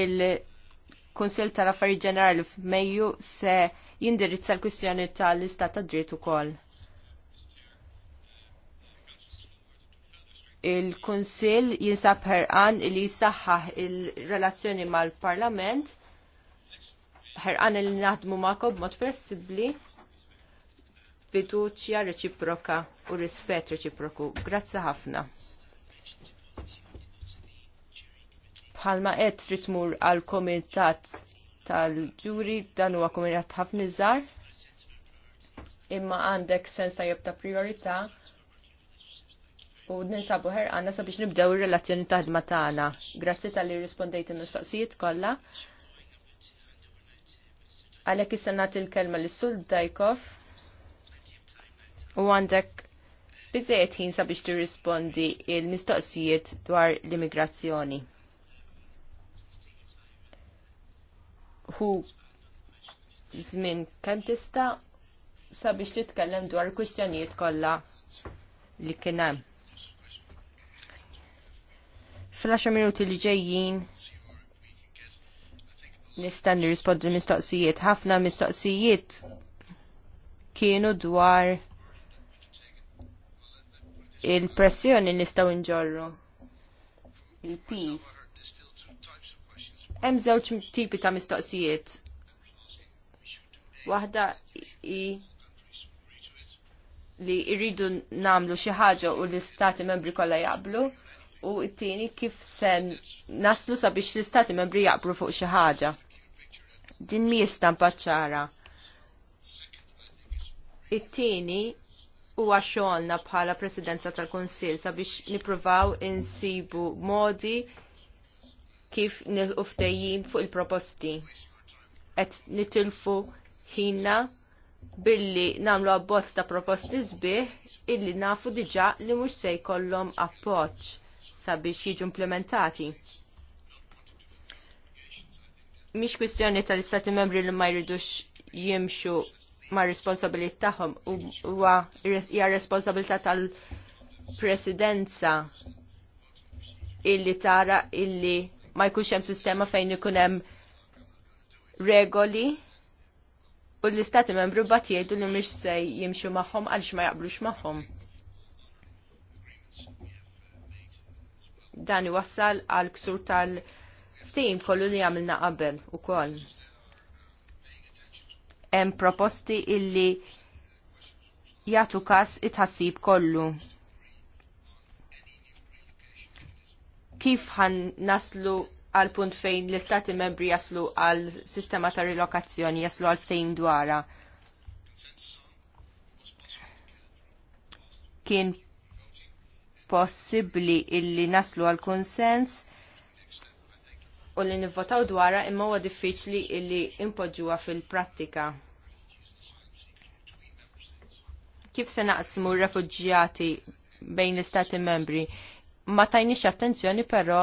il-Kunsill tal-Affarijiet Ġenerali f'Mejju se jindirizza l-kwistjoni tal-Istat tad dritt ukoll. il-Kunsill jinsab ħerqan li jisaxħaħ il-relazzjoni mal-Parlament ħerqan li naħdmu magħkom mod flessibbli fiduċja reċiproka u rispett reċiproku. Grazzi ħafna. Bħalma qed ritmur għal komitat tal-ġuri dan huwa komitat ħafna iżgħar imma għandek sens tajjeb ta' priorità' u ninsabu ħer għanna sabiex nibdew ir-relazzjoni ta' ħidma tagħna. Grazzi tal-li rispondejt il-mistoqsijiet kollha. Għalhekk issa nagħti l-kelma lis sul Dajkov u għandek biżejjed ħin sabiex tirrispondi il-mistoqsijiet dwar l-immigrazzjoni. Hu żmien kantista sabiex titkellem dwar il-kwistjonijiet kollha li kien hemm. Fil-10 minuti li ġejjin nista' nirrispondi mistoqsijiet. Ħafna mistoqsijiet kienu dwar il-pressjoni nistgħu nġorru. il peace Hemm żewġ tipi ta' mistoqsijiet. Waħda i li irridu namlu xi ħaġa u l-istati membri kollha jaqblu u t-tieni kif sen naslu sabiex l-istati membri jaqbru fuq xi ħaġa. Din mi jistampa ċara. It-tieni huwa xogħolna bħala presidenza tal konsil sabiex nippruvaw insibu modi kif nil ftejjin fuq il-proposti. Qed nitilfu ħinna billi nagħmlu abbozz ta' proposti sbieħ illi nafu diġà li mhux se jkollhom appoġġ sabiex jiġu implementati. Mhix kwistjoni tal-istati membri li ma jridux jimxu ma' responsabilit tagħhom huwa hija responsabilità tal-presidenza illi tara illi ma jkunx hemm sistema fejn ikun hemm regoli u l-istati membru bat jgħidu li mhux se jimxu magħhom għaliex ma jaqblux magħhom. dan iwassal għal ksur tal-ftim kollu li għamilna qabel u koll. Hemm proposti illi jagħtu kas it kollu. Kif ħan naslu għal punt fejn l-istati membri jaslu għal sistema ta' rilokazzjoni jaslu għal fejn dwara. Kien possibbli illi naslu għal konsens u li nivvotaw dwarha imma huwa diffiċli illi impoġġuha fil-prattika. Kif se naqsmu r-refuġġjati bejn l-istati membri? Ma tajniex attenzjoni però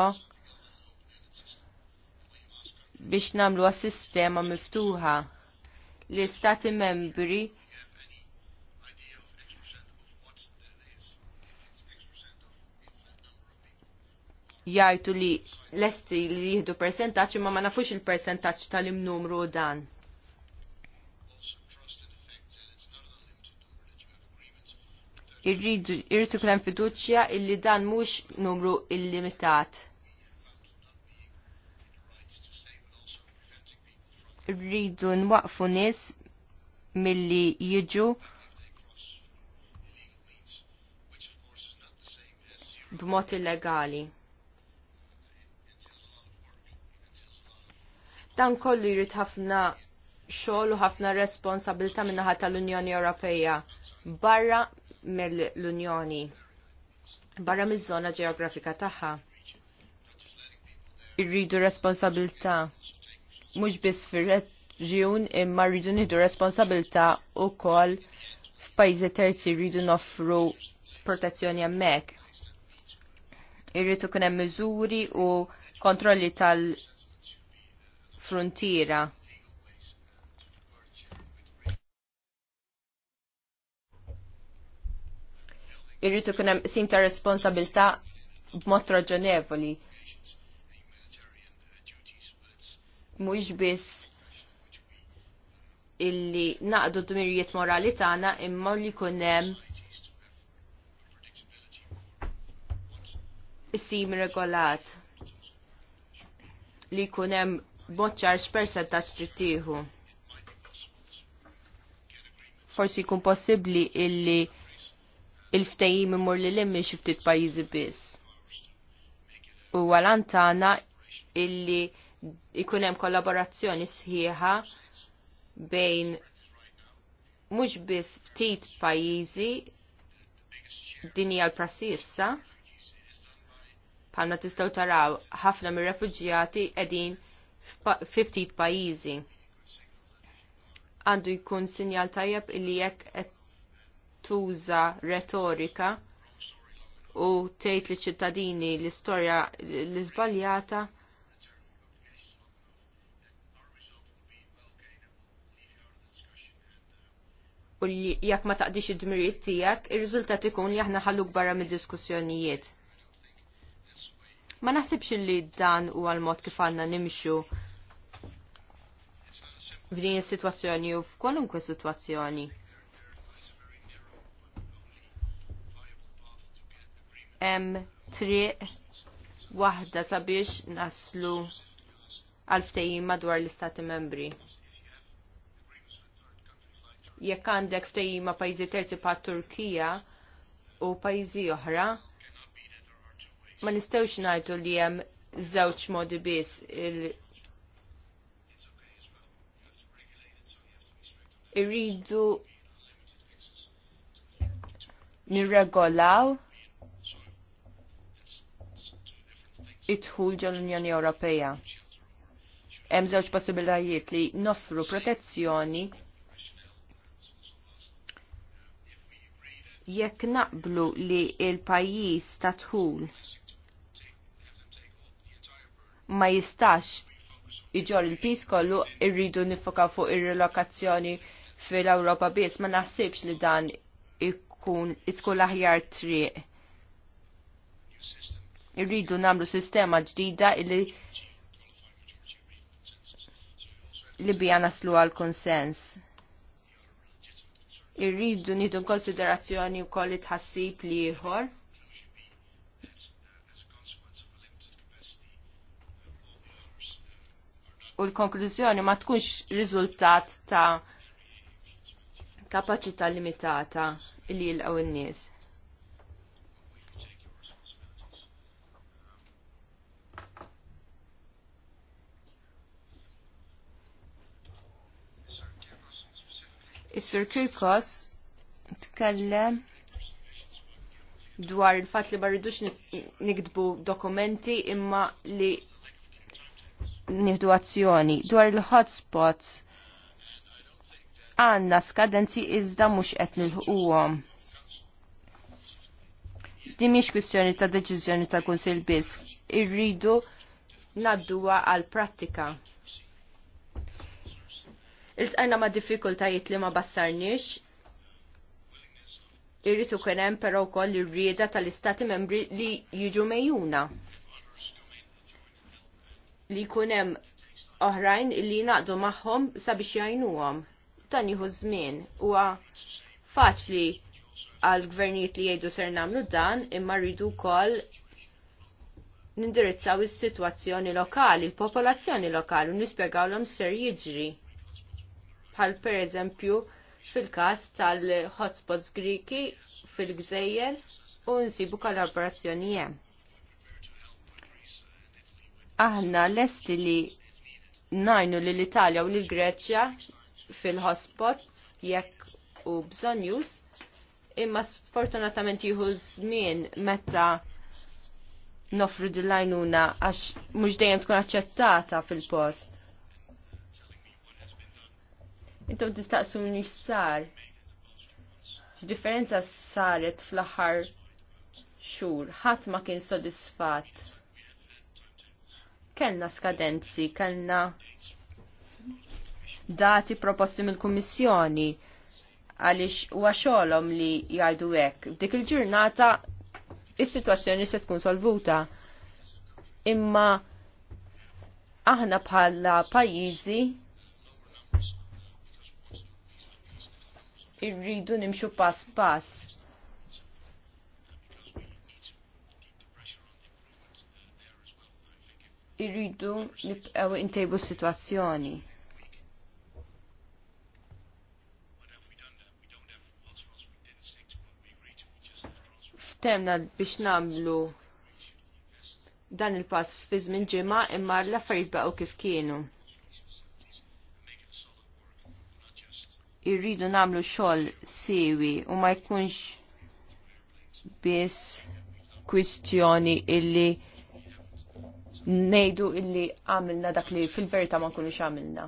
biex namlu sistema miftuħa. L-istati membri jartu li lesti li jihdu percentaċ imma ma nafux il-percentaċ tal-imnumru dan. Irridu irridu fiduċja illi dan mhux numru illimitat. Irridu nwaqfu nies milli jiġu b'mod illegali. Dan kollu jrid ħafna xogħol u ħafna responsabilità min-naħa tal-Unjoni Ewropea barra mill-Unjoni, barra miż-żona ġeografika tagħha. Irridu responsabilità mhux biss fir-reġjun imma rridu nieħdu responsabilità wkoll f'pajjiżi terzi rridu noffru protezzjoni hemmhekk. Irrid ikun hemm miżuri u kontrolli tal- frontiera. Irritu kunem sinta responsabilta b'mod raġonevoli. Mhux biss illi naqdu d-dmirijiet morali tagħna imma li kunem sim regolat li kunem boċċar ta' strittieħu. Forsi jkun possibbli illi il-ftehim imur li limmi xi ftit pajjiżi biss. U għalantana illi ikun hemm kollaborazzjoni sħiħa bejn mhux biss ftit pajjiżi din hija l-prassi issa bħalma tistgħu taraw ħafna mir-refuġjati qegħdin 50 pajizi Għandu jkun sinjal tajjeb li jekk qed tuża retorika u tgħid li ċittadini l-istorja li żbaljata u li jekk ma taqdix id-dmirijiet tiegħek, ir-riżultat ikun li aħna ħalluk barra mid-diskussjonijiet. Ma naħsibx li dan u għal-mod kif għanna nimxu f'din is-sitwazzjoni u f'kwalunkwe sitwazzjoni. Hemm triq waħda sabiex naslu għal-ftejjim madwar l-istati membri. Jekk għandek ftejjim ma' pajjiżi terzi pa' Turkija u pajjiżi oħra, ma nistgħux ngħidu li hemm żewġ modi biss il irridu nirregolaw it-tħul ġol-Unjoni Ewropea. Hemm żewġ possibilitajiet li noffru protezzjoni jekk naqblu li il-pajjiż ta' tħul ma jistax iġor il-pis kollu irridu nifoka fuq ir-relokazzjoni fil-Ewropa biss ma naħsibx li dan ikun itkun laħjar aħjar triq. Irridu namlu sistema ġdida illi li bija naslu għal konsens. Irridu nidu konsiderazzjoni u koll tħassib li jħor u l-konklużjoni ma tkunx riżultat ta' kapacità limitata li jilqgħu n-nies. Is-Sur Kirkos tkellem dwar il-fatt li ma rridux nikdbu dokumenti imma li nieħdu azzjoni dwar il-hotspots għanna skadenzi iżda mhux qed nilħquhom. Din mhix kwistjoni ta' deċiżjoni tal-Kunsill biss, irridu nadduwa għal prattika. Iltqajna ma' diffikultajiet li ma bassarniex, irritu kien hemm però wkoll ir-rieda tal-istati membri li jiġu mejjuna li kunem oħrajn li naqdu maħħom sabiex jajnuhom. Dan jieħu żmien huwa faċli għal gvernijiet li jgħidu ser nagħmlu dan imma rridu wkoll nindirizzaw is-sitwazzjoni lokali, il-popolazzjoni lokali u l-om ser jiġri. Bħal pereżempju fil-każ tal-hotspots Griki fil-Gżejjer u nsibu kollaborazzjoni hemm aħna lesti li najnu li l-Italja u l-Greċja fil-hotspots jekk u bżonjus imma sfortunatament jieħu żmien meta nofru dil-lajnuna għax mhux dejjem tkun aċċettata fil-post. Intom tistaqsuni x'sar. X'differenza saret fl-aħħar xhur, ħadd ma kien sodisfatt kellna skadenzi, kellna dati proposti mill-Kummissjoni għaliex huwa xogħolhom li jgħidu hekk. Dik il-ġurnata is-sitwazzjoni se tkun solvuta. Imma aħna bħala pajjiżi irridu nimxu pass pass irridu nibqgħu intejbu s-sitwazzjoni. Ftemna biex namlu dan il-pass fi żmien ġimgħa imma l-affarijiet baqgħu kif kienu. irridu namlu xogħol siwi u ma jkunx biss kwistjoni illi nejdu illi għamilna dak li fil-verita ma nkunux għamilna.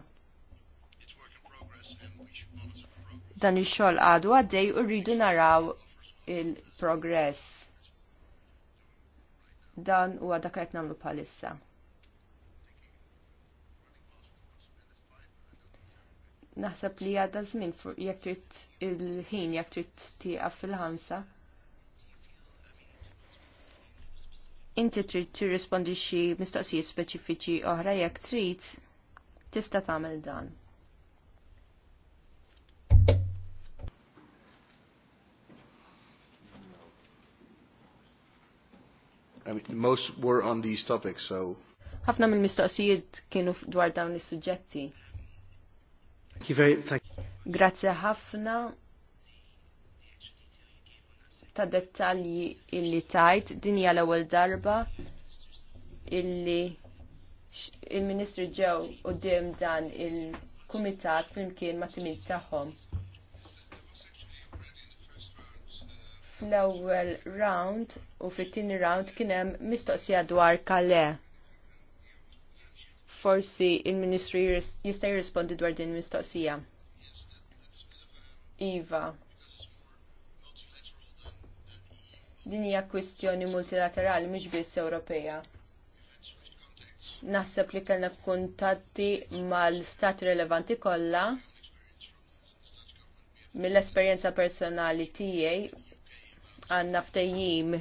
Dan ix-xogħol għadu għaddej u rridu naraw il-progress. Dan huwa dak li namlu nagħmlu bħalissa. Naħseb li għadda żmien jekk trid il-ħin jekk trid tieqa fil-ħansa. inti trid tirrispondi xi mistoqsijiet speċifiċi oħra jekk trid tista' tagħmel dan. I mean, most were on these topics, so... Ħafna mill-mistoqsijiet kienu dwar dawn is-suġġetti. Grazzi ħafna ta' dettalji illi tajt din hija l-ewwel darba illi il-Ministri ġew qudiem dan il-Kumitat flimkien ma' timid tagħhom. Fl-ewwel round u fit-tieni round kien hemm mistoqsija dwar kale. Forsi il-Ministri jista' jirrispondi dwar din mistoqsija. Iva. Din hija kwistjoni multilaterali mhux biss Ewropea. Naħseb li kellna kuntatti mal-stat rilevanti kollha mill-esperjenza personali tiegħi għandna ftejjim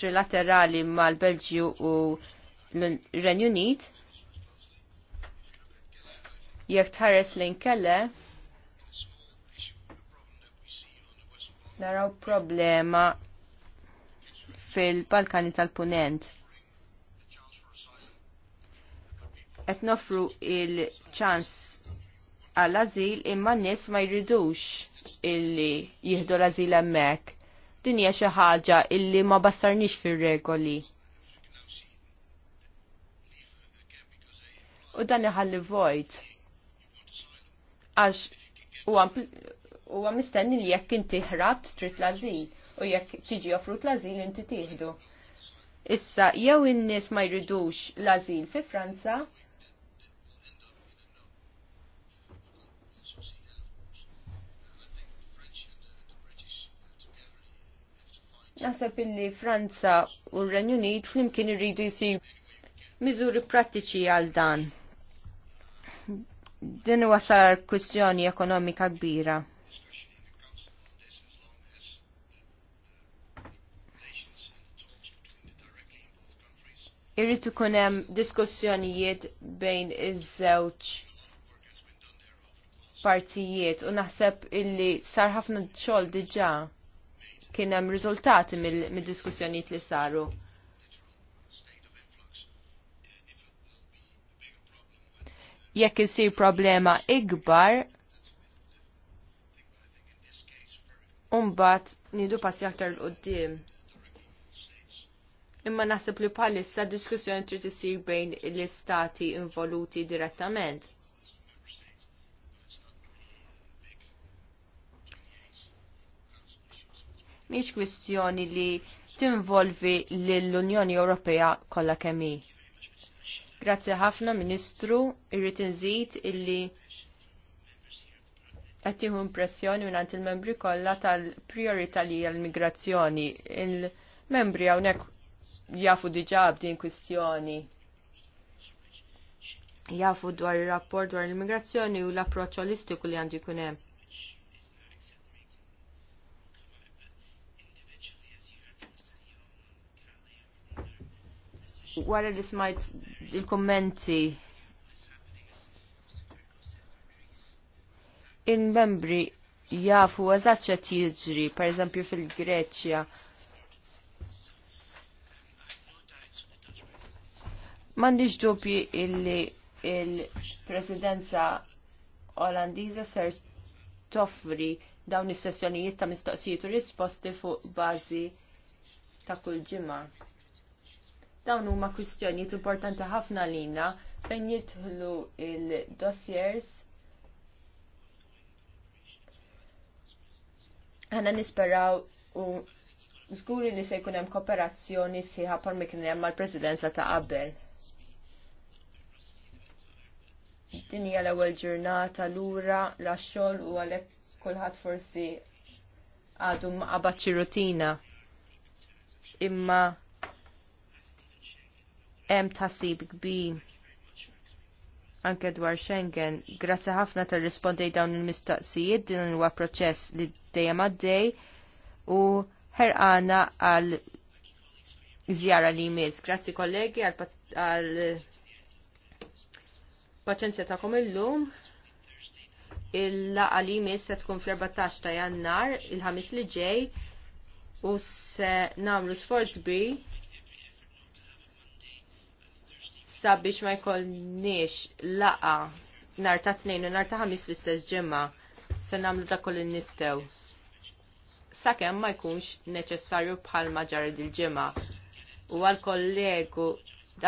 trilaterali mal-Belġju u l-Renju Unit jekk tħares lejn kelle naraw problema fil-Balkani tal-Punent. Qed nofru il-ċans għall-azil imma n-nies ma jridux illi jieħdu l-azil hemmhekk. Din hija xi ħaġa illi ma bassarnix fir-regoli. U dan iħalli vojt. Għax huwa mistenni li jekk inti ħrabt trid l-azil u jekk tiġi offrut l-azil inti tieħdu. Issa jew in-nies ma jridux l-azil fi Franza, Naħseb illi Franza u r-Renju Unit flimkien irridu jisib miżuri prattiċi għal dan. Din huwa sar kwistjoni ekonomika kbira. irrid ikun hemm diskussjonijiet bejn iż-żewġ partijiet u naħseb illi sar ħafna xogħol diġà kien hemm riżultati mid-diskussjonijiet li saru. Jekk isir problema ikbar, mbagħad nidu passi aktar l qudiem imma naħseb li bħalissa diskussjoni trid isir bejn l-istati involuti direttament. Miex kwistjoni li tinvolvi l-Unjoni Ewropea kollha kemm hi. Grazzi ħafna Ministru, irrid inżid illi qed tieħu impressjoni mingħand il-membri kollha tal-prijorità li hija l-migrazzjoni. Il-membri hawnhekk jafu diġa din kwistjoni. Jafu dwar il-rapport dwar l-immigrazzjoni u l-approċċ olistiku li għandu jkun hemm. Wara li smajt il-kommenti in membri jafu għazacċa ċet jiġri, per eżempju fil-Greċja, mandiġ dubji illi il-presidenza Olandiża ser toffri dawn is-sessjonijiet ta' mistoqsijiet u risposti fuq bażi ta' kull ġimgħa. Dawn huma kwistjonijiet importanti ħafna lina fejn jidħlu il-dossiers ħana nisperaw u żguri li se jkun hemm kooperazzjoni sieħa par mikni hemm mal-Presidenza ta' qabel. Din hija l-ewwel ġurnata lura lax-xogħol u għalhekk kulħadd forsi għadu maqabad xi rutina. Imma hemm tasib kbir anke dwar Schengen, grazzi ħafna tar rispondej dawn il-mistaqsijiet din huwa proċess li dejjem għaddej u ħerqana għal żjara li jmiss. Grazzi kollegi għal paċenzja ta'kom illum il-laqa li mis se tkun fl-14 ta' jannar il-ħamis li ġej u se namlu sforz kbir sabiex ma jkollniex laqa nar ta' tnejn u nar ta' ħamis fl-istess ġemma se namlu ta' koll nistew sakemm ma jkunx neċessarju bħal maġar il-ġemma u għal kollegu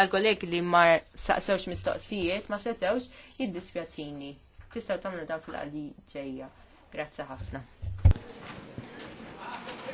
għal-kolleg li mar saqsewx mistoqsijiet, ma setewx jiddispjaċini. Tistaw tamna dan fil qalli ġeja. Grazzi ħafna.